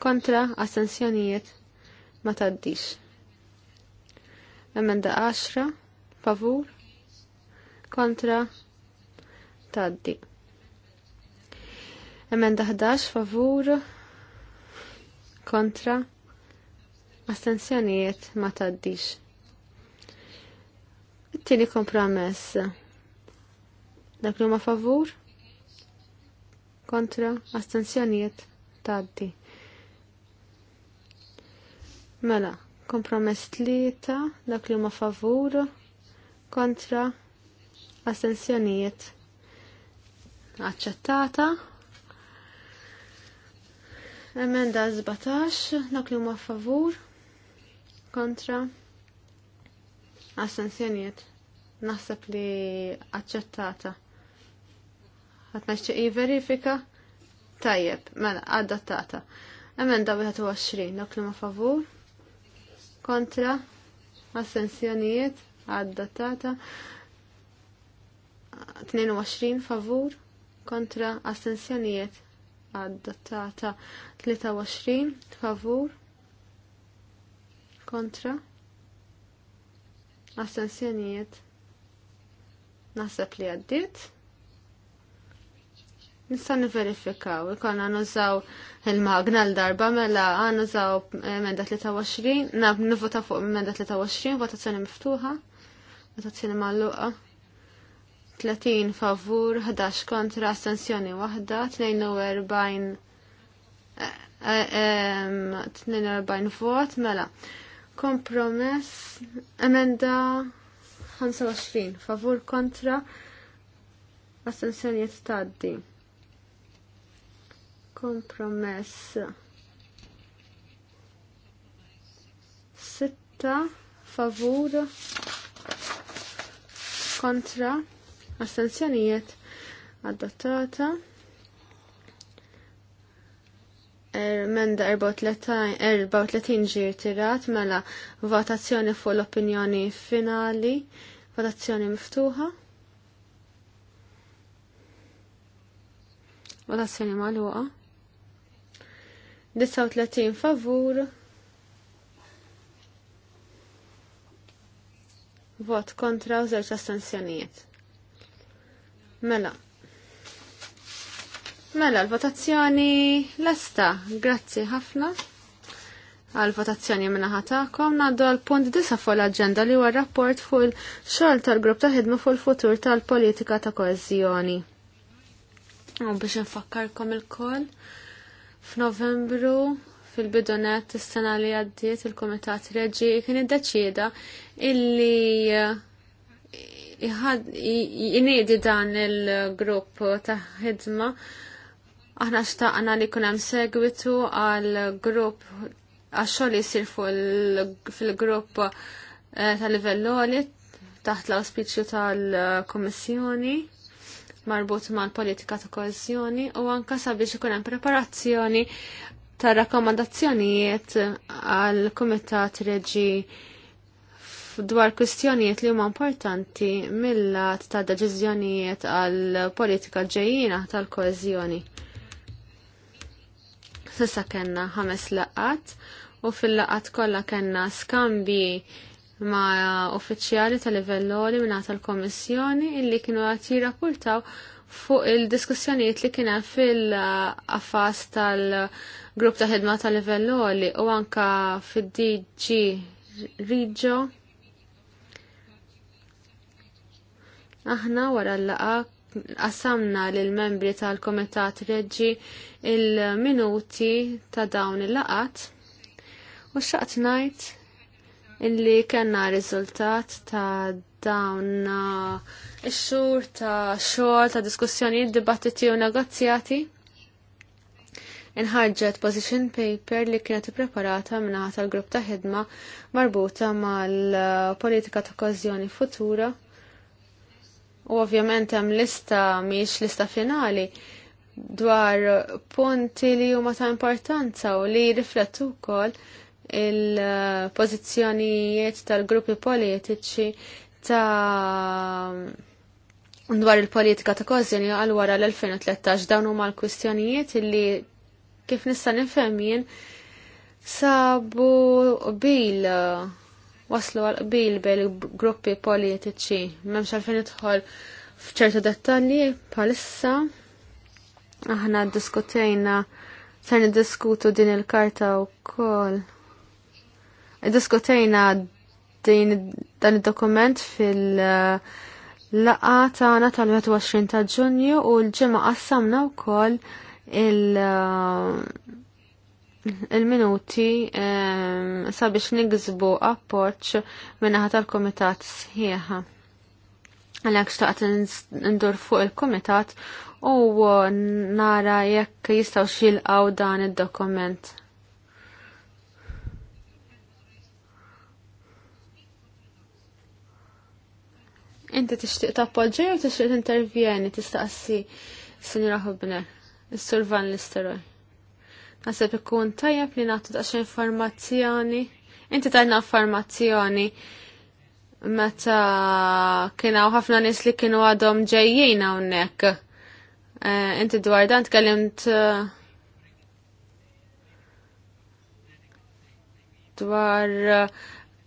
kontra assenzjonijiet ma taddix. Emenda 10 favur kontra taddi. Emenda 11 favur kontra assenzjonijiet ma taddix. Tini kompromess dak li ma favur kontra astensjonijiet taddi. Mela, kompromess tlieta dak li huma favur kontra astensjonijiet aċċettata. Emenda 17 dak li huma favur kontra Astenzjonijiet. naħseb li aċċettata ħatna xċeqi verifika, tajjeb, mela, għaddattata. Emenda 21, dak li ma favur, kontra, assenzjonijiet, għaddattata. 22 favur, kontra, assenzjonijiet, għaddattata. 23 favur, kontra, assenzjonijiet, nasab li għaddit. Nista' niverifikaw, ikonna nużaw il-magna l-darba mela nużaw emenda 23, nab nivota fuq emenda 23, votazzjoni miftuħa, votazzjoni malluqa. 30 favur, 11 kontra, astensjoni waħda, 42 eh, eh, vot, mela. Kompromess, emenda 25, favur kontra, astensjoni jittaddi. Kompromess. Sitta favur kontra astenzjonijiet adottata. Menda 34 ġir tirat mela votazzjoni fuq l-opinjoni finali, votazzjoni miftuħa. Votazzjoni maluqa. 39 favur. Vot kontra u zewċ astensjonijiet. Mela. Mela, l-votazzjoni l-esta. Grazzi ħafna għal-votazzjoni minna ħatakom naddu għal-punt disa fuq l-agenda li huwa rapport fuq il-xogħol tal-grupp ta' ħidmu fuq il-futur tal-politika ta' koezzjoni. U biex nfakkarkom il-koll F'Novembru fil-bidonet is-sena li għaddiet il-Kumitat Reġi kien iddeċieda illi jiniedi dan il-grupp ta' ħidma aħna xtaqna li kunem segwitu għal grupp għaxol jisir fil-grupp tal livelloli taħt l-auspiċju tal-Komissjoni marbut mal-politika ta' koezjoni u anka sabiex ikun hemm preparazzjoni ta' rakkomandazzjonijiet għal kumitat reġi dwar kwistjonijiet li huma importanti mill-lat ta' deċiżjonijiet għal politika ġejjina tal-koeżjoni. Sissa kellna ħames laqat u fil-laqat kollha kellna skambji ma' uffiċjali tal livell li minna tal-Komissjoni illi kienu għati rapportaw fuq il-diskussjonijiet li kiena fil-affas tal-grupp ta' ħidma tal livell li u anka fid-DG Rigio. Aħna wara l-laqa qassamna lill membri tal-Komitat Reġġi il-minuti ta' dawn il-laqat u xaqt ngħid illi kena riżultat ta' dawn uh, ix xur ta' xogħol ta' diskussjoni, dibattiti u negozjati. Inħarġet position paper li kienet ippreparata minnaħa tal-grupp ta' ħidma marbuta mal-politika ta' kozzjoni futura. U ovvjament hemm lista miex lista finali dwar punti li huma ta' importanza u li riflettu wkoll il-pozizjonijiet tal-gruppi politiċi ta' dwar il-politika ta' kozzjoni għal wara l-2013 dawn huma l-kwistjonijiet li kif nista' nifhem jien sabu qbil waslu għal qbil bil gruppi politiċi m'hemmx għalfejn idħol f'ċertu dettalji bħalissa aħna ddiskutejna se niddiskutu din il-karta wkoll Diskutejna dan id-dokument fil-laqa tagħna tal-21 ta' Ġunju u l-ġimgħa qassamna wkoll il- eh, il-minuti eh, sabiex nigżbu appoċ minnaħa tal-komitat sħiħa. Għalhekk xtaqt ndur fuq il-komitat u nara jekk jistgħu xilqaw dan id-dokument. Inti tixtieq tappoġġi jew tixtieq intervjeni tistaqsi s-sinjura Hubner, is survan l-isteroj. Naħseb ikun tajjeb li nagħtu daqs informazzjoni. Inti tajna informazzjoni meta kien hawn ħafna nies li kienu għadhom ġejjin hawnhekk. Eh, inti dwar dan tkellimt eh, dwar eh,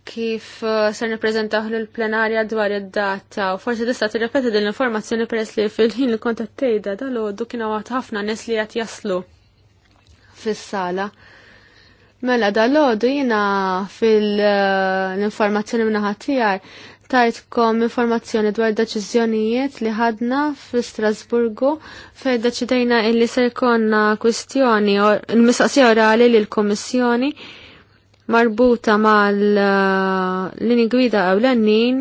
kif eh, ser nippreżentaw l-plenarja dwar id-data u forsi tista' tirrepeti din l-informazzjoni peress li fil-ħin li kont tgħidha Dalgħodu kienu għad ħafna nies li qed jaslu fis-sala. Mela dalgħodu jiena fil-informazzjoni minn ħaddieħor tajtkom informazzjoni dwar deċiżjonijiet li ħadna fi Strasburgu fejn deċidejna illi se jkollna kwistjoni il-mistaqsija orali lill-Kummissjoni marbuta mal l-lini eh, gwida għaw l-annin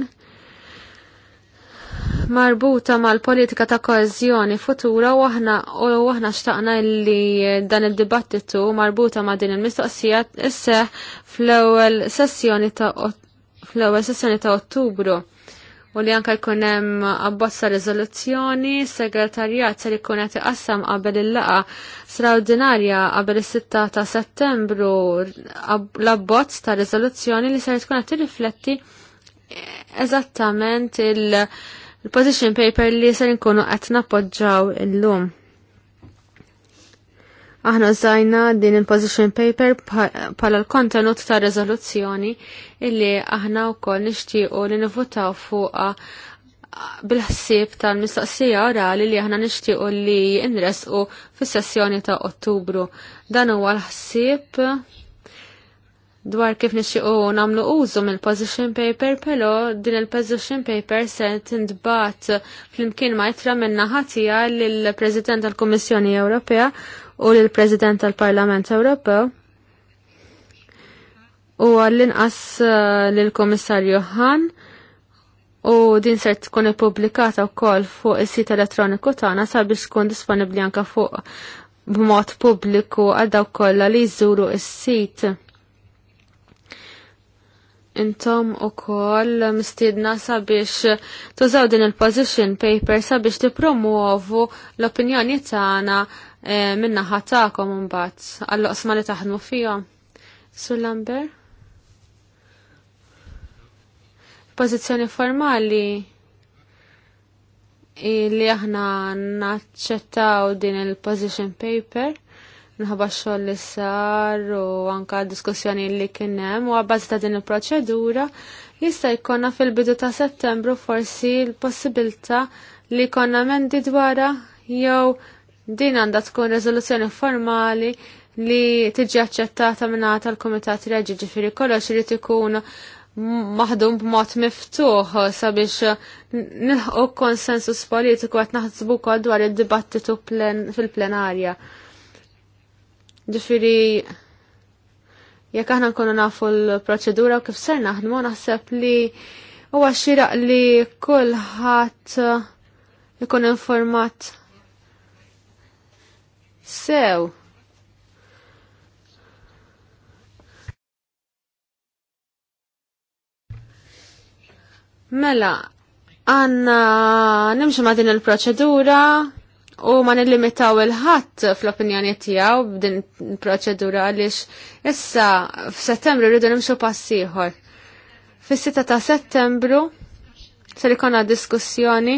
marbuta mal-politika ta' koezjoni futura u aħna xtaqna li dan id-dibattitu marbuta ma' din il-mistoqsija isseħ fl ewel sessjoni ta' fl-ewwel sessjoni ta' Ottubru u li anka jkun hemm abbozza riżoluzzjoni, segretarjat se jkun qed iqassam qabel il-laqa straordinarja qabel is-6 ta' Settembru l-abbozz ta' riżoluzzjoni li se tkun qed tirrifletti eżattament il-position paper li se nkunu qed nappoġġaw illum. Aħna zajna din il-position paper bħala l-kontenut ta' rezoluzzjoni illi aħna wkoll nixtiequ li nivutaw fuqha bil-ħsieb tal-mistaqsija orali li aħna nixtiequ li inresqu fis-sessjoni ta' Ottubru. Dan huwa l-ħsieb dwar kif nixtiequ nagħmlu użu mill-position paper, però din il-position paper se fl flimkien ma jitra minna ħatija lill-President tal-Kummissjoni Ewropea u l-President tal-Parlament Ewropew u għall-inqas uh, l-Komissarju Han u din ser tkun ippubblikata wkoll fuq is-sit elettroniku tagħna sabiex tkun disponibbli anke fuq b'mod pubbliku għal dawk kollha li jżuru is-sit. Intom ukoll mistidna sabiex tużaw din il-position paper sabiex tipromuovu l-opinjoni tagħna Eh, minna ħatakom mbagħad għall-oqsma li taħdmu fija? Sur Lamber? Pożizzjoni formali li aħna naċċettaw din il-position paper nħabba xoll li sar u anka diskussjoni li kienem u għabbaż ta' din il-proċedura jista' jkonna fil-bidu ta' settembru forsi l-possibilta li konna mendi dwara jew Din għandha tkun rezoluzzjoni formali li tiġi aċċettata minna tal komitat Reġi ġifiri kollox li ikun maħdum b'mod miftuħ sabiex nilħu konsensus politiku għat naħsbu kol dwar id-dibattitu fil-plenarja. Ġifiri, jekk aħna nkunu nafu l-proċedura u kif ser naħdmu naħseb li huwa xiraq li kulħadd ikun informat sew. Mela, għanna nimxu ma' din il-proċedura u ma' nillimitaw il-ħatt fl-opinjoni tijaw b'din il-proċedura għalix issa f'settembru rridu nimxu passiħor. Fis-6 ta' settembru li ikonna diskussjoni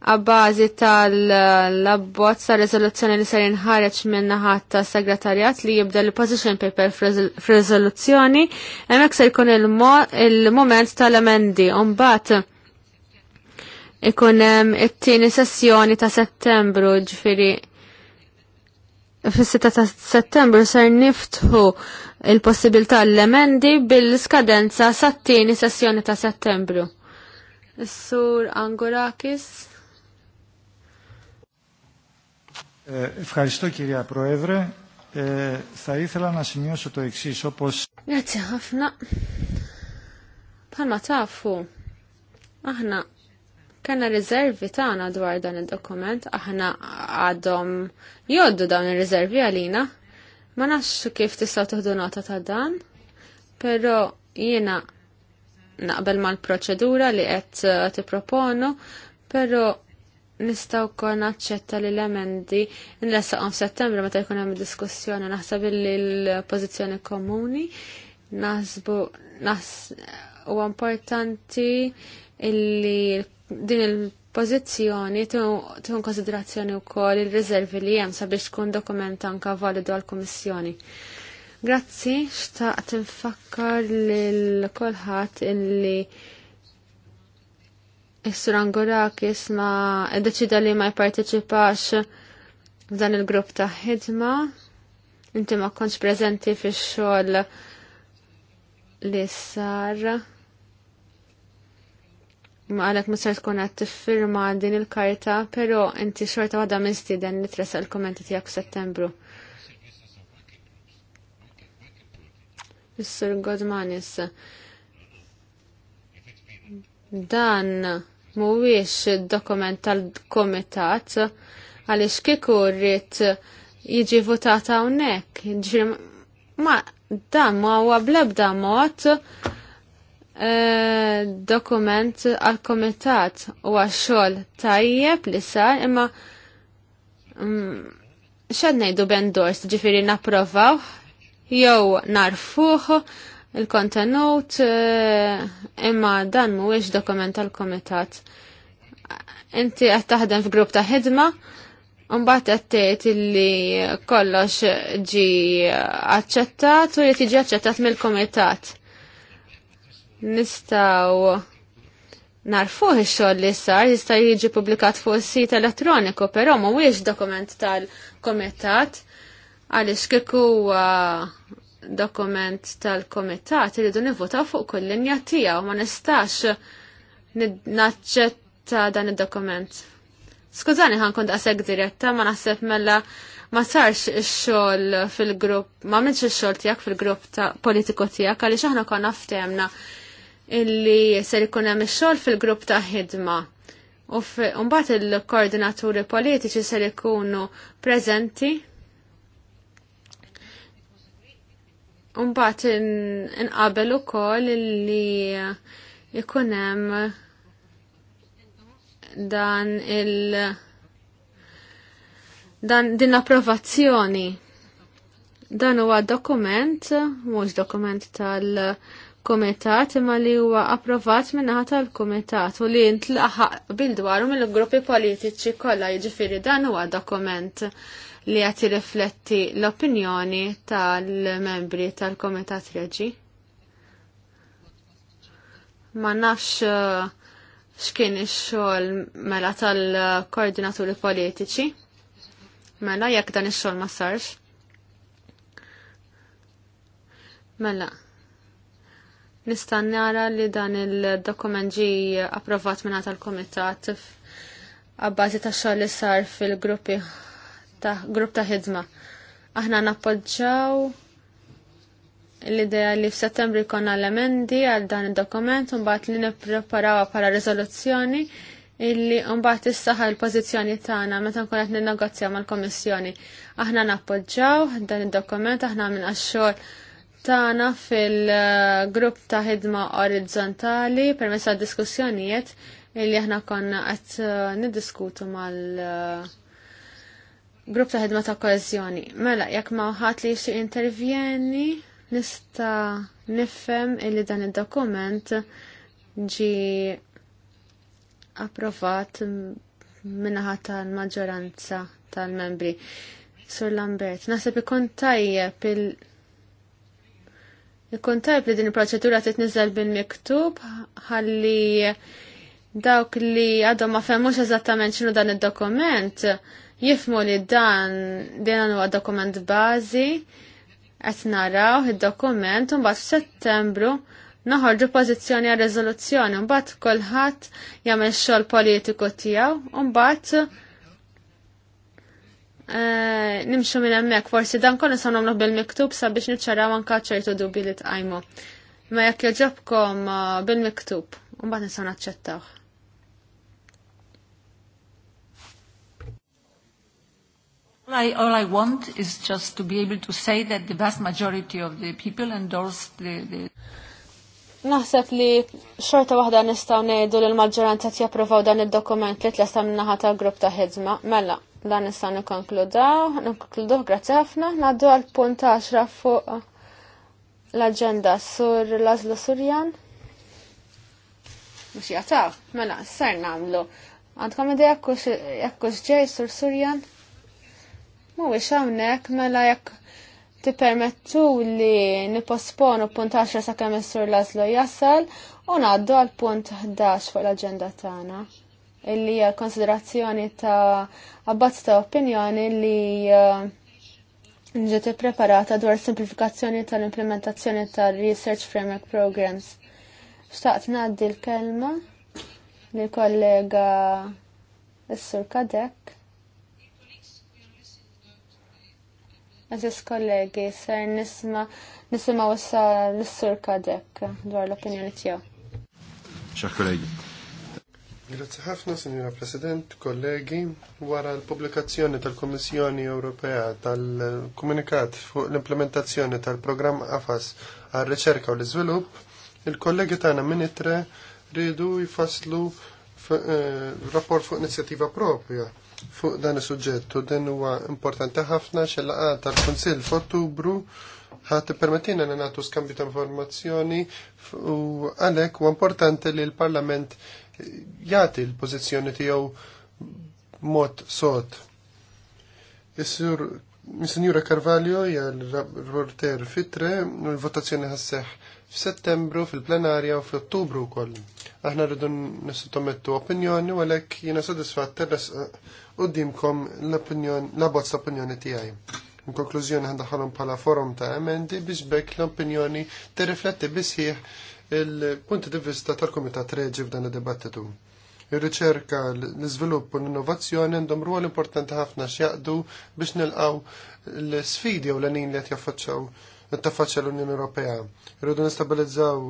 għabbażi tal-abbozz tal rezoluzzjoni li ser jinħareġ minna naħat ta' segretarjat li jibda l-position paper f'riżoluzzjoni hemmhekk se jkun il-moment tal-emendi. Mbagħad ikun hemm it-tieni sessjoni ta' Settembru, ġifieri fis-6 ta' Settembru ser niftħu il-possibilità l-emendi bil-skadenza t tieni sessjoni ta' Settembru. Is-sur Angurakis. Ευχαριστώ κυρία Πρόεδρε. Ε, θα ήθελα να σημειώσω το εξής όπως... Grazie ħafna. Palma tafu. Aħna kena riservi tagħna dwar dan id-dokument, aħna għadhom ριζέρβι dawn ir να għalina. Ma nafx kif δονότα τα nota ta' dan, però jiena naqbel mal-proċedura li qed eh, tipproponu, però nistaw kol naċċetta li l-emendi nlessaqom settembru meta jkun hemm diskussjoni naħseb li l-pożizzjoni komuni naħsbu nas u importanti illi din il-pożizzjoni tkun konsiderazzjoni wkoll il-riservi li hemm sabiex tkun dokument anke validu għall-Kummissjoni. Grazzi, xtaqt infakkar lil kulħadd illi Is-Rangorakis ma deċida li ma jparteċipax f'dan il-grupp ta' ħidma. Inti ma kontx prezenti fix-xogħol li sar. Ma għalek ma sar tkun għat tiffirma din il-karta, pero inti xorta għada minn dan li tresa l-kommenti tijak settembru. Sur Godmanis, dan mhuwiex dokument tal-komitat għaliex kieku rrit jiġi votata hawnhekk. Ma dan ma huwa blebda mod e, dokument għal komitat u għaxxol tajjeb li sar imma mm, xed ngħidu bendors ġifieri napprovaw jew narfuh il-kontenut eh, imma dan mhuwiex dokument tal-komitat. Inti qed taħdem f'grupp ta' ħidma mbagħad qed tgħid li kollox ġi aċċettat u li tiġi aċċettat mill-kumitat. Nistgħu narfuh ix-xogħol li sar jista' jiġi pubblikat fuq is-sit elettroniku, però mhuwiex dokument tal-kumitat għaliex kieku dokument tal-komitat li dun nivvota fuq kull linja tiegħu ma nistax naċċetta dan id-dokument. Skużani ħankun daqseg diretta ma naħseb mela ma sarx ix-xogħol fil-grupp, ma minx ix-xogħol tiegħek fil-grupp ta' politiku tiegħek għaliex aħna konna ftehmna illi ser ikun hemm ix-xogħol fil-grupp ta' ħidma. U mbagħad il-koordinaturi politiċi ser ikunu preżenti Umbat inqabel ukoll li ikun hemm dan il dan din approvazzjoni dan huwa dokument mhux dokument tal kumitat imma li huwa approvat minnaħa tal-kumitat u li ntlaħaq bil dwaru mill-gruppi politiċi kollha jiġifieri dan huwa dokument li għati rifletti l-opinjoni tal-membri tal-Komitat Reġi. Ma nafx eh, xkien ix-xogħol mela tal-koordinaturi politiċi. Mela jekk dan ix-xogħol ma sarx. Mela. Nistan nara li dan il-dokument ġi approvat minna tal-Komitat għabbażi ta' xogħol li sar fil-gruppi ta' grupp ta' ħidma. Aħna nappoġġaw l-idea li f'Settembru jkollna l-emendi għal dan id-dokument u mbagħad li nippreparawha bħala riżoluzzjoni illi mbagħad issaħħa l-pożizzjoni tagħna meta nkun qed ninnegozja mal-Kommissjoni. Aħna nappoġġaw dan id-dokument aħna minn għax-xogħol tagħna fil-grupp ta' ħidma orizzontali permezz għad diskussjonijiet illi aħna konna qed eh, niddiskutu mal- grupp ta' ħidma ta' koezjoni. Mela, jekk ma' ħadd li jixtieq intervjeni, nista' nifhem illi dan id-dokument ġi approvat minnaħa tal-maġġoranza tal-membri. Sur Lambert, naħseb ikun tajjeb il ikun tajb li din il-proċedura titniżel bil-miktub ħalli dawk li għadhom ma femmux eżattament x'inhu dan id-dokument jifmu li dan dina huwa dokument bażi qed naraw id-dokument u mbagħad f'Settembru naħorġu pożizzjoni għal riżoluzzjoni u mbagħad kulħadd jagħmel xogħol politiku tiegħu u mbagħad eh, nimxu minn hemmhekk forsi dan kollu sa nagħmlu bil-miktub sabiex niċċaraw anke ċertu dubbi li tqajmu. Ma jekk joġobkom eh, bil-miktub, u mbagħad nistgħu naċċettawh. All I, all I want is just to be able to say that the vast majority of the people endorse the... the Naħseb li xorta waħda nistaw nejdu li l-maġġoranza t-japprovaw dan il-dokument li t-lesta minnaħa ta' grupp ta' ħidma. Mela, dan nistaw nikonkludaw, nikonkludaw grazzi ħafna, naddu għal punt 10 fuq l-agenda sur Lazlo Surjan. Mux jataw, mela, s-sar namlu. Għandkom id dajakkux ġej sur Surjan? Mhuwiex hawnhekk mela jekk tippermettu li niposponu punt 10 sakemm is-sur Laslo jasal u ngħaddu għal punt 11 fuq l-aġenda tagħna illi hija konsiderazzjoni ta' abbazz ta' opinjoni li eh, ġiet ippreparata dwar simplifikazzjoni tal-implementazzjoni tal-Research Framework Programs. Xtaqt ngħaddi l-kelma li kollega s-sur Kadek. Aziz kollegi, ser nisma nisma wassa l-sur kadek dwar l-opinjoni tijaw. Xaħ kollegi. Grazie ħafna, Signora President, kollegi. Wara l publikazzjoni tal komissjoni Ewropea tal-Komunikat fuq l-implementazzjoni tal-programm AFAS għal riċerka u l-iżvilupp, il-kollegi tagħna minn itre rridu jfasslu eh, rapport fuq inizjattiva propja fuq dan is-suġġett u din huwa importanti ħafna xil-laqgħa tal-Kunsill f'Ottubru ħadd permettina li nagħtu skambju ta' informazzjoni u għalhekk huwa importanti li l-Parlament jagħti l-pożizzjoni tiegħu mod sod. Is-sur Misinjura Carvalho hija l-rapporter fitre u l-votazzjoni ħasseħ f'Settembru fil-plenarja u f'Ottubru wkoll. Aħna rridu nissottomettu opinjoni u għalhekk jiena sodisfatt qoddimkom l-abbozz opinjoni tiegħi. In konklużjoni ħandaħalhom bħala forum ta' emendi biex bekk l-opinjoni tirrifletti bisħieħ il-punti di vista tal-Kumitat Reġi f'dan id-dibattitu. Ir-riċerka, l-iżvilupp u l-innovazzjoni għandhom ruol importanti ħafna x'jaqdu biex nilqaw l-sfidi u l-għanin li qed jaffaċċaw tafaċċa l-Unjoni Ewropea. Irridu nistabilizzaw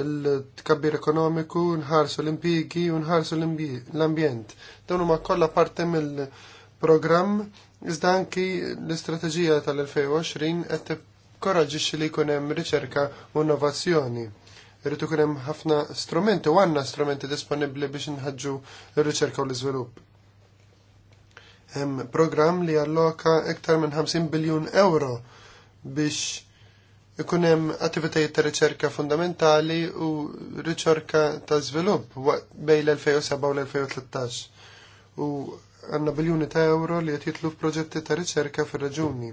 il-tkabbir ekonomiku, nħarsu l-impigi u nħarsu l-ambjent. Dawnu huma kollha parte mill-programm iżda anki l-istrateġija tal-2020 qed tikkoraġixxi li jkun hemm riċerka u innovazzjoni. Irrid ikun hemm ħafna strumenti u għandna strumenti disponibbli biex inħaġġu r-riċerka u l-iżvilupp. Hemm li alloka iktar minn 50 biljun euro biex ikun hemm attivitajiet ta' riċerka fundamentali u riċerka ta' żvilupp bejn l-2007 u l-2013. U għandna biljuni ta' euro li qed jitlu f'proġetti ta' riċerka fir-raġuni.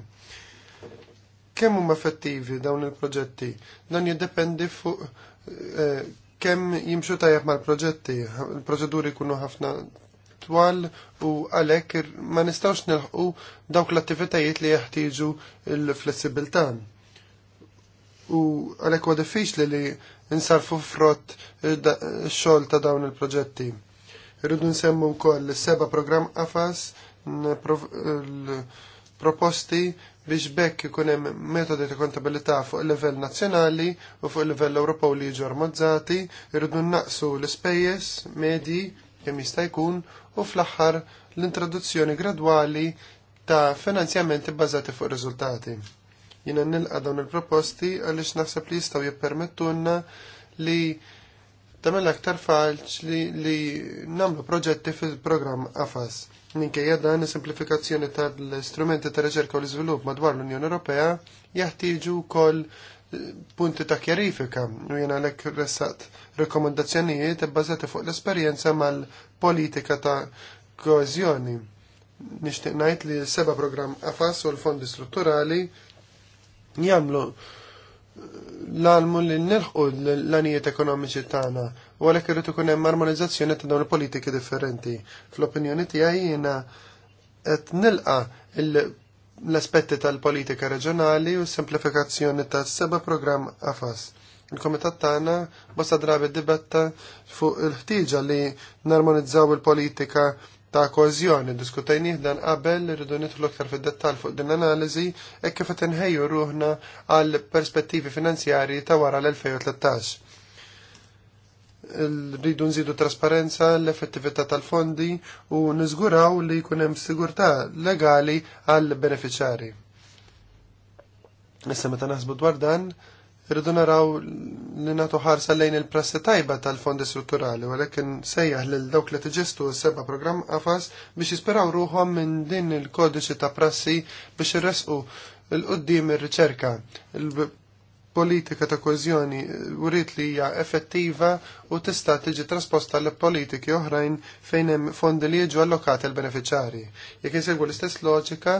Kemm huma effettivi dawn il-proġetti? Dan jiddependi fuq eh, kemm jimxu tajjeb mal-proġetti, il-proċeduri jkunu ħafna twal u għalhekk ma nistgħux nilħqu dawk l-attivitajiet li jeħtieġu l-flessibilità u għalhekk huwa diffiċli li nsarfu frott eh, eh, xogħol ta' dawn il-proġetti. Rridu nsemmu wkoll seba programm afas proposti biex bekk ikun hemm metodi ta' kontabilità fuq il-livell nazzjonali u fuq il-livell Ewropew li jiġu armonizzati, irridu naqsu l-ispejjeż medji kemm jista' jkun u fl-aħħar l-introduzzjoni gradwali ta' finanzjamenti bbażati fuq riżultati. Jiena nilqa' dawn il-proposti għaliex naħseb li jistgħu jippermettunna li tagħmel aktar faċli li nagħmlu proġetti fil-programm AFAS. Minkejja dan is-simplifikazzjoni tal-istrumenti ta' Reċerka u l izvilup madwar l-Unjoni Ewropea jeħtieġu wkoll eh, punti ta' kjarifika u jena lek ressat rekomendazzjonijiet bbażati fuq l-esperjenza mal-politika ta' koezjoni. Nixtieq ngħid li seba' program AFAS u l-fondi strutturali Njamlu l-almu li nilħqu l-anijiet ekonomiċi tagħna u għalhekk irid ikun hemm armonizzazzjoni ta' dawn il-politiki differenti. Fl-opinjoni tiegħi jiena qed nilqa l-aspetti tal-politika reġjonali u s-semplifikazzjoni tas-seba' programm AFAS. Il-komitat tagħna bosta drabi dibatta fuq il-ħtieġa li narmonizzaw il-politika ta' kozjoni diskutajnih dan qabel rridu nidħlu aktar fid-dettall fuq din analiżi e kif qed inħejju ruħna għal perspettivi finanzjarji ta' wara l-2013. Rridu nżidu trasparenza l-effettività tal-fondi u niżguraw li jkun hemm sigurtà legali għall beneficjari Issa meta naħsbu dwar dan, irridu naraw li nagħtu ħarsa lejn il-prassi tajba tal-fondi strutturali, u lekin sejjaħ lil dawk li tiġestu s-seba programm qafas biex jisperaw ruħhom minn din il-kodiċi ta' prassi biex irresqu l-qoddim ir-riċerka. Il-politika ta' kozjoni wrid li hija effettiva u tista' tiġi trasposta l politiki oħrajn fejn hemm fondi li jiġu allokati l beneficjari Jekk insegwu l-istess loġika,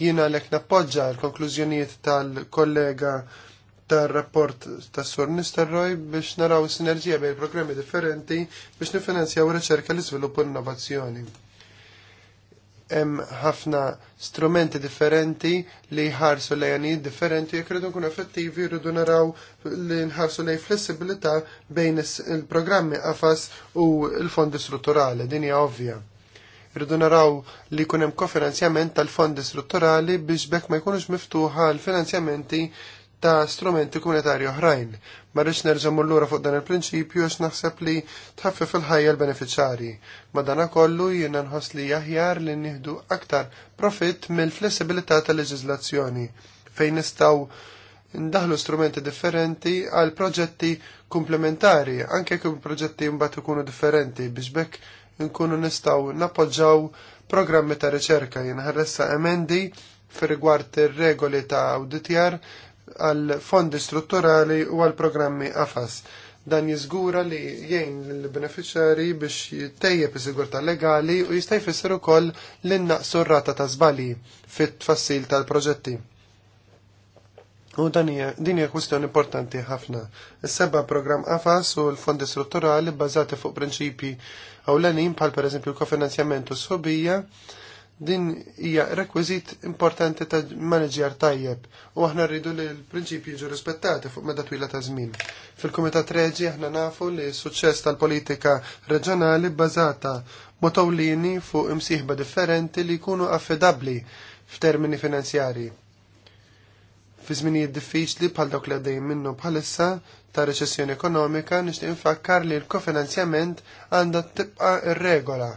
jiena lek nappoġġa l-konklużjonijiet tal-kollega tar-rapport ta' Sur Nisterroj biex naraw sinerġija bejn programmi differenti biex nifinanzjaw riċerka l iżvilupp u innovazzjoni. Hemm ħafna strumenti differenti li ħarsu lejanijiet differenti jekk rridu nkunu effettivi rridu naraw li nħarsu lej flessibilità bejn il-programmi qafas u l-fondi strutturali, din hija ovvja rridu naraw li jkun hemm kofinanzjament tal-fondi strutturali biex bekk ma jkunux miftuħa l-finanzjamenti ta' strumenti komunitarji oħrajn. Ma rridx nerżommu lura fuq dan il-prinċipju għax naħseb li tħaffef il-ħajja l-beneficjari. dan kollu jiena nħoss li jaħjar li nieħdu aktar profitt mill-flessibilità tal-leġiżlazzjoni fejn nistgħu ndaħlu strumenti differenti għal proġetti komplementari, anke kum proġetti mbagħad ikunu differenti biex bekk nkunu nistgħu nappoġġaw programmi ta' riċerka jinħarressa emendi fir rigward ir-regoli ta' auditjar għal fondi strutturali u għal programmi AFAS. Dan jiżgura li jgħin l-beneficjari biex jtejjeb is-sigurtà legali u jista' jfisser ukoll l innaqsu rata ta' żbalji fit-tfassil tal-proġetti. U din hija kwistjoni importanti ħafna. Is-seba' programm AFAS u l-fondi strutturali bbażati fuq prinċipji ewlenin bħal pereżempju l-kofinanzjament u s-sobija Din hija rekwiżit importanti ta' manager tajjeb u aħna rridu li l-prinċipji jiġu rispettati fuq meta twila ta' żmien. Fil-Kumitat Reġi aħna nafu li s-suċċess tal-politika reġjonali bbażata motawlini fuq imsieħba differenti li jkunu affidabbli f'termini finanzjarji fi żminijiet diffiċli bħal dawk li għaddejjin minnu bħalissa ta' reċessjoni ekonomika nixtieq infakkar li l-kofinanzjament għandha tibqa' ir-regola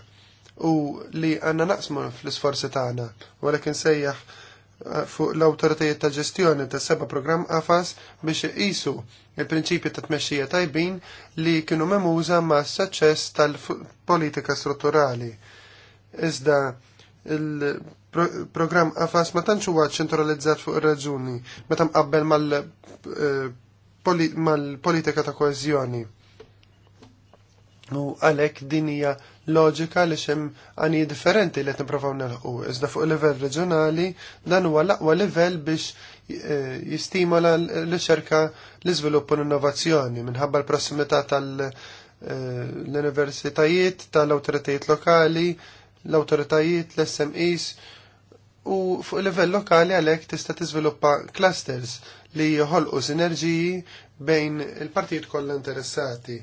u li għanna naqsmu fl-isforzi tagħna, għalekin sejjaħ eh, fuq l-autoritajiet ta' ġestjoni ta' seba' programm AFAS biex iqisu il-prinċipji ta' tmexxija tajbin li kienu memuża ma' s-saċċess tal-politika strutturali. Iżda il-programm AFAS ma tantx huwa ċentralizzat fuq ir-raġuni meta mqabbel eh, mal-politika ta' koeżjoni. U għalhekk din hija loġika li xem għani differenti li t nprofaw nelħu. Iżda fuq level reġjonali dan huwa l-aqwa level biex e, jistimola li xerka l-iżvilupp u l-innovazzjoni minħabba l-prossimità tal-universitajiet, e, tal-awtoritajiet lokali, l-awtoritajiet, l-SMEs u fuq level lokali għalhekk tista' tiżviluppa clusters li joħolqu sinerġiji bejn il-partijiet kollha interessati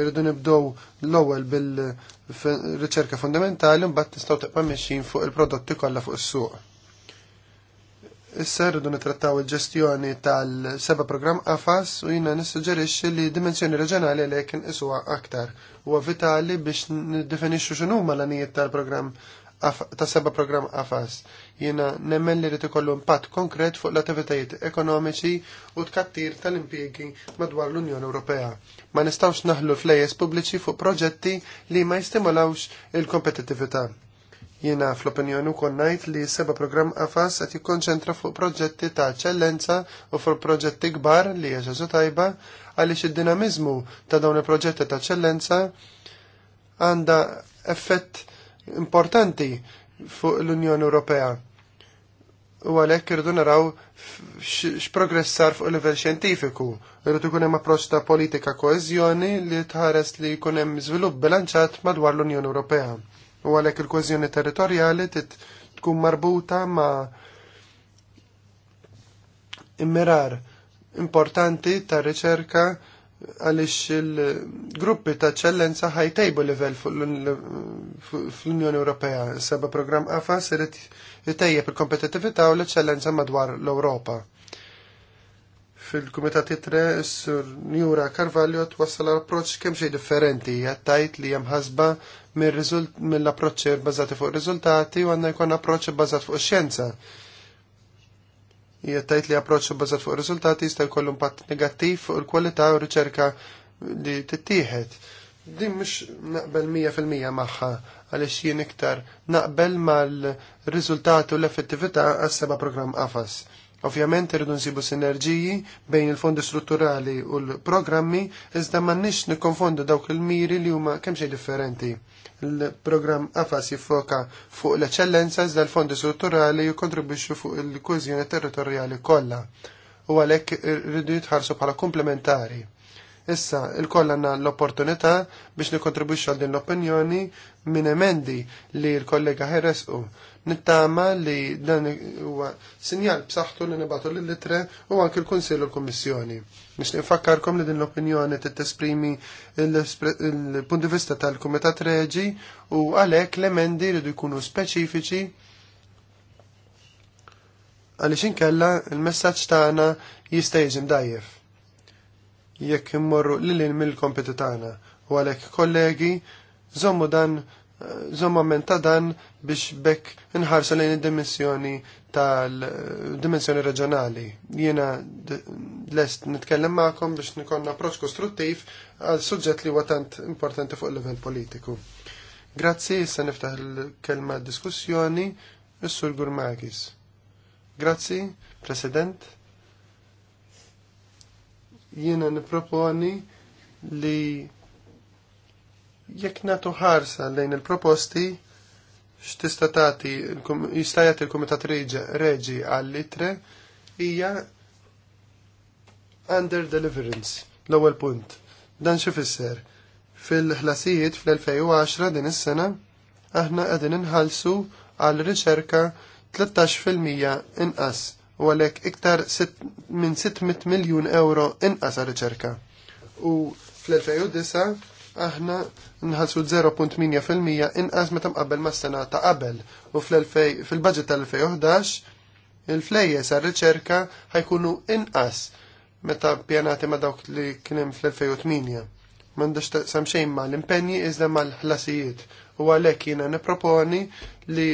Irridu nibdow l-ewwel bil-riċerka fundamentali mbagħad nistgħu tibqa' mexxin fuq il-prodotti kollha fuq is-suq. Issa rridu nitrattaw il-ġestjoni tal-seba programm AFAS u jina nissuġġerixxi li dimensjoni reġjonali lekin isuha aktar. Huwa vitali biex niddefinixxu x'inhuma l-anijiet tal-programm ta' seba' programm AFAS. Jiena nemmen li rid ikollu impatt konkret fuq l-attivitajiet ekonomiċi u tkattir tal-impjiegi madwar l-Unjoni Ewropea. Ma nistgħux naħlu flejjes pubbliċi fuq proġetti li ma jistimolawx il kompetitività Jiena fl-opinjoni kon ngħid li seba programm AFAS qed jikkonċentra fuq proġetti ta' eccellenza u fuq proġetti kbar li jaġaġu tajba għaliex id-dinamiżmu ta' dawn il-proġetti ta' eccellenza għandha effett importanti fuq l-Unjoni Ewropea. U għalhekk irridu naraw x'progressar fuq livell xjentifiku. irridu jkun hemm approċċ ta' politika koeżjoni li tħares li jkun hemm żvilupp bilanċat madwar l-Unjoni Ewropea. U għalhekk il-koeżjoni territorjali tkun marbuta ma' immirar importanti ta' riċerka għalix il-gruppi ta' ċellenza ħajtejbu level fl-Unjoni Ewropea. Seba program għafa sirit jitejjeb il-kompetitivita u l-ċellenza madwar l-Europa. Fil-Kumitat Itre, s-Sur Njura Carvalho twassal approċ kemm differenti, jattajt li jemħasba mill-approċċi bazzati fuq riżultati u għanna jkun approċċ bazzati fuq xjenza jgħattajt li approċċu bazzat fuq rizultati jista' jkollu impatt negattiv fuq il-kwalità u riċerka li tittieħed. Din mhux naqbel 100% magħha għaliex jien iktar naqbel mal-riżultati u l-effettività għas-seba' programm qafas. Ovvjament irridu nsibu sinerġiji bejn il-fondi strutturali u l-programmi, iżda m'għandniex nikkonfondu dawk il-miri li huma kemm xejn differenti. Il-programm AFAS jiffoka fuq l-eċellenza iżda l-fondi strutturali jikkontribwixxu fuq il-kużjoni territorjali kollha u għalhekk irridu jitħarsu bħala komplementari. Issa, il-koll għanna l-opportunità biex nikontribwixxu għal din l-opinjoni minn emendi li l-kollega ħeresqu Nittama li dan huwa sinjal b'saħħtu li nibatu l litre u anke l-Kunsill u l-Kummissjoni. Nix nifakkarkom li din l-opinjoni titesprimi l-punt di vista tal-Kumitat Reġi u għalhekk l-emendi ridu jkunu speċifiċi għaliex inkella il-messaġġ tagħna jista' jiġi mdajjef jekk immorru lil mill tagħna u għalhekk kollegi żommu dan eh, żommu men ta' dan biex bekk nħarsu lejn id-dimensjoni tal-dimensjoni reġjonali. Jiena lest nitkellem magħkom biex nikonna approċċ kostruttiv għal suġġett li huwa tant importanti fuq livell politiku. Grazzi, issa niftaħ il-kelma diskussjoni is-Sur Gurmagis. Grazzi, President. Jiena niproponi li jekk natu ħarsa lejn il-proposti x'tista' tagħti jista' jagħti l-Kumitat Reġi għall-itre hija under deliverance, l-ewwel punt. Dan x'ifisser Fil-ħlasijiet fl-2010 din is-sena aħna qegħdin inħallsu għal riċerka 13% inqas u għalhekk iktar minn 600 miljun euro inqas għal riċerka. U fl-2009 aħna nħalsu 0.8% inqas meta mqabbel mas sena ta' qabel u fil-budget tal-2011 il-flejjes għar-riċerka ħajkunu inqas meta pjanati ma' dawk li kienem fl-2008. M'għandux taqsam xejn ma' l-impenji iżda mal-ħlasijiet u għalhekk jiena nipproponi li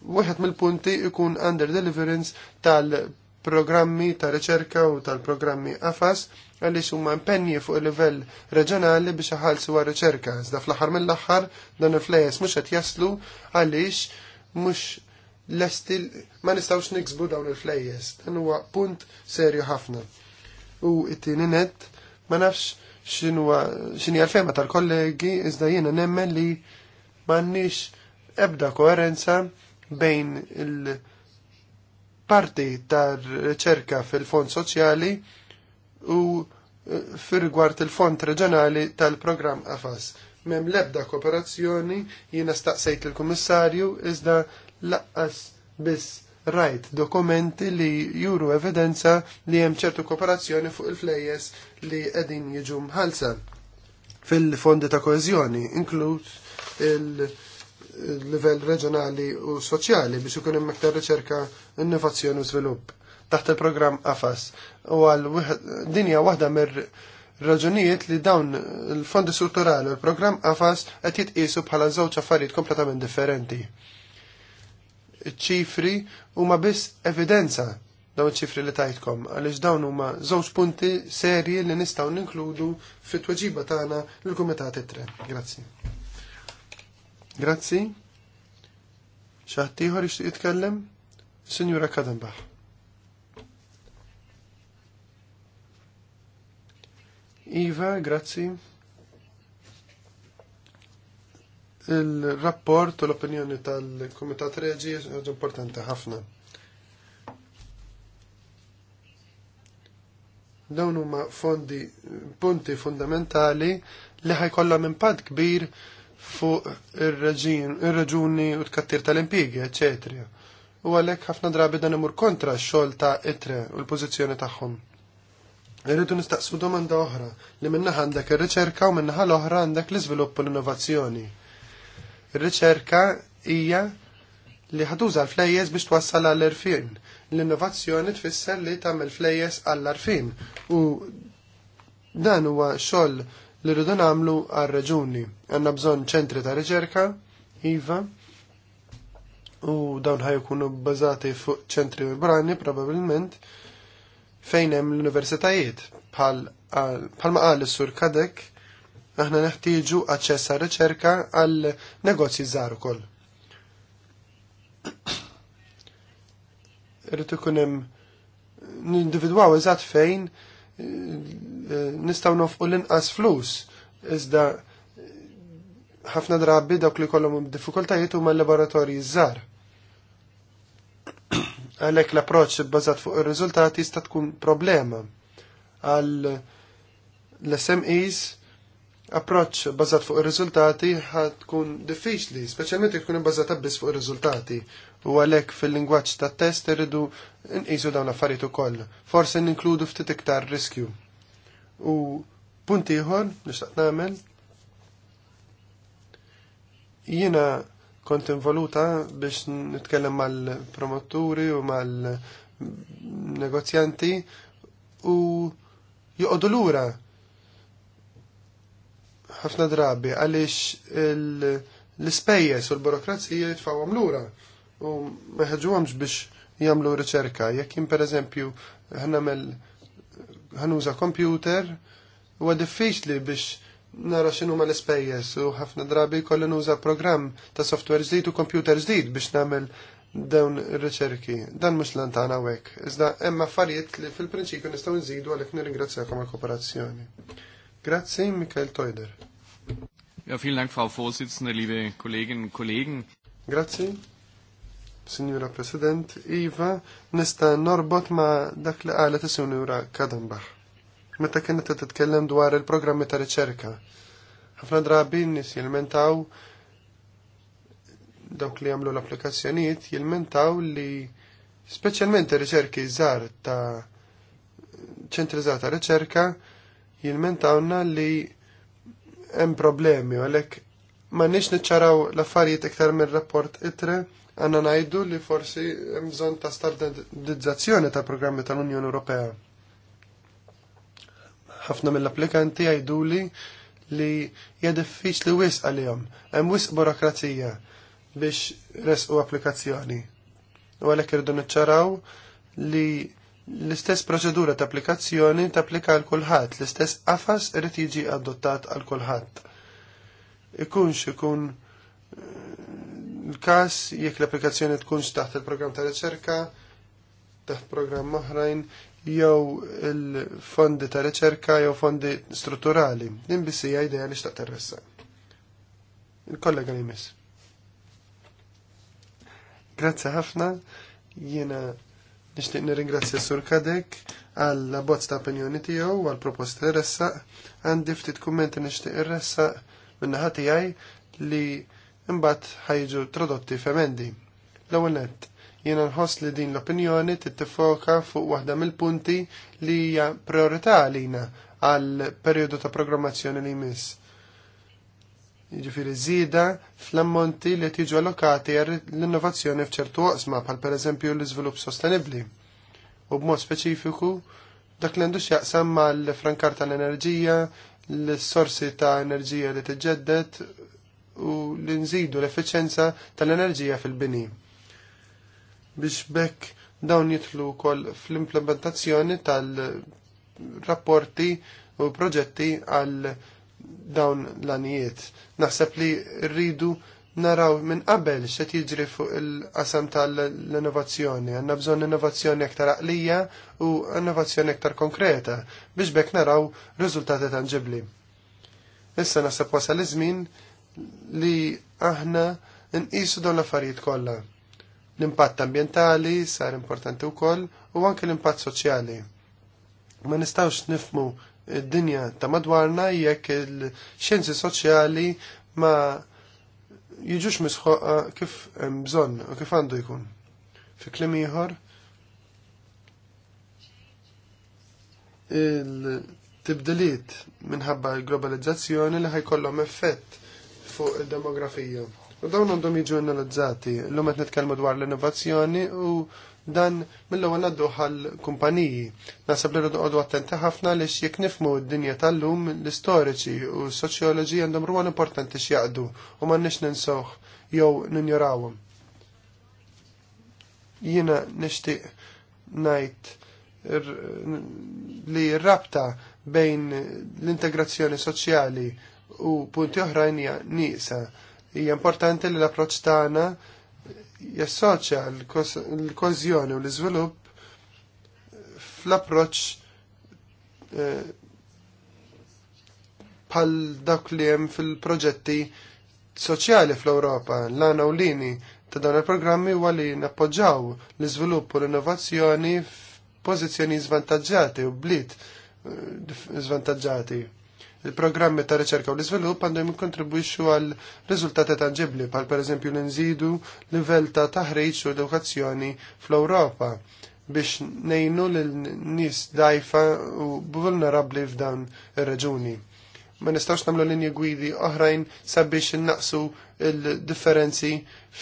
wieħed mill-punti ikun under deliverance tal-programmi ta' riċerka u tal-programmi AFAS għaliex huma impenji fuq il-livell reġjonali biex iħallsu għar riċerka. Zda fl-aħħar mill-aħħar dan il-flejes mhux qed jaslu għaliex mhux estil ma nistgħux niksbu dawn il flejes Dan huwa punt serju ħafna. U it net ma nafx xinwa għal-fema tal-kollegi iżda jiena nemmen li m'għandniex ebda koerenza bejn il- parti tar riċerka fil-fond soċjali u eh, firgwart il-fond reġjonali tal-programm AFAS. Mem lebda kooperazzjoni jiena staqsejt il-Kummissarju iżda laqqas biss rajt dokumenti li juru evidenza li hemm ċertu kooperazzjoni fuq il-flejjes li qegħdin jiġu mħalsa fil-fondi ta' koeżjoni, inkluż il- livell reġjonali u soċjali biex ikun hemm aktar riċerka, innovazzjoni u żvilupp taħt il-programm AFAS. U għal dinja waħda mir raġunijiet li dawn il-fondi strutturali u l-programm AFAS qed jitqisu bħala żewġ affarijiet kompletament differenti. Ċifri huma biss evidenza dawn iċ-ċifri li tajtkom, għaliex dawn huma żewġ punti serji li nistgħu ninkludu fit-tweġiba tagħna lill kumitat it-tre. Grazzi. Grazzi. Xaħtiħor ixtiq jitkellem? Signora Kadenbach. Iva, grazzi. Il-rapport u l-opinjoni tal-Komitat Reġi ħaġa importanti ħafna. Dawn huma fondi punti fundamentali li ħajkollhom impatt kbir fuq ir-raġuni u tkattir tal-impjegi, eċetera. U għalhekk ħafna drabi dan imur kontra x-xogħol ta' itre u l-pożizzjoni tagħhom. Irridu nistaqsu domanda oħra li minnaħ għandek ir-riċerka u minnaħ l-oħra għandek l-iżvilupp u l-innovazzjoni. Ir-riċerka hija li ħaduża l-flejjes biex twassal għall-irfin. L-innovazzjoni tfisser li tagħmel flejjes għall-arfin u dan huwa xogħol li rridu nagħmlu għar-reġuni. Għandna bżonn ċentri ta' riċerka, iva, u dawn ħajkunu bbażati fuq ċentri urbani probabbilment fejn hemm l-universitajiet bħalma qal is-sur Kadek aħna neħtieġu aċċess għal riċerka għal negozji żgħar ukoll. Irid ikun hemm nindividwaw eżatt fejn eh, nistgħu nofqu l-inqas flus iżda ħafna drabi dawk li kollhom diffikultajiet huma l-laboratorji żgħar għalhekk l-approċċ bbażat fuq ir-riżultati jista' tkun problema għal l-SMEs approċċ bbażat fuq ir-riżultati tkun diffiċli, speċjalment jkun bazat biss fuq ir-riżultati u għalhekk fil-lingwaġġ tat-test irridu nqisu dawn l-affarijiet ukoll. Forsi ninkludu ftit iktar riskju. U punti ieħor nixtaq nagħmel jiena kont involuta biex nitkellem mal-promotturi u mal-negozjanti u joqodu lura ħafna drabi għaliex l-ispejjeż u l-burokrazija l lura u ma għamx biex jagħmlu riċerka. Jekk eżempju pereżempju ħanamel ħanuża computer huwa diffiċli biex nara xinu ma l-spejjes u ħafna drabi kolli nuża program ta' software zdid u kompjuter zdid biex namel dawn ir-riċerki. Dan mhux lantana wek. Iżda hemm affarijiet li fil-prinċipju nistgħu nżidu għalhekk nirringrazzjakom għal kooperazzjoni Grazzi, Mikael Toider. Ja, vielen Dank, Frau Vorsitzende, liebe Kolleginnen und Kollegen. Grazie. Signora President, Iva, nista norbot ma dak li għalet is-Sinjura Kadenbach meta kienet titkellem dwar il-programmi ta' riċerka. Ħafna drabi nis jilmentaw dawk li jagħmlu l-applikazzjonijiet jilmentaw li speċjalment ir-riċerki żgħar ta' ċentrizzata riċerka jilmentawna li hemm problemi u għalhekk m'għandniex niċċaraw l-affarijiet iktar mir-rapport itre għanna ngħidu li forsi hemm bżonn ta' standardizzazzjoni tal-programmi tal-Unjoni Ewropea ħafna mill-applikanti għajduli li hija diffiċli wisq għalihom. Hemm wisq burokrazija biex resqu applikazzjoni. U għalhekk irdu niċċaraw li l-istess proċedura ta' applikazzjoni tapplika għal kulħadd, l-istess għafas irid jiġi adottat għal kulħadd. Ikunx ikun eh, l-każ jekk l-applikazzjoni tkunx taħt il program ta' riċerka, taħt program oħrajn, jew il-fondi ta' riċerka jew fondi strutturali. hija idea ideja xtaqt irressaq. Il-kollega li jmiss. Grazzi ħafna, jiena nixtieq nirringrazzja Sur Kadek għal bozz ta' opinjoni tiegħu għal proposta terressa. Għandi ftit kummenti nixtieq irressa minnaħa tiegħi li imbagħad ħajġu tradotti femendi. L-ewwel nett Jiena nħoss li din l-opinjoni tittifoka fuq waħda mill-punti li hija priorità għalina għal perjodu ta' programmazzjoni li jmiss. Jiġifieri żieda fl-ammonti li tiġu allokati l-innovazzjoni f'ċertu oqsma bħal pereżempju l-iżvilupp sostenibbli. U b'mod speċifiku dak li għandux jaqsam mal-frankar tal-enerġija, l-sorsi ta' enerġija li tiġġedded u li nżidu l efficienza tal-enerġija fil-bini biex bekk dawn jitlu kol fl-implementazzjoni tal-rapporti u proġetti għal dawn l-anijiet. Naħseb li rridu naraw minn qabel xet jiġri fuq il-qasam tal-innovazzjoni. Għanna bżon innovazzjoni aktar aqlija u innovazzjoni aktar konkreta biex bekk naraw riżultati tangibli. Issa naħseb wasal iż-żmien li aħna nqisu dawn l-affarijiet kollha L-impatt ambientali sar importanti wkoll u anke l-impatt soċjali. Ma nistawx nifmu d-dinja ta' madwarna jekk il-xjenzi soċjali ma jiġux misħoqa kif bżonn u kif għandu jkun. Fi klim ieħor il-tibdiliet minħabba l-globalizzazzjoni li ħajkollhom effett fuq il-demografija. U dawn għandhom jiġu analizzati. L-lum qed nitkellmu dwar l-innovazzjoni u dan mill-ewwel għaddu għall-kumpaniji. Nasab li rridu attenti ħafna li jekk nifmu d-dinja tal-lum l-istoriċi u s-soċjoloġi għandhom rwol importanti x'jaqdu u m'għandniex ninsoħ jew ninjorawhom. Jiena nixtieq ngħid li r-rabta bejn l-integrazzjoni soċjali u punti oħrajn hija nieqsa Hija importanti li l-approċċ tagħna jassoċja l-kożjoni u l-iżvilupp fl-approċċ bħal eh, dak li hemm fil-proġetti soċjali fl-Ewropa, l-għana u lini ta' dawn il-programmi huwa li nappoġġaw l-iżvilupp u l-innovazzjoni f'pożizzjoni żvantaġġati u bliet żvantaġġati eh, Il-programmi ta' riċerka u l-iżvilupp għandhom jikkontribwixxu għal riżultati tangibbli bħal pereżempju li nżidu livell ta' taħriġ u edukazzjoni fl-Ewropa biex nejnu l-nis dajfa u vulnerabli f'dan ir reġuni Ma nistax namlu linji gwidi oħrajn sabiex innaqsu il-differenzi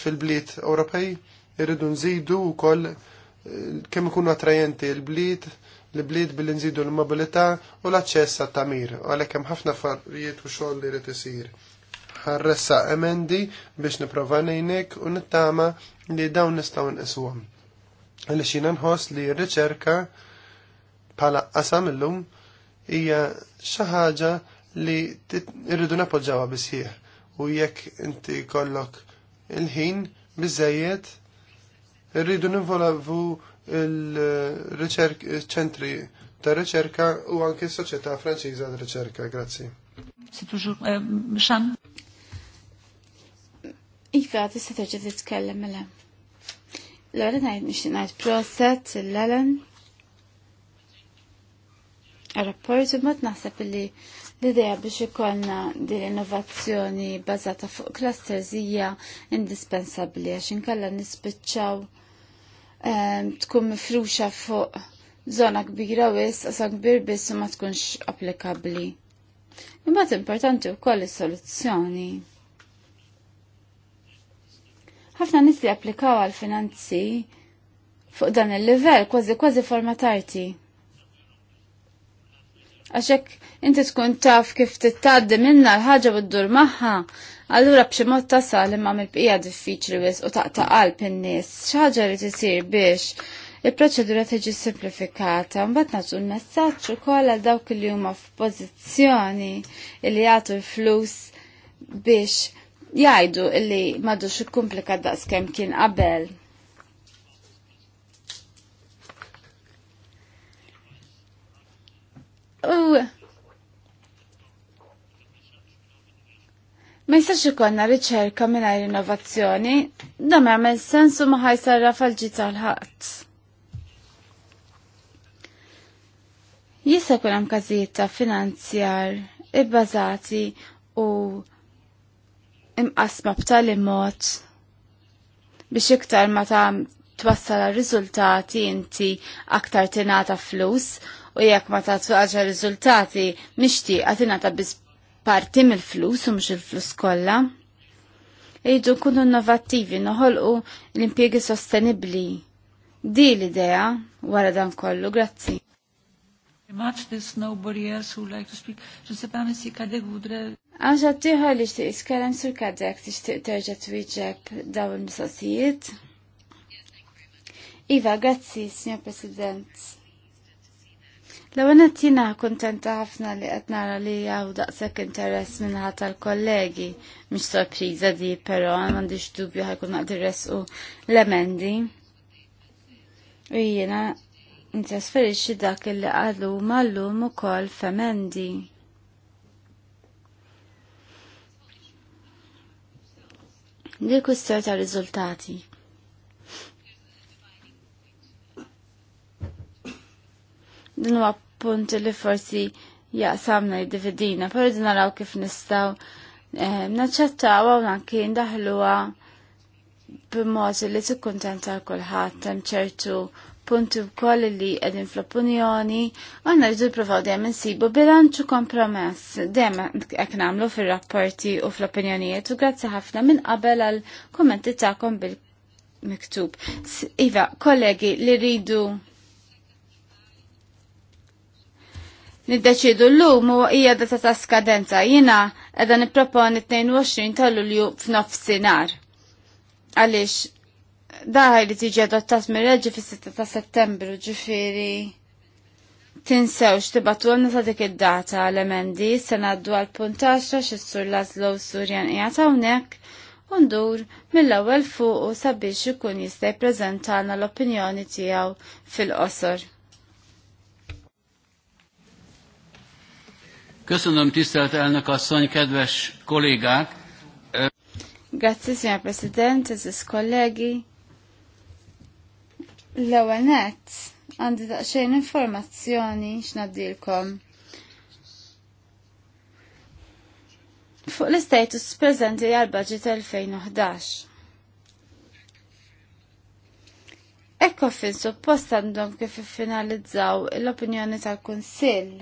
fil-bliet Ewropej, irridu nżidu wkoll eh, kemm ikunu attrajenti l-bliet l-bliet billi nżidu l-mobilità u l-aċċess għat-tamir, u għalek hemm ħafna affarijiet u xogħol li jrid isir. Ħarressa emendi biex nipprova ngħinek u nittama li dawn nistgħu nqiswhom. Għaliex jiena nħoss li r-riċerka bħala qasam illum hija xi ħaġa li irridu napoġġawha bisħieħ u jekk inti kollok il-ħin biżejjed irridu nivolavu il-ċentri ta' riċerka u anke s-soċjetà Franċiża ta' riċerka. Grazzi. Xan? Euh, iva, tista' terġa' titkellem mela. L-għara najt nixtieq ngħid proset l-Ellen. Rapport mod naħseb li l-idea biex ikollna din innovazzjoni bażata fuq clusters hija indispensabbli għax inkella nispiċċaw tkun mifruxa fuq zona kbira u issa kbir biss u ma tkunx applikabli. Imbagħad importanti wkoll is-soluzzjoni. Ħafna nis li applikaw għal finanzi fuq dan il-livell kważi kważi formatarti. Għaxek inti tkun taf kif tittaddi minna l-ħaġa bdur dur maħħa, Allura b'xi mod sal imma mil bqija diffiċli wis u taqta' qalb in-nies xaġa li tisir biex il-proċedura tiġi simplifikata mbagħad nagħtu l-messaġġ ukoll għal dawk li huma f'pożizzjoni li jagħtu l-flus biex jgħidu li m'għadux ikkumplika daqskemm kien qabel. U Ma jistax ikonna riċerka mingħajr innovazzjoni, dan jagħmel sens u ma ħajsarra fal-ġi tal-ħadd. Jista' jkun hemm każijiet ta' finanzjar ibbażati u imqasma b'tali mod biex iktar ma ta' twassal riżultati inti aktar tingħata flus u jekk ma ta' ħaġa riżultati mixtieqa tingħata biss parti mill-flus u mhux il-flus kollha. Ejdu nkunu innovattivi, noħolqu l impiegi sostenibbli. Di l-idea wara dan kollu, grazzi. Much there's nobody else kadek Għanġa tiħa li xtiq iskallem sur kadek tixtiq terġa twieġeb daw il misasijiet Iva, grazzi, signor President. L-għanet jina kontenta ħafna li qed nara li għaw daqshekk interess ħata l kollegi Mhix sorpriża di, però m'għandix dubju ħajkun naqdi u l-emendi. U jiena intrasferixxi dak li qalu mallum ukoll f'emendi. Li kustjoni ta' riżultati. din huwa punt li forsi jaqsamna jiddividina, pero din naraw kif nistaw eh, naċċettaw u anki ndaħluha b'mod li tikkuntenta kulħadd hemm ċertu punti wkoll li qegħdin fl-opinjoni, għandna rridu provaw dejjem insibu bilanċu kompromess dejjem hekk nagħmlu fir-rapporti u fl-opinjonijiet u grazzi ħafna minn qabel għal kummenti tagħkom bil-miktub. Iva, kollegi li rridu niddeċidu l-lum u hija data ta' skadenza. Jina edha niproponi 22 ta' lulju f'nofsinhar. Għaliex daħaj li tiġi adottat mir-reġi fis-6 ta' Settembru ġifieri tinsewx tibatu għanna ta' dik id-data l-emendi se ngħaddu għal xis x'issur Lazlow Surjan qiegħed hawnhekk u ndur mill-ewwel fuq sabiex ikun jista' jippreżentana l-opinjoni tiegħu fil-qosor. Köszönöm, tisztelt elnök asszony, kedves kollégák! Grazie, signor President, eżis kollegi. L-ewwel nett għandi daqsxejn informazzjoni x'ngħaddilkom. Fuq l-istatus preżenti għal-budget 2011. Ekko fin suppost għandhom kif finalizzaw l-opinjoni tal-Kunsill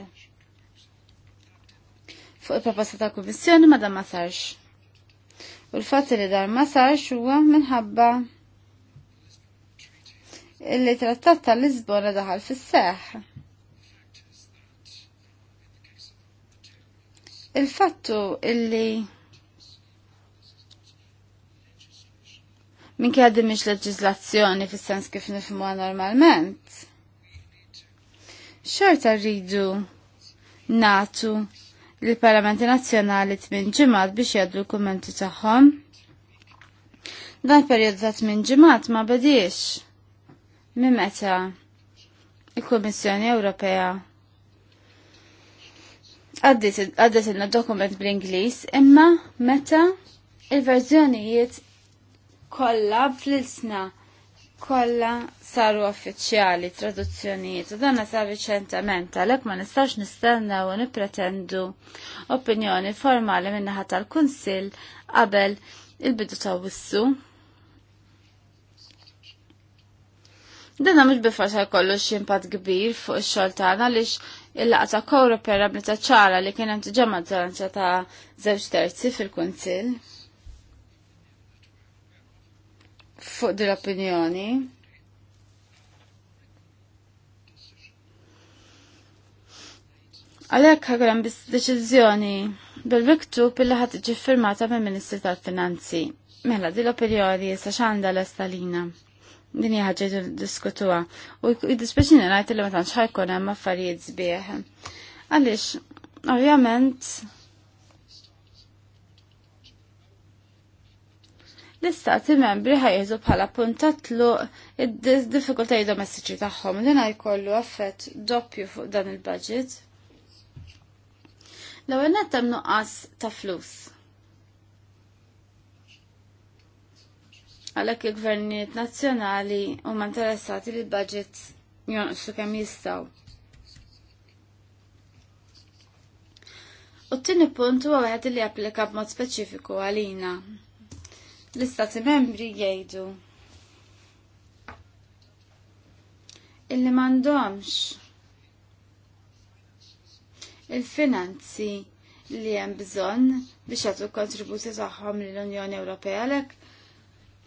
fuq il-proposta ta' kummissjoni ma dan masarx. sarx. U l-fatt li dan ma sarx huwa minħabba illi trattat ta' Lisbona daħal fis-seħ. Il-fattu illi minn kħaddi miex leġizlazzjoni fis-sens kif nifhmuha normalment. Xorta rridu natu l-Parlamenti Nazzjonali tmien ġimgħat biex jgħaddu l-kummenti tagħhom. Dan il-perjodu ta' tmien ġimgħat ma bediex. Minn meta il-Kummissjoni Ewropea għaddit il dokument bl-Inglis imma meta il-verżjonijiet kollha fl-isna Kolla saru uffiċjali traduzzjonijiet u danna sa riċentament għalhekk ma nistax nistennew u nippretendu opinjoni formali min-naħa tal-Kunsill qabel il-bidu ta' wissu. Danna mhux biforsa kollu ximpat kbir fuq ix-xogħol tagħna għaliex il-laqgħa ta' kowra perabli ta' ċara li kienet ġemma maġġoranza ta' żewġ terzi fil-Kunsill fuq din l-opinjoni. Għalhekk ħagħram bis deċiżjoni bil-miktub illi ħat tiġi firmata mill ministri tal-Finanzi. Mela din l-opinjoni jessa x'għandha l-estalina. Din hija ħaġa diskutuha u jiddispeċini ngħid li ma tantx ħajkun hemm affarijiet sbieħ. Għaliex, ovvjament, l-istati membri ħajjeżu bħala puntatlu id-diffikultajiet domestiċi tagħhom li jkollu affett doppju fuq dan il-budget. L-ewwel nettem nuqqas ta' flus. Għalhekk il-gvernijiet nazzjonali huma interessati li l-budget jonqsu kemm jistgħu. U t-tieni punt huwa wieħed li applika b'mod speċifiku għalina l-istati membri jgħidu illi mandomx il-finanzi li hemm bżonn biex jagħtu kontributi tagħhom lill-Unjoni Ewropea għalhekk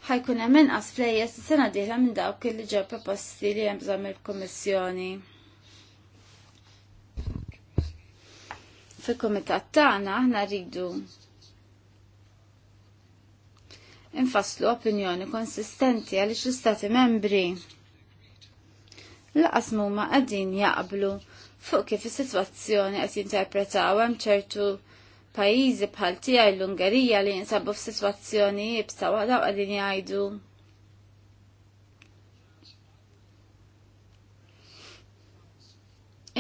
ħajkun hemm inqas flejjes sena dieħla minn dawk li ġew proposti li hemm bżonn mill-Kummissjoni. Fil-kumitat tagħna aħna rridu infaslu opinjoni konsistenti għaliex Stati membri. Laqas mumma qegħdin jaqblu fuq kif is-sitwazzjoni qed jinterpretaw hemm ċertu pajjiżi bħal tiegħi l-Ungerija li jinsabu f-situazzjoni jibsa waħda qegħdin jajdu.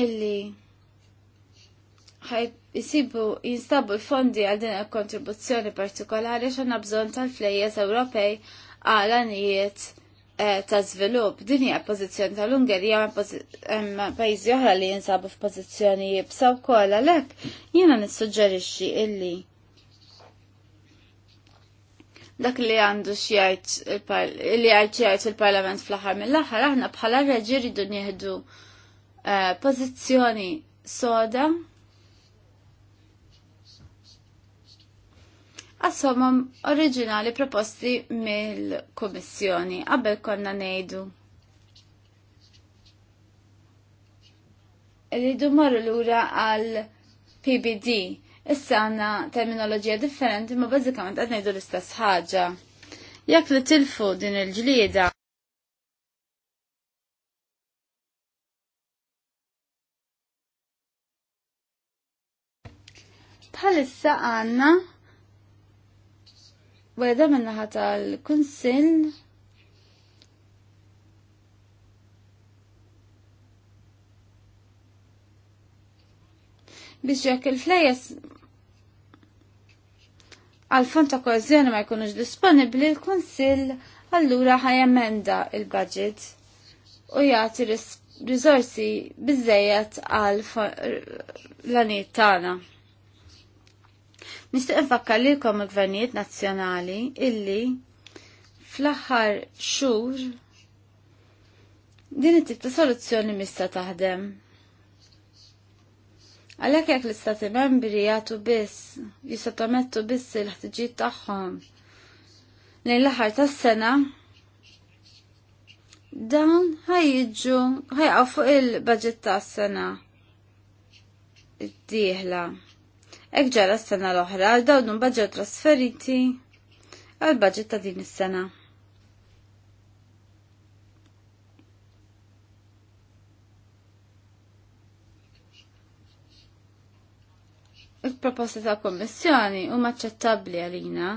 illi jisibu jinstabu l-fondi għal din il-kontribuzzjoni partikolari xanna bżon tal-flejjes Ewropej għal għanijiet eh, ta' zvilup. Din hija pożizzjoni tal-Ungerija ma' pajjiżi oħra li jinsabu f'pożizzjoni jibsa wkoll għalhekk jiena nissuġġerixxi illi dak li għandu xjajt li għajt il-parlament fl-ħar mill-ħar aħna bħala reġi rridu nieħdu eh, pożizzjoni soda għas oriġinali proposti mill-Komissjoni qabel konna nejdu. Rridu marru lura għal PBD. Issa għanna terminologija differenti ma bazzikament għad nejdu l-istess ħaġa. Jekk li tilfu din il-ġlieda. Bħalissa għanna Weda minnaħa tal kunsin. biex jekk il-flejes għal fonta ta' ma jkunux disponibli l-Kunsil allura ħajemenda il-budget u jagħti risorsi biżejjed għal lanit tana. tagħna. Nistaq nfakkar lilkom il-gvernijiet nazzjonali illi fl-aħħar xhur din it-tip ta' soluzzjoni mista taħdem. Għalhekk jekk l-istati membri jagħtu biss jisottomettu biss il-ħtiġijiet tagħhom lejn l-aħħar tas-sena dawn ħajġu ħajqaw fuq il-budget tas-sena id-dieħla ek ġara s-sena l-oħra għal dawn budget trasferiti għal budget ta' din is-sena. Il-proposta ta' kommissjoni u maċċettabli għalina.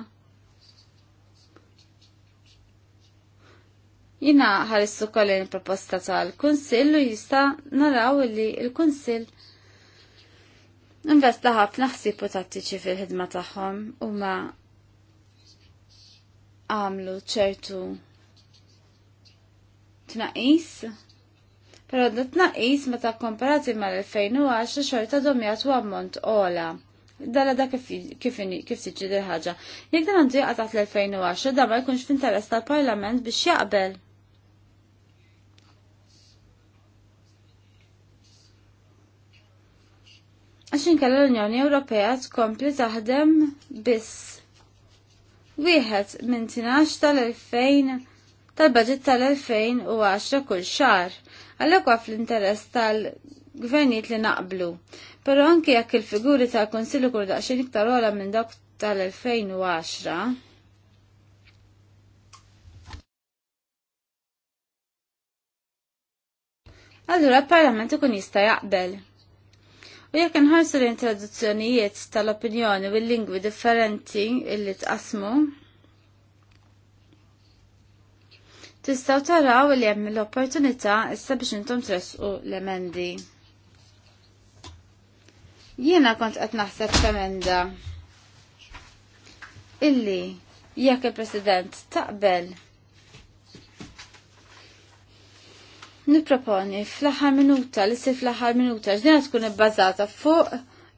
Jina ħarissu kollin il-proposta tal-Kunsill u jista naraw li il-Kunsill l il kunsill Invest laħab naħsi tattiċi fil-ħidma tagħhom u ma għamlu ċertu tnaqis. Pero da tnaqis meta komparati mal-2010 xorta domjat u ammont ola. Dalla da kif tiġi dil ħaġa. Jek dan għandu jgħatat l-2010 da ma jkunx f'interess tal-Parlament biex jaqbel. għax inkella l-Unjoni Ewropea tkompli taħdem biss. Wieħed minn tinax tal-2000 tal-budget tal-2010 kull xar, għallek għaf l-interess tal-gvernijiet li naqblu. Pero anki jekk il-figuri tal-Konsilju kull daqxin iktar ola minn dak tal-2010, Allura il-Parlament ikun jista' jaqbel. U jekk nħarsu l-introduzzjonijiet tal-opinjoni u l-lingwi differenti illi tqasmu, tistaw taraw li hemm l-opportunità issa biex intom tresqu l-emendi. Jiena kont qed naħseb f'emenda illi jekk il-President taqbel Niproponi fl-aħħar minuta, li sif fl-aħħar minuta, ġdina tkun ibbażata fuq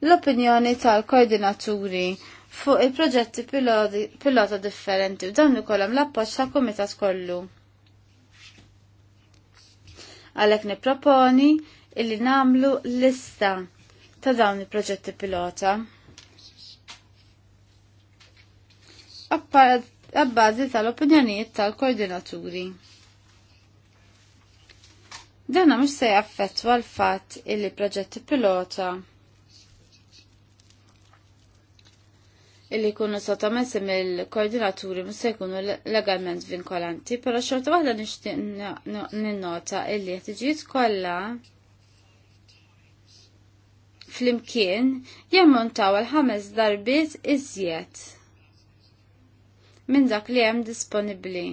l-opinjoni tal-koordinaturi fuq il-proġetti pilota differenti u dawn ikollhom l-appoġġ ta' kumitat kollu. Għalhekk nipproponi illi namlu lista ta' dawn il-proġetti pilota. Abbażi tal-opinjonijiet tal-koordinaturi. Dana mux se jaffetwa l-fat illi proġetti pilota illi kunu sottomessi il koordinaturi mux se jkunu legalment vinkolanti, pero xorta waħda nishtiq ninnota illi ħtiġijiet kollha fl-imkien jammontaw l ħames darbiet iżjed minn dak li hemm disponibbli.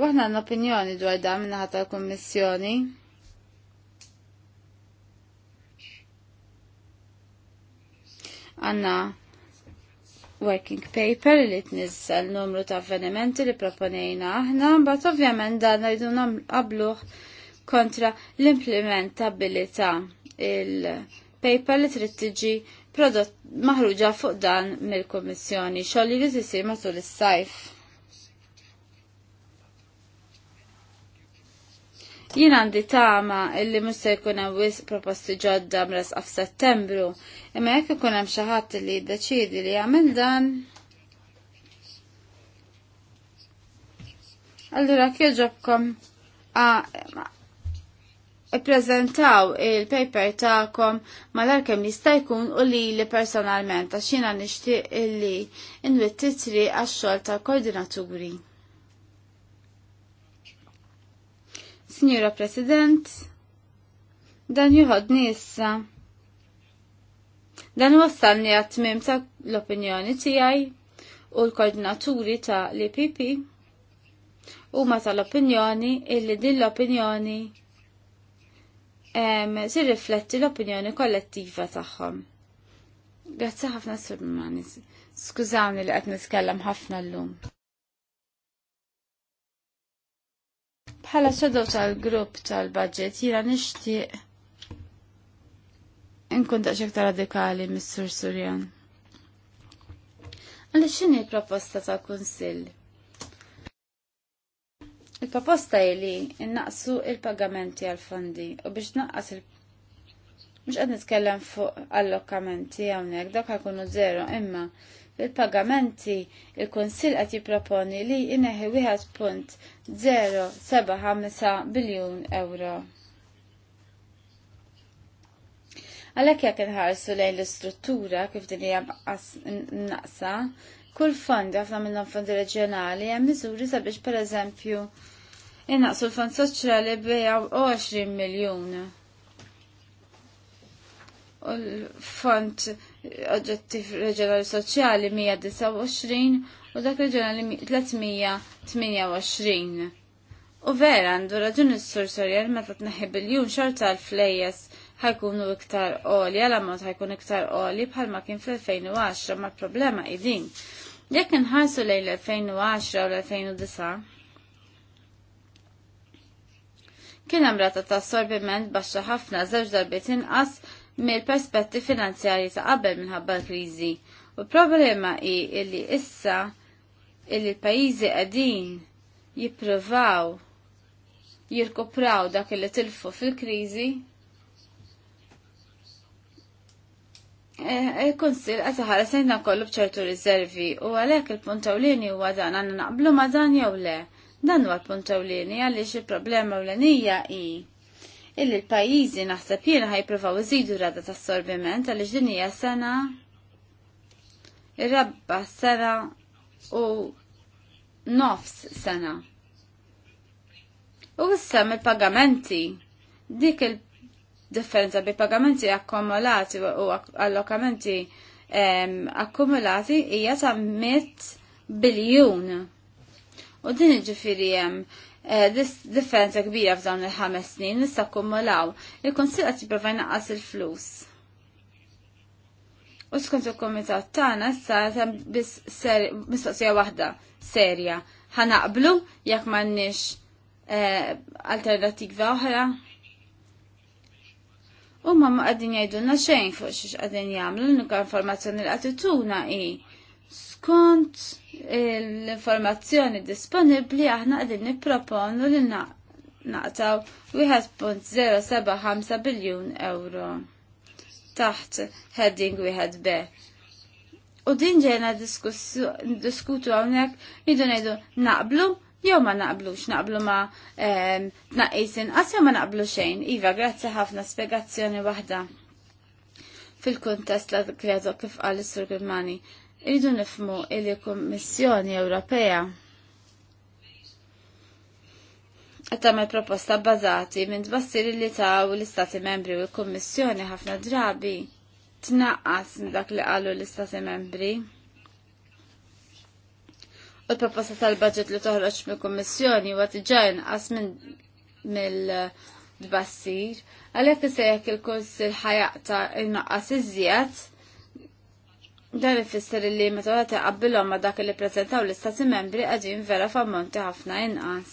U aħna għandna opinjoni dwar dan ħata tal-Kummissjoni. Għanna working paper li tnizza l-numru ta' avvenimenti li proponejna aħna, bat ovvjament da' najdu qabluħ kontra l-implementabilità il-paper li trid tiġi prodott maħruġa fuq dan mill-Kummissjoni, xogħol li tisir matul is-sajf. Jien għandi tama illi musa jkun hemm wisq proposti ġodda mresqa f'Settembru, imma jekk ikun hemm xi ħadd li jiddeċiedi li jagħmel dan. Allura kieġobkom Ippreżentaw il-paper tagħkom mal-arkem jista' jkun u li li personalment għax jiena nixtieq illi nwittitri għax-xogħol tal-koordinaturi. Signora President, dan juħodni nissa. Dan wassalni għatmim ta' l-opinjoni tijaj u l-koordinaturi ta' l-IPP u ma ta' l-opinjoni illi din l-opinjoni si rifletti l-opinjoni kollettiva tagħhom. Grazzi ħafna sur Skużawni li qed nitkellem ħafna llum. Bħala sodow tal-grupp tal-budget jira nishti nkun daċek ta' radikali mis-sur Surjan. Għalli xini proposta ta' konsil? Il-proposta jili innaqsu il-pagamenti għal-fondi u biex naqqas il- Mux għad nitkellem fuq allokamenti għawnek, dak għakunu zero, imma fil-pagamenti. Il-Konsil qed jipproponi li punt 1.075 biljun euro. Għalhekk jekk inħarsu lejn l-istruttura kif din hija naqsa, kull fond ħafna minnhom fondi reġjonali hemm miżuri sabiex pereżempju innaqsu l-fond soċjali bija 20 miljun. U l-fond oġġettiv reġjonali soċjali 129 u dak reġjonali 328. U vera għandu raġun is-sur sorjer meta tneħħi biljun xorta l-flejjes ħajkunu iktar oli, għal mod ħajkun iktar oli bħalma kien fl-2010, ma problema idin. Jekk nħarsu lejn l-2010 u l-2009, kien hemm rata ta' sorbiment baxxa ħafna żewġ darbiet inqas mill-perspetti finanzjarji ta' qabel minħabba l-kriżi. U problema hi illi issa illi l-pajjiżi qegħdin jippruvaw jirkopraw dak li tilfu fil-kriżi. Eh, Il-Kunsil qed sejna kollu bċertu riservi u għalhekk il puntawlini ewlieni huwa dan għandna naqblu ma' dan jew le. Dan huwa l-punt ewlieni għaliex il-problema ewlenija hi illi l-pajjiżi naħseb jiena ħajpruvaw iżidu rada ta' sorbiment għal ġdinija sena ir-rabba sena u nofs sena. U issa il pagamenti dik il-differenza bi pagamenti akkumulati u allokamenti akkumulati hija ta' 100 biljun. U din ġifiri hemm Eh, differenza kbira f'dawn il-ħames snin nista' kumulaw. Il-Konsil qed jipprova jnaqqas il-flus. U skont il-Komitat tagħna issa hemm biss mistoqsija waħda serja. Ħanaqblu jekk m'għandniex eh, alternattiva oħra. U ma ma għadin xejn fuq xiex jagħmlu, l-unika informazzjoni l-għatituna i skont l-informazzjoni disponibli aħna qegħdin nipproponu li naqtaw 1.075 biljun euro taħt heading wieħed B. U din ġejna diskutu hawnhekk jidu ngħidu naqblu jew ma naqblux, naqblu ma tnaqqis inqas jew ma naqblu xejn. Iva, grazzi ħafna spjegazzjoni waħda fil-kuntest la kredo kif qal sur Grimani. Irridu nifmu il kummissjoni Ewropea qed proposta bbażati minn tbassir li taw l-Istati Membri u l-Kummissjoni ħafna drabi tnaqqas minn dak li qalu l-Istati Membri. U l-proposta tal-budget li toħroġ mill-Kummissjoni huwa diġà inqas minn mill-tbassir, għalhekk se jek il-kursi l-ħajaqta il-naqqas iż-ziet. il-kursil ħajaqta inqas iżjed Dan ifisser li meta għati ma dak li ppreżentaw l-istati membri qegħdin vera f'ammonti ħafna inqas.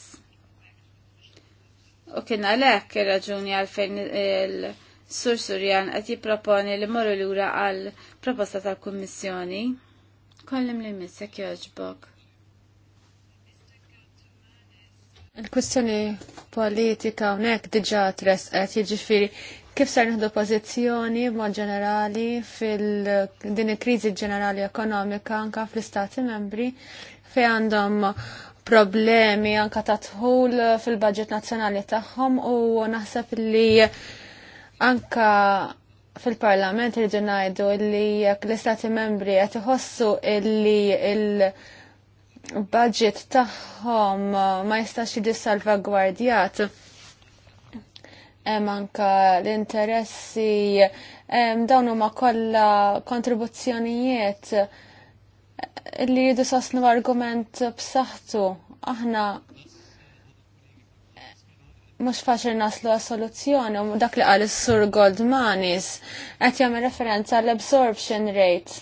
U kien għalhekk ir-raġuni għalfejn il-Sur Surjan qed jipproponi li morru lura għal proposta tal-Kummissjoni. Kollim li missek jogħġbok. Il-kwistjoni politika unek diġa qed jiġifieri kif ser nħdu pożizzjoni b'mod ġenerali fil-din il-kriżi ġenerali ekonomika anka fl-istati membri fej għandhom problemi anka ta' tħul fil-budget nazzjonali tagħhom u naħseb li anka fil-parlament irġu ngħidu li jekk l-istati membri qed iħossu illi il-budget tagħhom ma jistax jiġi salvagwardjat hemm anka l-interessi, dawn huma kollha kontribuzzjonijiet li jidu sosnu argument b'saħħtu. Aħna mux faċil naslu għas-soluzzjoni, u dak li għal sur Goldmanis, qed jagħmel referenza l-absorption rate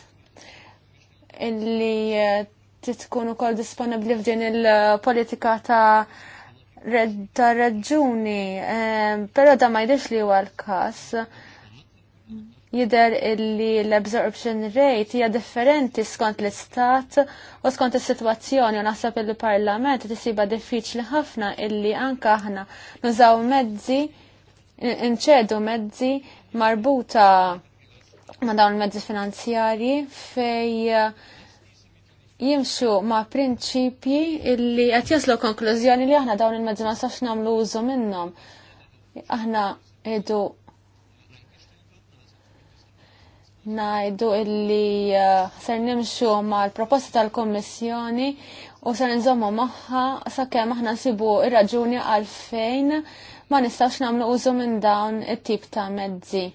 illi titkun ukoll disponibbli f'din il-politika ta' ta' raġuni, ehm, pero da ma jidix li huwa l-kas. Jider illi l-absorption rate hija differenti skont l-istat u skont is-sitwazzjoni u naħseb il-parlament tisiba diffiċli ħafna illi anka aħna nużaw mezzi nċedu mezzi marbuta ma dawn il-mezzi finanzjarji fej uh, jimxu ma' prinċipji illi qed jaslu konklużjoni li aħna dawn il medzi ma sax nagħmlu użu minnhom. Aħna idu najdu illi uh, ser nimxu ma' l-proposta tal-Kommissjoni u ser nżommu magħha sakemm aħna nsibu ir-raġuni għalfejn ma nistax nagħmlu użu minn dawn it-tip ta' mezzi.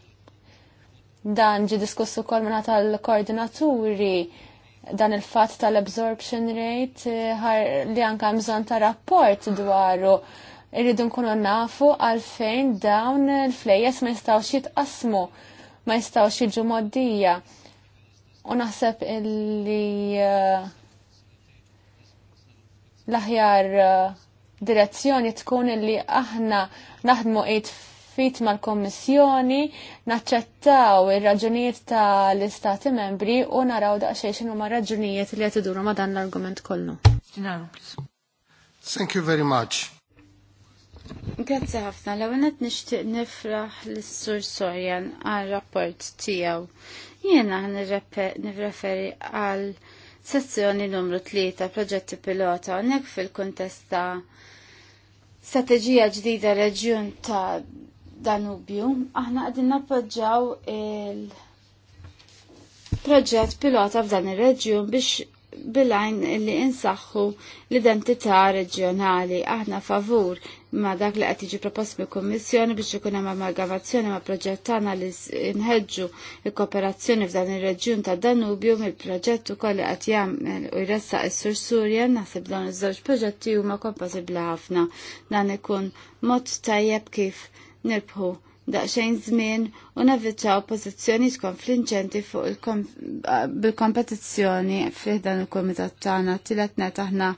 Dan ġi diskussu kol minna tal-koordinaturi dan il-fat tal-absorption rate eh, li anka mżon ta' rapport dwaru irridu nkunu nafu għalfejn dawn il-flejjes ma jistawx jitqasmu, ma jistawx jiġu moddija. U naħseb illi eh, l-aħjar eh, direzzjoni tkun illi aħna naħdmu fit mal-Kommissjoni naċċettaw ir-raġunijiet tal-Istati membri u naraw daqsxejn xinu ma' raġunijiet li qed iduru ma' dan l-argument kollu. Thank you very much. Grazzi ħafna, l għanet nishtiq nifraħ l-Sur Sorjan għal rapport tijaw. Jena għan nirreferi għal sezzjoni numru 3 proġetti pilota nek fil-kontesta strategija ġdida reġjun ta' Danubju, aħna għadin nappoġġaw il-proġett pilota f'dan ir-reġjun biex bilajn li insaħħu l-identità reġjonali aħna favur ma dak li qed jiġi propost mill-Kummissjoni biex ikun hemm amalgamazzjoni ma' proġett tagħna li nħeġġu l-kooperazzjoni f'dan ir-reġjun ta' Danubju mill-proġett ukoll li qed jagħmel u jressaq is-Sur Surja naħseb dawn iż-żewġ proġetti huma kompatibbli ħafna dan ikun mod tajjeb kif nirbħu daqsxejn żmien u naviċċaw pożizzjoni skonflinċenti fuq bil-kompetizzjoni dan il-kumitat tagħna tilet net aħna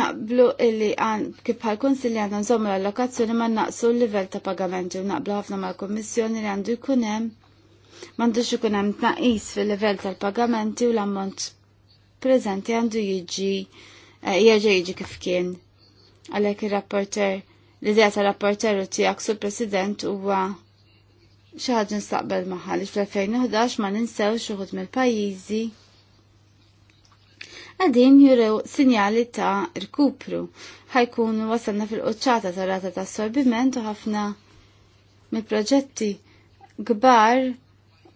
naqblu illi għan kif ħajkun li għandhom nżommu l-allokazzjoni ma naqsu l-livell ta' pagamenti u naqblu ħafna mal-Kummissjoni li għandu jkun hemm m'għandux ikun hemm tnaqis fil-livell tal-pagamenti u l-ammont preżenti għandu jiġi eh, jerġa' jiġi kif kien Għalhekk ir-rapporter l-idea ta' rapporter u tiegħek su President huwa xi ħaġa nistaqbel magħha li fl-2011 ma ninsew xuħut ħud mill-pajjiżi għadin jurew sinjali ta' rkupru. ħajkunu wasanna fil-qoċċata ta' rata ta' assorbiment u ħafna mill-proġetti gbar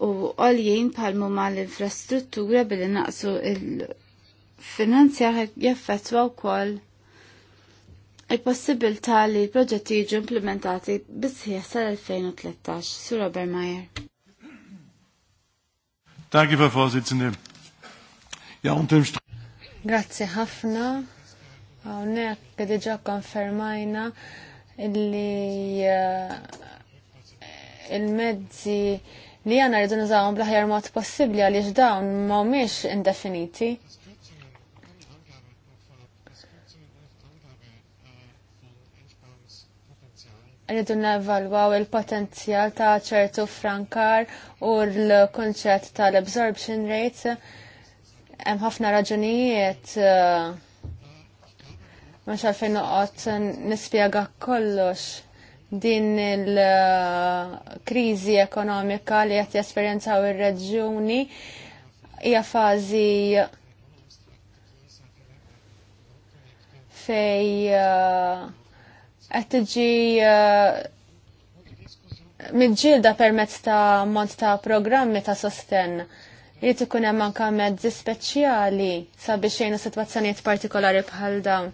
u għoljien palmu ma' l-infrastruttura billi naqsu il-finanzjar jaffetwa u koll il-possibilità li l-proġetti jiġu implementati bisħieħ sal-2013. Sur Robert Mayer. Danke, Frau Vorsitzende. Ja, unterm Grazie ħafna. Għonek diġa konfermajna li eh, il-mezzi li għana rridu nizawum bl-ħajar mod possibli għaliex dawn ma' indefiniti. rridu nevalwaw il-potenzjal ta' ċertu frankar u l-konċett tal-absorption rate. Hemm ħafna raġunijiet eh, mhux fejn noqgħod nispjega kollox din il-kriżi ekonomika li qed jesperjenzaw ir-reġjuni hija fażi fej uh, qed tiġi eh, miġġielda permezz ta' mont ta' programmi ta' sosten. Jrid ikun hemm anke mezzi speċjali sabiex jgħinu sitwazzjonijiet partikolari bħal dawn.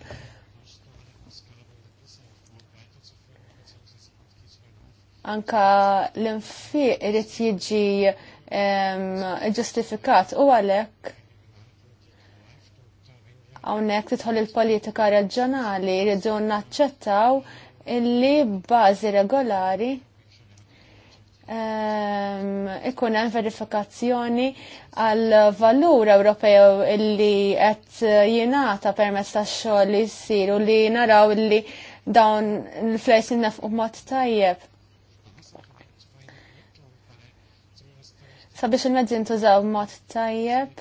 Anka l-infiq irid jiġi ġustifikat u għalhekk Hawnhekk tidħol il-politika reġjonali jridu naċċettaw illi bażi regolari ehm, ikun hemm verifikazzjoni għal valur Ewropew illi qed jingħata permezz tax-xogħol li jsir u li naraw illi dawn il-flejs u mod tajjeb. Sabiex il-mezzi ntużaw mod tajjeb.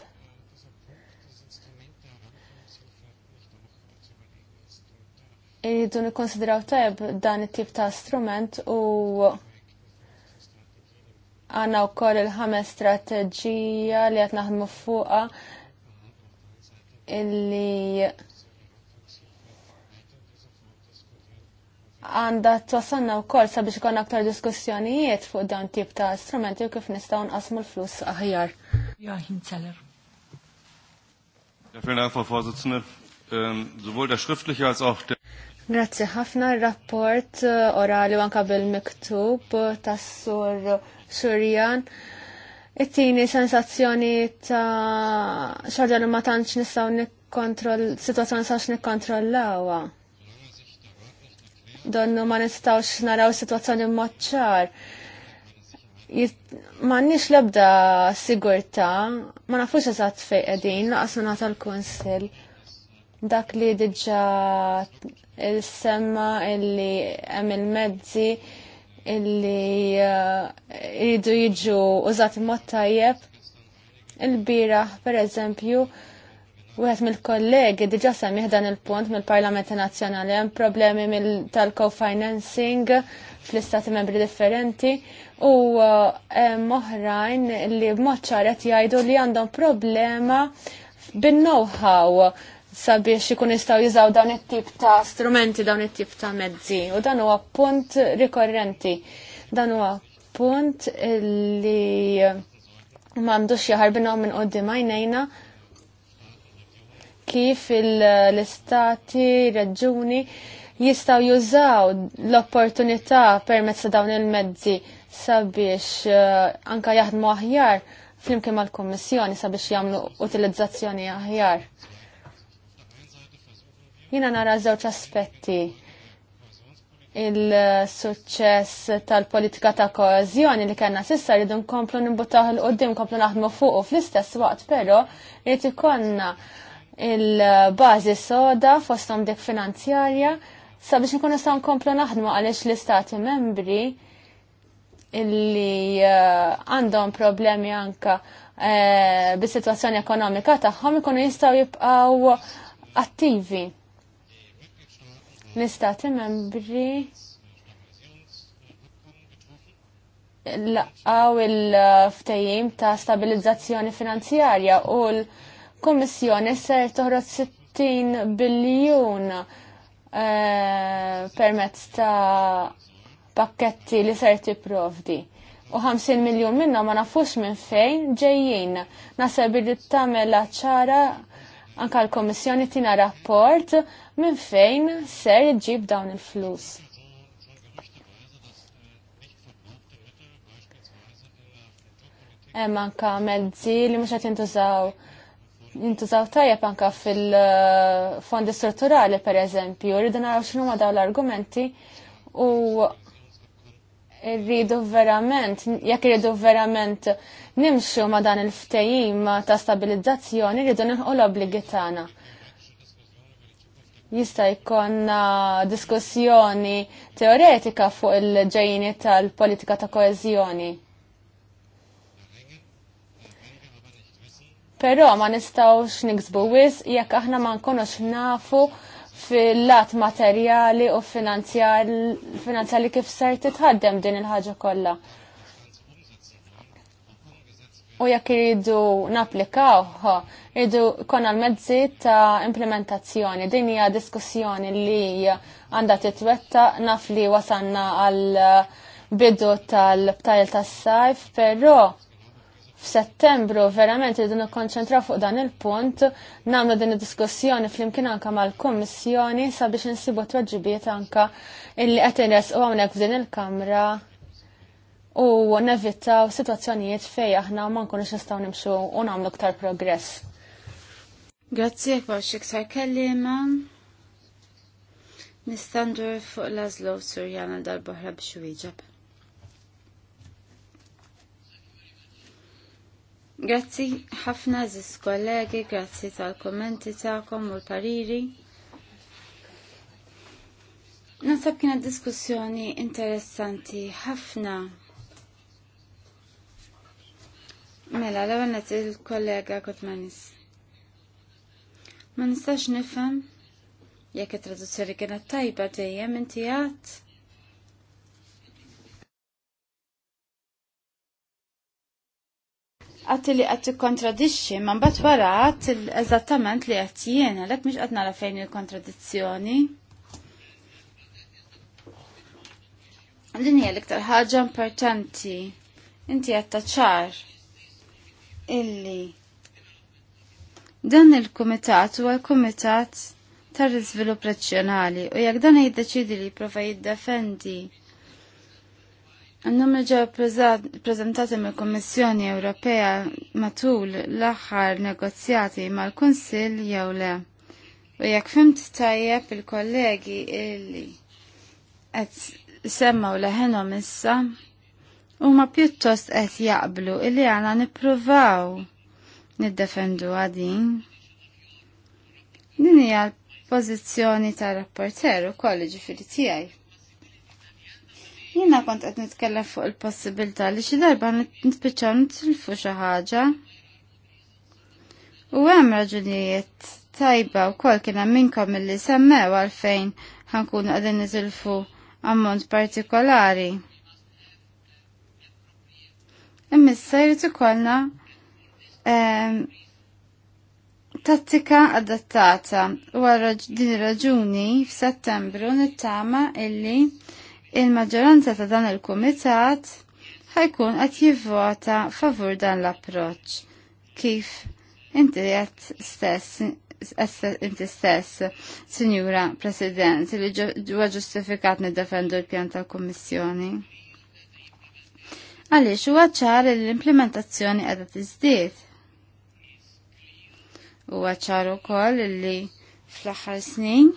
Irridu nikkonsidraw tajb dan it-tip ta' strument u għanna u koll il-ħames strategija li għat naħdmu fuqa illi għanda t-wasanna u koll sabiex konna aktar diskussjonijiet fuq dan tip ta' strumenti u kif nistaw nqasmu l-flus aħjar. Joachim Zeller. Ja, vielen Dank, Frau Vorsitzende. Ähm, sowohl der schriftliche als auch der Grazie ħafna rapport uh, orali anka bil-miktub uh, tas-sur Surjan. It-tieni sensazzjoni ta' xaġa li ma tantx nistgħu nikkontroll sitwazzjoni sax nikkontrollawha. Donnu ma nistgħux naraw sitwazzjoni mod ċar. M'għandniex l-ebda sigurtà, ma nafux eżatt fejn qegħdin, naqas minn tal-kunsill dak li diġa il-semma illi hemm il-mezzi illi jridu eh, jiġu użati mod tajjeb. il bira per eżempju, Wieħed mill-kollegi diġa semmiħ dan il-punt mill-Parlament Nazzjonali hemm problemi tal-co-financing fl-istati membri differenti u eh, hemm oħrajn li b'mod ċaret jgħidu li għandhom problema bin-know-how sabiex ikun jistgħu jużaw dawn it-tip ta' strumenti, dawn it-tip ta' mezzi. U dan huwa punt rikorrenti. Dan huwa punt li m'għandux jaħarbinhom minn qudiem għajnejna kif l-istati, reġuni jistaw jużaw l-opportunità permezz ta' dawn il-mezzi sabiex uh, anka jaħdmu aħjar flimkien mal-Kommissjoni sabiex jagħmlu utilizzazzjoni aħjar. Jina nara żewġ aspetti il-suċċess tal-politika ta' koezjoni li kellna sissa rridu nkomplu nimbutaħ l qoddim komplu naħdmu fuq u fl-istess waqt però rrid ikollna il-bażi soda fostom dik finanzjarja sabiex nkunu sa' nkomplu naħdmu għaliex l-istati membri illi eh, għandhom problemi anka eh, bis-sitwazzjoni ekonomika tagħhom ikunu jistgħu jibqgħu attivi mistati membri laqgħu il-ftejjim ta' stabilizzazzjoni finanzjarja u l-Kummissjoni ser toħroġ 60 biljun eh, permezz ta' pakketti li ser tipprovdi. U 50 miljon minna ma nafux minn fejn ġejjin. Naseb li tagħmel ċara anka l-Kommissjoni tina rapport minn fejn ser ġib dawn il-flus. Hemm anka mezzi li mhux qed jintużaw jintużaw tajjeb anka fil-fondi strutturali pereżempju, rridu naraw ma dawn l-argumenti u rridu verament, jekk rridu verament nimxu ma dan il-ftejim ta' stabilizzazzjoni, rridu nħu l-obligi tagħna jista' jkollna diskussjoni teoretika fuq il-ġejjini tal-politika ta' koeżjoni. Però ma nistgħux niksbu wis jekk aħna ma nkunux nafu fil-lat materjali u finanzjali kif ser titħaddem din il-ħaġa kollha u jekk iridu napplikaw, iridu kon għal-mezzi ta' implementazzjoni. Din hija diskussjoni li għandha titwetta naf li wasanna għal bidu tal-btajl tas-sajf, però f'Settembru verament irridu nikkonċentraw fuq dan il-punt, nagħmlu din id-diskussjoni flimkien anke mal-Kummissjoni sabiex insibu tweġibiet anke illi qed u hawnhekk f'din il-Kamra u nevitaw situazzjonijiet fej aħna ma nkunux nistgħu nimxu u nagħmlu ktar progress. Grazzi għak xiktar kellima. Nistandur fuq Lazlo Surjana dal bohra biex wieġeb. Grazzi ħafna ziz kollegi, grazzi tal-kommenti tagħkom u l-pariri. Nasab kienet diskussjoni interessanti ħafna Mela, l-għanet il-kollega manis. Ma nistax nifhem jekk it-traduzzjoni kienet tajba dejjem inti għad. Għat li għat kontradixxi, ma mbagħad wara għat eżattament li għat jien, għalhekk miex qed nara fejn il-kontradizzjoni. Din hija l-iktar ħaġa importanti. Inti qed ċar illi dan il-kumitat huwa l-kumitat tar-riżvilupp razzjonali u jekk dan jiddeċidi li jipprova jiddefendi Għannum ġew prezentati mill kommissjoni Ewropea matul l-aħħar negozjati mal-Kunsill jew le. U jekk fimt tajjeb il-kollegi illi qed semmaw leħenhom issa, ma pjuttost qed jaqblu illi għana nippruvaw niddefendu għadin. Din hija l-pożizzjoni tar-rapporter ukoll ġifieri tiegħi. Jiena kont qed nitkellem fuq il-possibilità li xi darba nitpiċċaw nitilfu xi ħaġa. U hemm raġunijiet tajba wkoll kien hemm minnkom illi semmew għalfejn ħankunu qegħdin nitilfu ammont partikolari Immissa jrid ikollna ehm, tattika adattata u din raġuni f'Settembru nittama illi il-maġġoranza ta' dan il-kumitat ħajkun qed jivvota favur dan l-approċċ kif inti qed stess inti stess, Sinjura President, li ġuwa ġustifikat nid-defendu l-pjan tal-Kommissjoni għaliex huwa ċar li l-implementazzjoni qiegħda tiżdied. Huwa ċar ukoll li fl-aħħar snin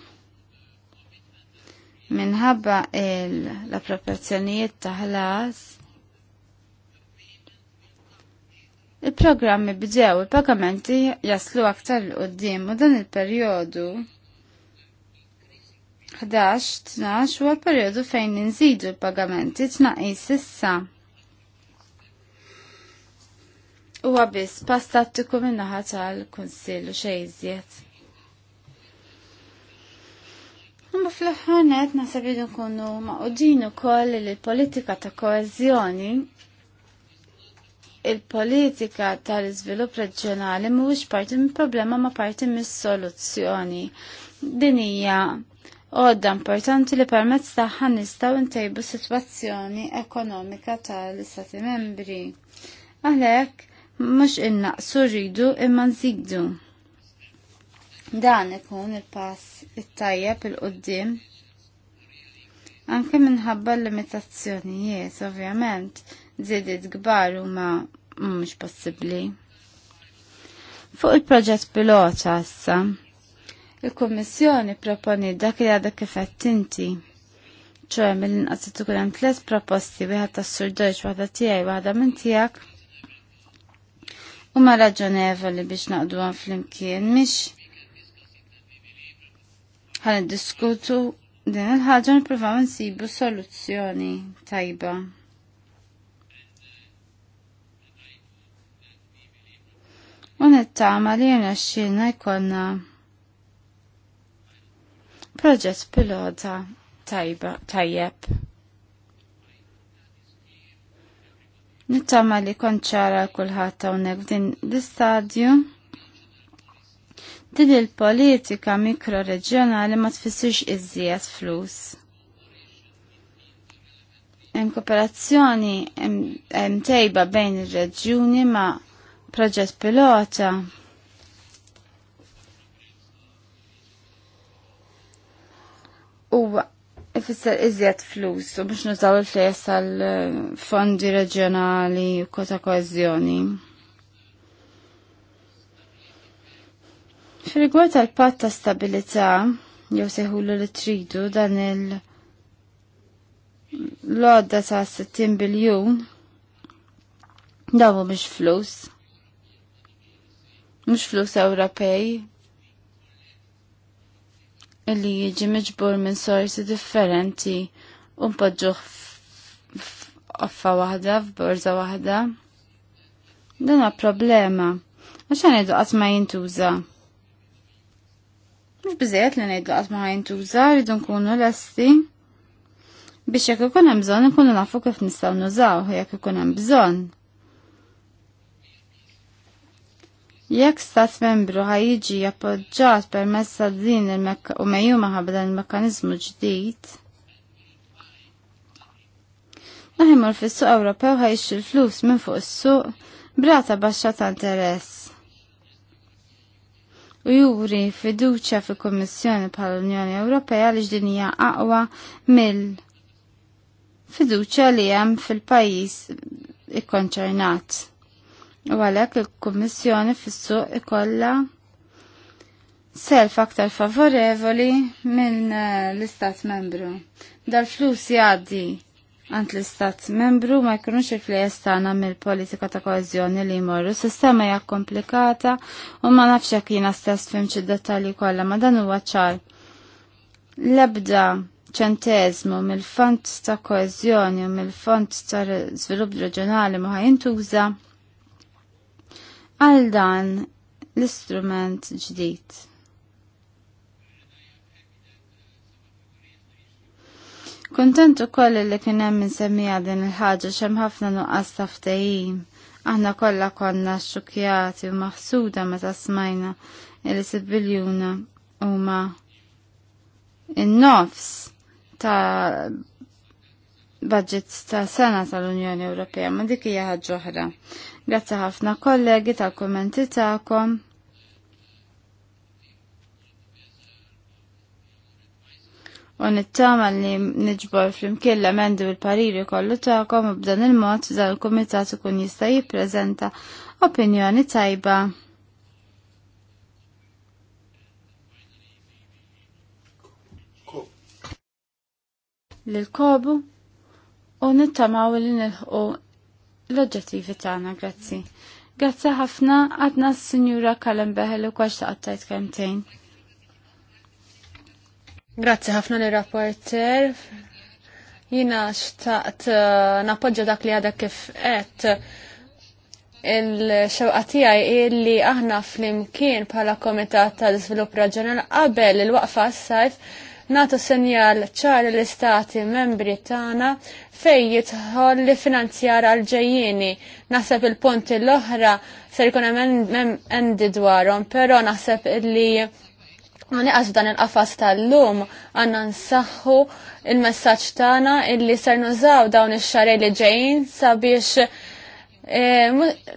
minħabba l-appropriazzjonijiet ta' ħlas il-programmi bġew il-pagamenti jaslu aktar l qoddim u dan il-perjodu 11-12 huwa għal perjodu fejn inżidu l-pagamenti tnaqis issa huwa biss pass tattiku min-naħa tal-Kunsill u fl ħanet net naħseb nkunu maqudin ukoll l-politika ta' koezjoni il-politika tal-iżvilupp reġjonali mhuwiex parti minn problema ma' parti mis-soluzzjoni. Din hija għodda importanti li permezz tagħha nistgħu ntejbu sitwazzjoni ekonomika tal-Istati Membri. Għalhekk mux innaqsu rridu imma nżigdu. Dan ikun il-pass it-tajjeb il-qoddim. Anke minħabba l-limitazzjonijiet, ovvjament, żidiet kbar huma mhumiex possibbli. Fuq il-proġett pilota issa, il-Kummissjoni proponi dak li għadha kif qed inti ċoħem mill inqas hemm tliet proposti wieħed tas surdoġ waħda tiegħi waħda minn tiegħek u ma raġonevoli biex naqdu għan fl-imkien, mish ħan diskutu din il-ħagġa niprofaw nsibu soluzzjoni tajba. Unettama li jena xilna jkonna proġett pilota tajba tajjeb. Nittama li konċara kullħat hawnhekk din l-istadju. Din il-politika mikroreġjonali ma tfissirx iżjed flus. Hemm kooperazzjoni hemm tejba bejn ir-reġjuni ma' proġett pilota u ifisser iżjed flus u biex nużaw il fles għal-fondi reġjonali u kota koezjoni. Fil-rigward għal patt ta' stabilità, jew seħullu li tridu dan il- l-odda ta' 60 biljun dawu biex flus. Mhux flus Ewropej, illi jiġi miġbur minn sorsi differenti u mpoġġuh f'offa waħda, f'borza waħda. Dan huwa problema. Għaxan ngħidu qatt ma jintuża. Mhux biżejjed li ngħidu qatt ma jintuża, rridu nkunu lesti biex jekk ikun hemm bżonn nkunu nafu kif nistgħu nużaw jekk ikun hemm bżonn. Jekk stat membru ħajġi appoġġat permezz ta' din u mejjuma ħabda l-mekkaniżmu ġdid, naħimur fis-suq Ewropew ħajx il-flus minn fuq is-suq brata baxxa ta' interess. U juri fiduċa fi Kommissjoni bħal Unjoni Ewropea li ġdinija aqwa mill fiduċa li hemm fil-pajjiż ikkonċernat. U għalhekk il-Kummissjoni fis ikolla self aktar favorevoli minn eh, l-Istat membru. Dal-flus jgħaddi għant l-Istat membru ma jkunux il-flejes tagħna mill-politika ta' koezjoni li jmorru. Sistema hija komplikata u ma nafx jekk jiena stess fimx id-dettalji kollha ma dan huwa ċar. L-ebda ċentezmu mill-fond ta' Koezjoni u mill-fond ta' żvilupp reġjonali ma ħajintuża għal dan l-istrument ġdid. Kontentu ukoll li kien hemm insemmija din il-ħaġa x'hemm ħafna nuqqas ta' Aħna kollha konna xxukjati u maħsuda meta smajna li sibiljuna huma in-nofs ta' budget ta' sena tal-Unjoni Ewropea, ma dik hija ħaġa oħra. Grazzi ħafna kollegi tal kommenti tagħkom. U nittama li niġbor flimkien l-emendi bil-pariri kollu tagħkom u b'dan il-mod dan il-kumitat ikun jista' jippreżenta opinjoni tajba. Lil kobu u nittamaw li nilħu l-oġġettivi tagħna, grazzi. Grazzi ħafna għadna s-Sinjura Kallenbeħel u kwaċ taqattajt kemtejn. Grazzi ħafna li rapporter. Jina xtaqt uh, napoġġa dak li għadha kif qed il-xewqa tiegħi illi aħna flimkien bħala Komitat tal-Iżvilupp Raġjonal qabel il-waqfa s-sajf natu senjal ċar l-istati membri tagħna fej jitħol li finanzjar għal-ġejjini. Naħseb il-punti l-oħra ser jkun endi dwarhom, però naħseb li Ma niqas dan il-qafas tal-lum għanna nsaħħu il-messagġ tagħna illi ser nużaw dawn ix xare li ġejjin sabiex e,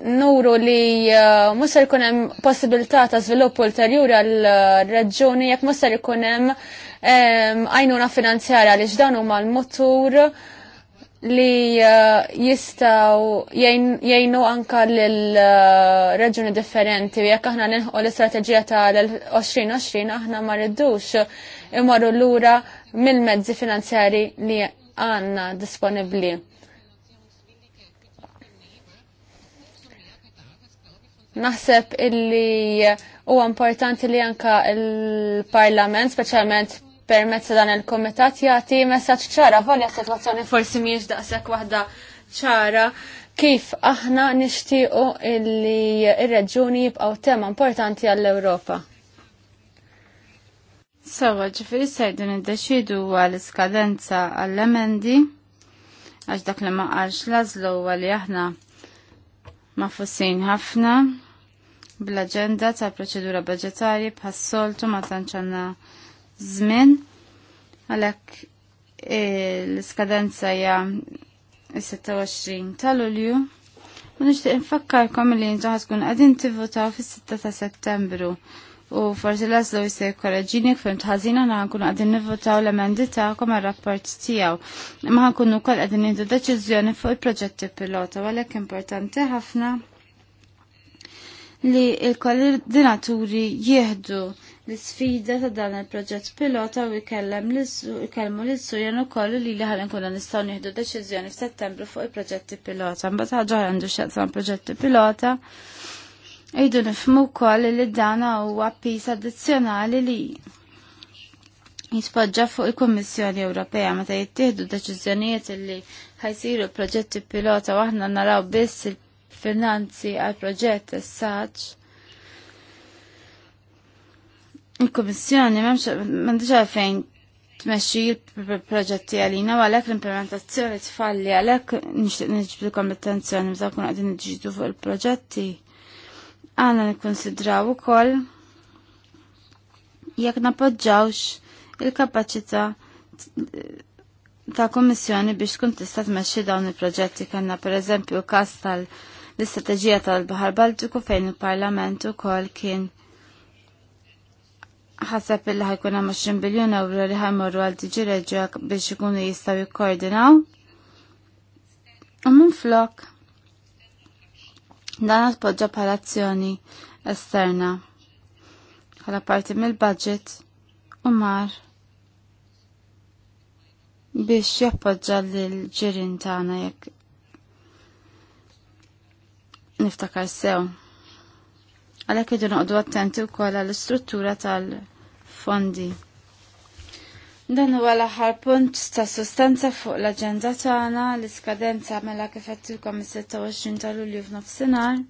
nuru li e, musser kunem hemm possibilità ta' żvilupp ulterjuri għal reġjuni jekk musser kunem hemm għajnuna finanzjara li ġdanu huma l-motur li eh, jistaw jgħinu anka l-reġuni eh, differenti. Jekk aħna ninħu l ta' l 2020 aħna ma rridux imorru lura mill-mezzi finanzjari li għanna disponibli. naħseb illi u importanti li anka il-parlament, specialment permezz dan il-komitat jagħti messaġġ ċara valja sitwazzjoni forsi mhijiex daqshekk waħda ċara kif aħna nixtiequ illi ir-reġuni jibqgħu tema importanti għall-Ewropa. Sawa ġifiri sajdu niddeċidu għall iskadenza għall-emendi għax dak li ma qalx lażlu għalli aħna ma fussin ħafna bl-aġenda ta' proċedura budġetarji bħas-soltu ma tantxanna żmien għalhekk e, l skadenza hija 26 ta' Lulju. U nixtieq infakkarkom li intu tkun qegħdin tivvotaw fis-6 ta' Settembru. U forsi Laszlo jse korraġinik kfim tħazina na għankun għadin nivvotaw l-emendi tagħkom għal-rapport tijaw. Ma għankun u qegħdin għadin deċiżjoni fuq il-proġetti pilota, għalek importanti ħafna li il-koordinaturi jihdu l-sfida ta' dan il-proġett pilota u jkellmu l surjan u kollu li li ħalin kuna nistaw nieħdu deċiżjoni f'Settembru fuq il-proġetti pilota. Mbagħad ħaġa għandu ta' proġetti pilota. Ejdu nifmu wkoll li dan huwa pis addizzjonali li jispoġġa fuq il-Kummissjoni Ewropea meta jittieħdu deċiżjonijiet li ħajsiru proġetti pilota u aħna naraw biss il-finanzi għal proġett as-saċ Il-Komissjoni m'għandix fejn tmexxi l-proġetti għalina u għalhekk l-implementazzjoni tfalli għalhekk nixtieq niġbilkom l-attenzjoni meta kun għadin niġġidu fuq il-proġetti. nikonsidraw nikkonsidraw ukoll jekk napoġġawx il-kapaċità ta' kommissjoni biex tkun tista' tmexxi dawn il-proġetti kellna pereżempju każ tal-istrateġija tal-Baħar Baltiku fejn il-Parlament ukoll kien ħaseb illi ħajkun hemm 20 biljun euro li ħajmorru għal tiġi reġjak biex ikunu jistgħu jikkoordinaw. U flok dan appoġġa bħala azzjoni esterna għala parti mill-budget u mar biex jappoġġa l-ġirin tagħna jekk niftakar sew għalhekk idu noqogħdu attenti wkoll għall-istruttura tal-fondi. Dan huwa l-aħħar punt ta' sostanza fuq l-aġenda tagħna l-iskadenza mela kif qedtilkom is-26 ta' Lulju f'nofsinhar.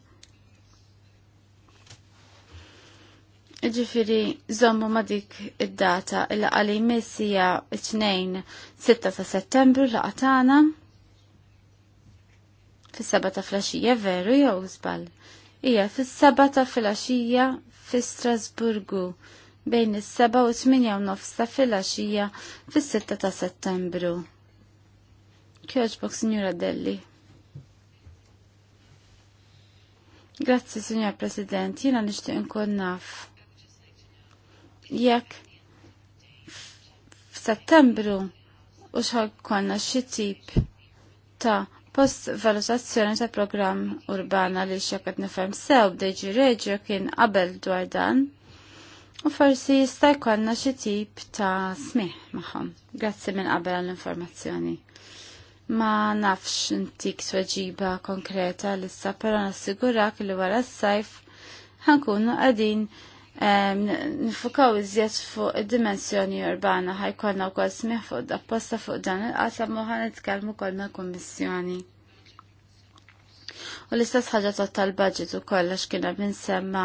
Ġifiri, zommu ma dik id-data il għali messija 2-6 ta' settembru għatana. fis seba ta' flasġija veru jew zbal hija fis-seba ta' filgħaxija fi Strasburgu bejn is seba u 8 u nofs ta' filgħaxija fis sitta ta' Settembru. Kjoġbok, Signora Delli. Grazzi, Signor President, jina nishtiq nkun naf. Jekk f'Settembru u xħal konna xi tip ta' Post valutazzjoni ta' programm urbana li xekat nifem sew b'deġi reġu kien qabel dwar dan u forsi jista' konna xi tip ta' smih maħom. Grazzi minn qabel għall-informazzjoni. Ma nafx intik sweġiba konkreta l issa però nassigurak li wara s-sajf ħankunu għadin nifukaw iżjed fuq id-dimensjoni urbana ħajkonna u kol smiħ fuq apposta fuq dan il-qasam u ħanitkellmu kol ma' kummissjoni. U l-istess ħaġa totta tal-budget u kollox kiena minn semma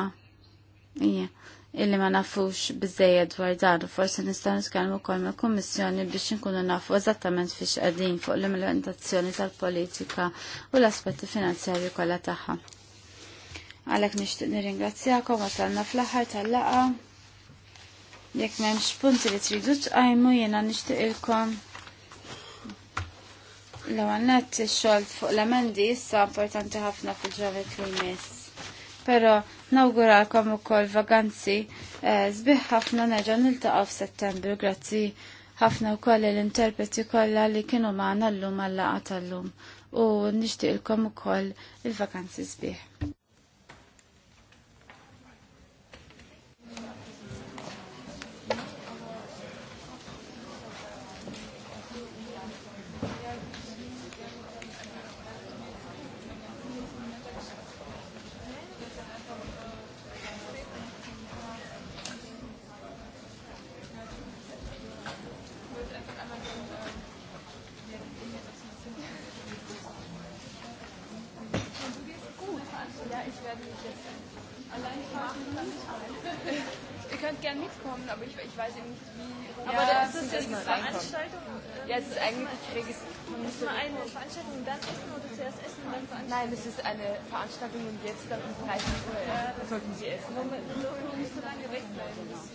illi ma nafux bizzejed dwar dan u forsi nistgħu nitkellmu wkoll ma' kummissjoni biex nkunu nafu eżattament fiex qegħdin fuq l-implementazzjoni tal-politika u l-aspetti finanzjarji kollha tagħha. Għalek nishtiq nirringrazzjakom għaslanna fl-aħħar tal-laqa. Jekk m'hemmx punti li tridu tqajmu jiena nixtieqilkom l-ewwel nett ix-xogħol fuq l-emendi issa importanti ħafna fil-ġravet li jmiss. Pero nawguralkom ukoll vaganzi eh, sbieħ ħafna nil-taqa niltaqgħu f'Settembru grazzi ħafna u koll l-interpreti kollha li kienu maħna l-lum għall-laqa tal-lum u nishtiqilkom u koll il-vakanzi zbih. Veranstaltungen jetzt ab 30 Uhr sollten Sie essen. Nur nicht so lange wegbleiben.